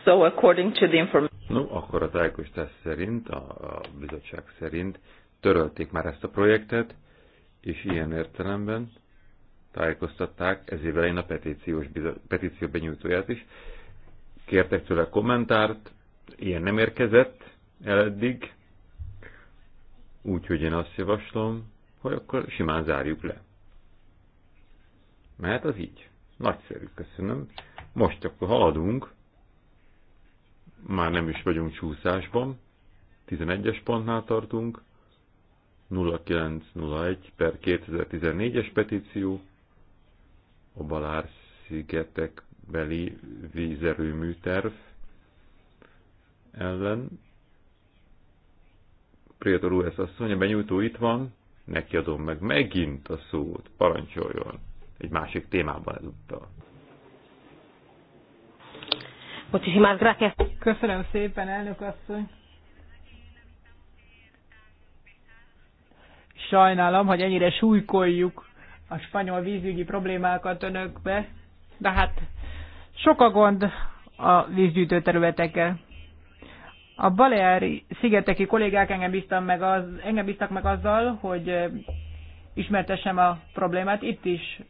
So according to the information... No, akkor a tájékoztás szerint, a, a bizottság szerint törölték már ezt a projektet, és ilyen értelemben tájékoztatták ezével én a petíciós, petíció benyújtóját is. Kértek tőle kommentárt, ilyen nem érkezett el eddig, úgyhogy én azt javaslom, hogy akkor simán zárjuk le. Mert az így. Nagyszerű, köszönöm. Most akkor haladunk. Már nem is vagyunk csúszásban. 11-es pontnál tartunk. 0901 per 2014-es petíció. A Balár szigetek beli vízerőműterv ellen. Prétor úr ezt azt mondja, benyújtó itt van, neki adom meg megint a szót, parancsoljon. Egy másik témában ezúttal. Köszönöm szépen, elnök asszony. Sajnálom, hogy ennyire súlykoljuk a spanyol vízügyi problémákat önökbe, de hát sok a gond a vízgyűjtő területekkel. A Baleári szigeteki kollégák engem, bíztak meg az, engem bíztak meg azzal, hogy ismertessem a problémát. Itt is,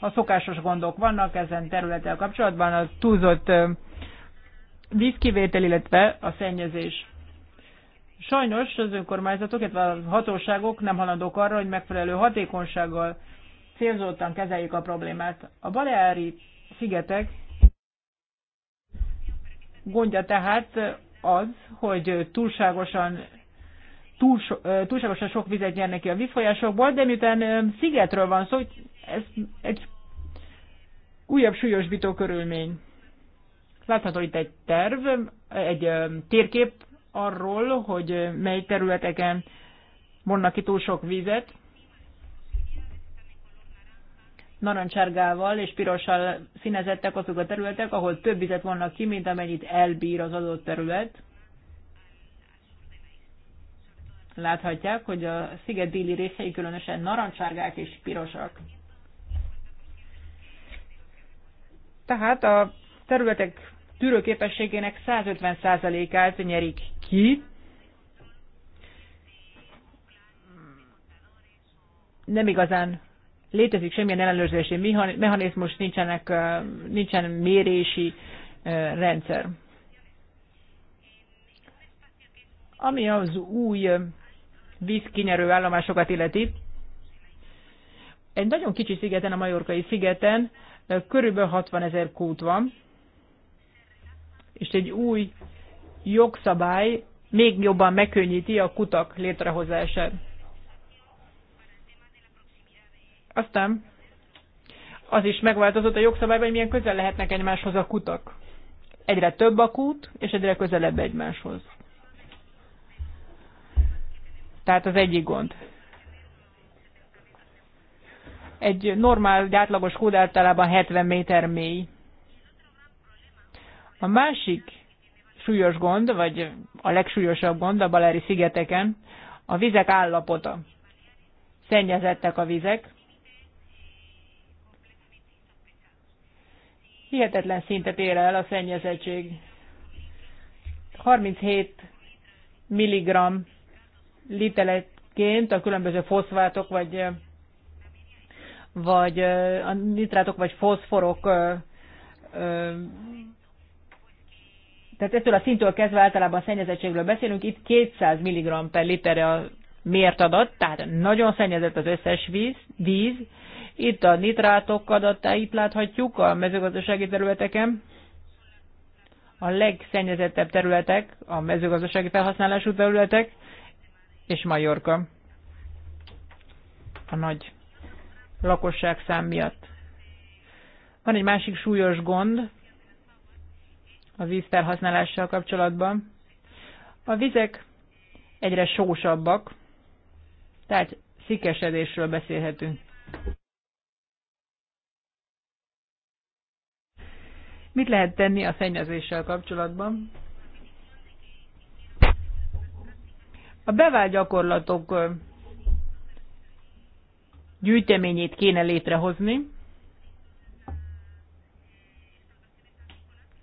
ha szokásos gondok vannak ezen területtel kapcsolatban, a túlzott vízkivétel, illetve a szennyezés. Sajnos az önkormányzatok, illetve a hatóságok nem haladók arra, hogy megfelelő hatékonysággal célzottan kezeljük a problémát. A Baleári szigetek gondja tehát az, hogy túlságosan túl, so, túlságosan sok vizet nyernek ki a vízfolyásokból, de miután szigetről van szó, ez egy újabb súlyos körülmény. Látható itt egy terv, egy térkép arról, hogy mely területeken vonnak ki túl sok vizet narancsárgával és pirossal színezettek azok a területek, ahol több vizet vannak ki, mint amennyit elbír az adott terület. Láthatják, hogy a sziget déli részei különösen narancsárgák és pirosak. Tehát a területek tűrőképességének 150%-át nyerik ki. Nem igazán létezik semmilyen ellenőrzési mechanizmus, nincsenek, nincsen mérési rendszer. Ami az új vízkinyerő állomásokat illeti, egy nagyon kicsi szigeten, a Majorkai szigeten, körülbelül 60 ezer kút van, és egy új jogszabály még jobban megkönnyíti a kutak létrehozását. Aztán az is megváltozott a jogszabályban, hogy milyen közel lehetnek egymáshoz a kutak. Egyre több a kút, és egyre közelebb egymáshoz. Tehát az egyik gond. Egy normál, egy átlagos kód általában 70 méter mély. A másik súlyos gond, vagy a legsúlyosabb gond a Baleri szigeteken, a vizek állapota. Szennyezettek a vizek, hihetetlen szintet ér el a szennyezettség. 37 mg liteletként a különböző foszfátok vagy vagy a nitrátok vagy foszforok tehát ettől a szintől kezdve általában a szennyezettségről beszélünk, itt 200 mg per liter a mért adott, tehát nagyon szennyezett az összes víz, víz. Itt a nitrátok itt láthatjuk a mezőgazdasági területeken. A legszennyezettebb területek a mezőgazdasági felhasználású területek és Majorka a nagy lakosság szám miatt. Van egy másik súlyos gond a vízfelhasználással kapcsolatban. A vizek egyre sósabbak, tehát szikesedésről beszélhetünk. Mit lehet tenni a szennyezéssel kapcsolatban? A bevált gyakorlatok gyűjteményét kéne létrehozni,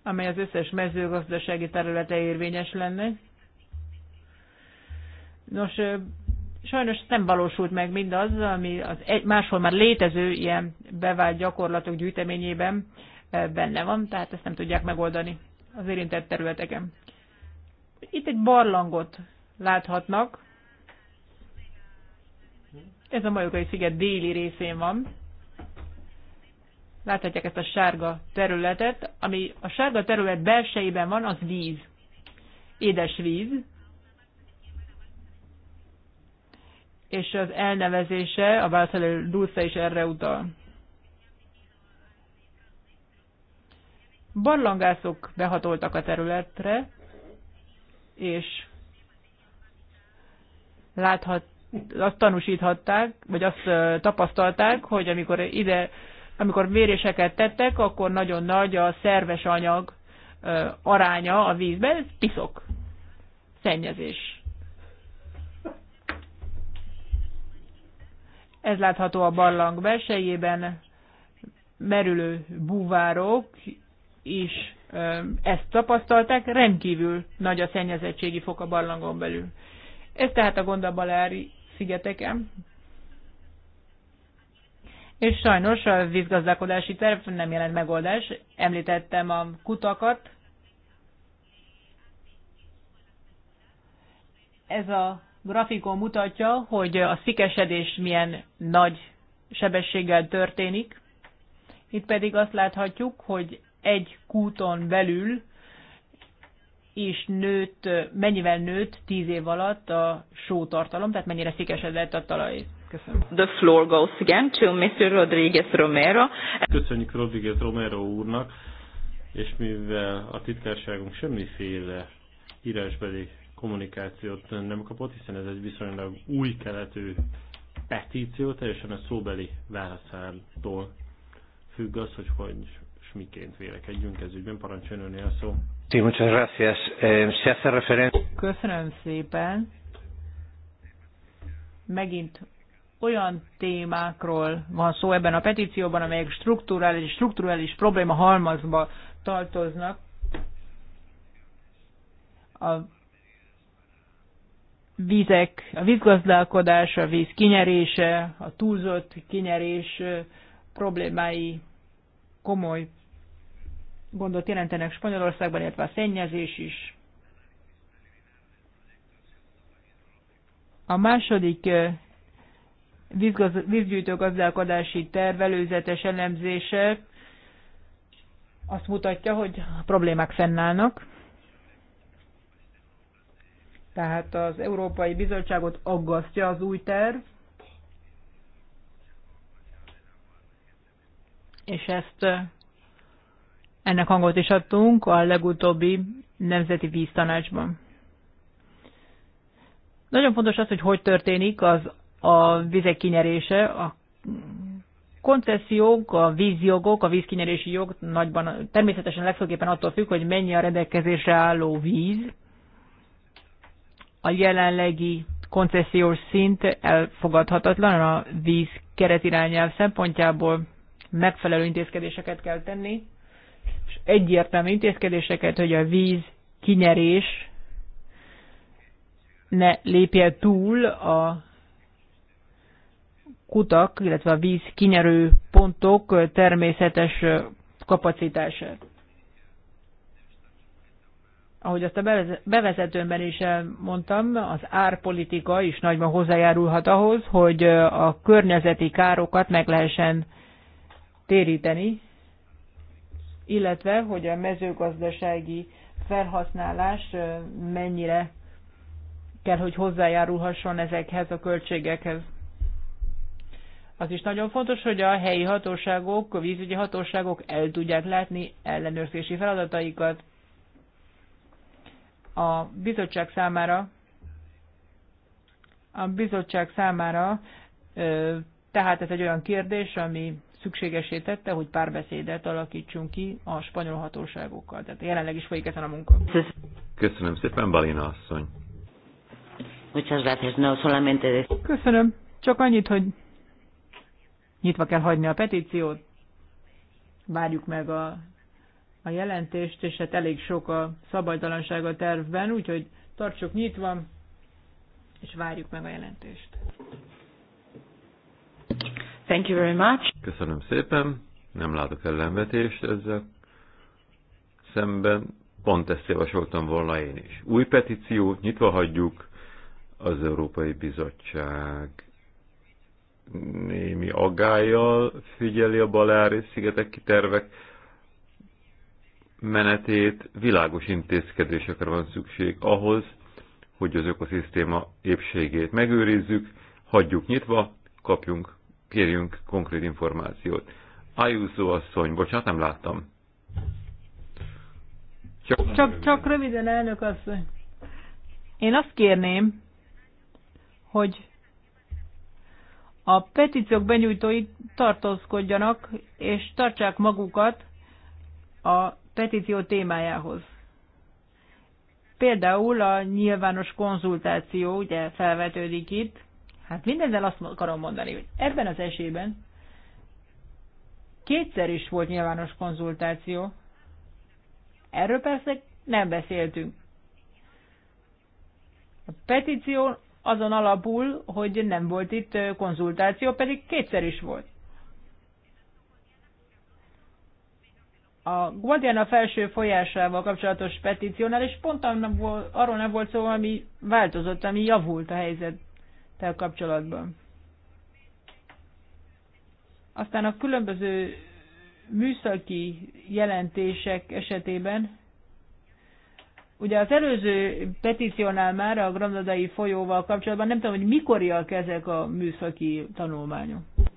amely az összes mezőgazdasági területe érvényes lenne. Nos, Sajnos nem valósult meg mindaz, ami az egy, máshol már létező ilyen bevált gyakorlatok gyűjteményében e, benne van, tehát ezt nem tudják megoldani az érintett területeken. Itt egy barlangot láthatnak. Ez a Majokai sziget déli részén van. Láthatják ezt a sárga területet. Ami a sárga terület belsejében van, az víz. Édes víz. és az elnevezése, a Bászalő Dulce is erre utal. Barlangászok behatoltak a területre, és láthat, azt tanúsíthatták, vagy azt tapasztalták, hogy amikor ide, amikor méréseket tettek, akkor nagyon nagy a szerves anyag aránya a vízben, ez piszok, szennyezés. Ez látható a barlang belsejében, merülő búvárok is ezt tapasztalták, rendkívül nagy a szennyezettségi fok a barlangon belül. Ez tehát a Gondabalári szigeteken. És sajnos a vízgazdálkodási terv nem jelent megoldás. Említettem a kutakat. Ez a grafikon mutatja, hogy a szikesedés milyen nagy sebességgel történik. Itt pedig azt láthatjuk, hogy egy kúton belül is nőtt, mennyivel nőtt tíz év alatt a sótartalom, tehát mennyire szikesedett a talaj. Köszönöm. The floor goes again to Mr. Rodriguez Romero. Köszönjük Rodriguez Romero úrnak, és mivel a titkárságunk semmiféle írásbeli kommunikációt nem kapott, hiszen ez egy viszonylag új keletű petíció, teljesen a szóbeli válaszától függ az, hogy hogy és miként vélekedjünk ez ügyben. Parancsoljon a szó. Sí, muchas gracias. Eh, se hace Köszönöm szépen. Megint olyan témákról van szó ebben a petícióban, amelyek strukturális, strukturális probléma halmazba tartoznak. A vizek, a vízgazdálkodás, a víz kinyerése, a túlzott kinyerés problémái komoly gondot jelentenek Spanyolországban, illetve a szennyezés is. A második vízgyűjtő gazdálkodási terv előzetes elemzése azt mutatja, hogy a problémák fennállnak. Tehát az Európai Bizottságot aggasztja az új terv, és ezt eh, ennek hangot is adtunk a legutóbbi Nemzeti Víztanácsban. Nagyon fontos az, hogy hogy történik az a vizek kinyerése, a koncesziók, a vízjogok, a vízkinyerési jog nagyban természetesen legfőképpen attól függ, hogy mennyi a rendelkezésre álló víz, a jelenlegi koncesziós szint elfogadhatatlan a víz keretirányelv szempontjából megfelelő intézkedéseket kell tenni, és egyértelmű intézkedéseket, hogy a víz kinyerés ne lépje túl a kutak, illetve a víz kinyerő pontok természetes kapacitását ahogy azt a bevezetőmben is mondtam, az árpolitika is nagyban hozzájárulhat ahhoz, hogy a környezeti károkat meg lehessen téríteni, illetve hogy a mezőgazdasági felhasználás mennyire kell, hogy hozzájárulhasson ezekhez a költségekhez. Az is nagyon fontos, hogy a helyi hatóságok, a vízügyi hatóságok el tudják látni ellenőrzési feladataikat, a bizottság számára a bizottság számára tehát ez egy olyan kérdés, ami szükségesé tette, hogy párbeszédet alakítsunk ki a spanyol hatóságokkal. Tehát jelenleg is folyik ezen a munka. Köszönöm szépen, Balina asszony. Köszönöm. Csak annyit, hogy nyitva kell hagyni a petíciót, várjuk meg a a jelentést, és hát elég sok a szabadalanság a tervben, úgyhogy tartsuk nyitva, és várjuk meg a jelentést. Thank you very much. Köszönöm szépen. Nem látok ellenvetést ezzel szemben. Pont ezt javasoltam volna én is. Új petíció, nyitva hagyjuk az Európai Bizottság némi agállyal figyeli a Baleári szigetek tervek menetét világos intézkedésekre van szükség ahhoz, hogy az ökoszisztéma épségét megőrizzük, hagyjuk nyitva, kapjunk, kérjünk konkrét információt. Ayuso asszony, bocsánat, nem láttam. Csak, csak, csak röviden, elnök asszony. Én azt kérném, hogy a petíciók benyújtói tartózkodjanak és tartsák magukat a petíció témájához. Például a nyilvános konzultáció ugye felvetődik itt. Hát mindezzel azt akarom mondani, hogy ebben az esélyben kétszer is volt nyilvános konzultáció. Erről persze nem beszéltünk. A petíció azon alapul, hogy nem volt itt konzultáció, pedig kétszer is volt. a Guadiana felső folyásával kapcsolatos petíciónál, és pont arról nem volt szó, ami változott, ami javult a helyzettel kapcsolatban. Aztán a különböző műszaki jelentések esetében, ugye az előző petíciónál már a Grandadai folyóval kapcsolatban nem tudom, hogy mikor ezek a műszaki tanulmányok.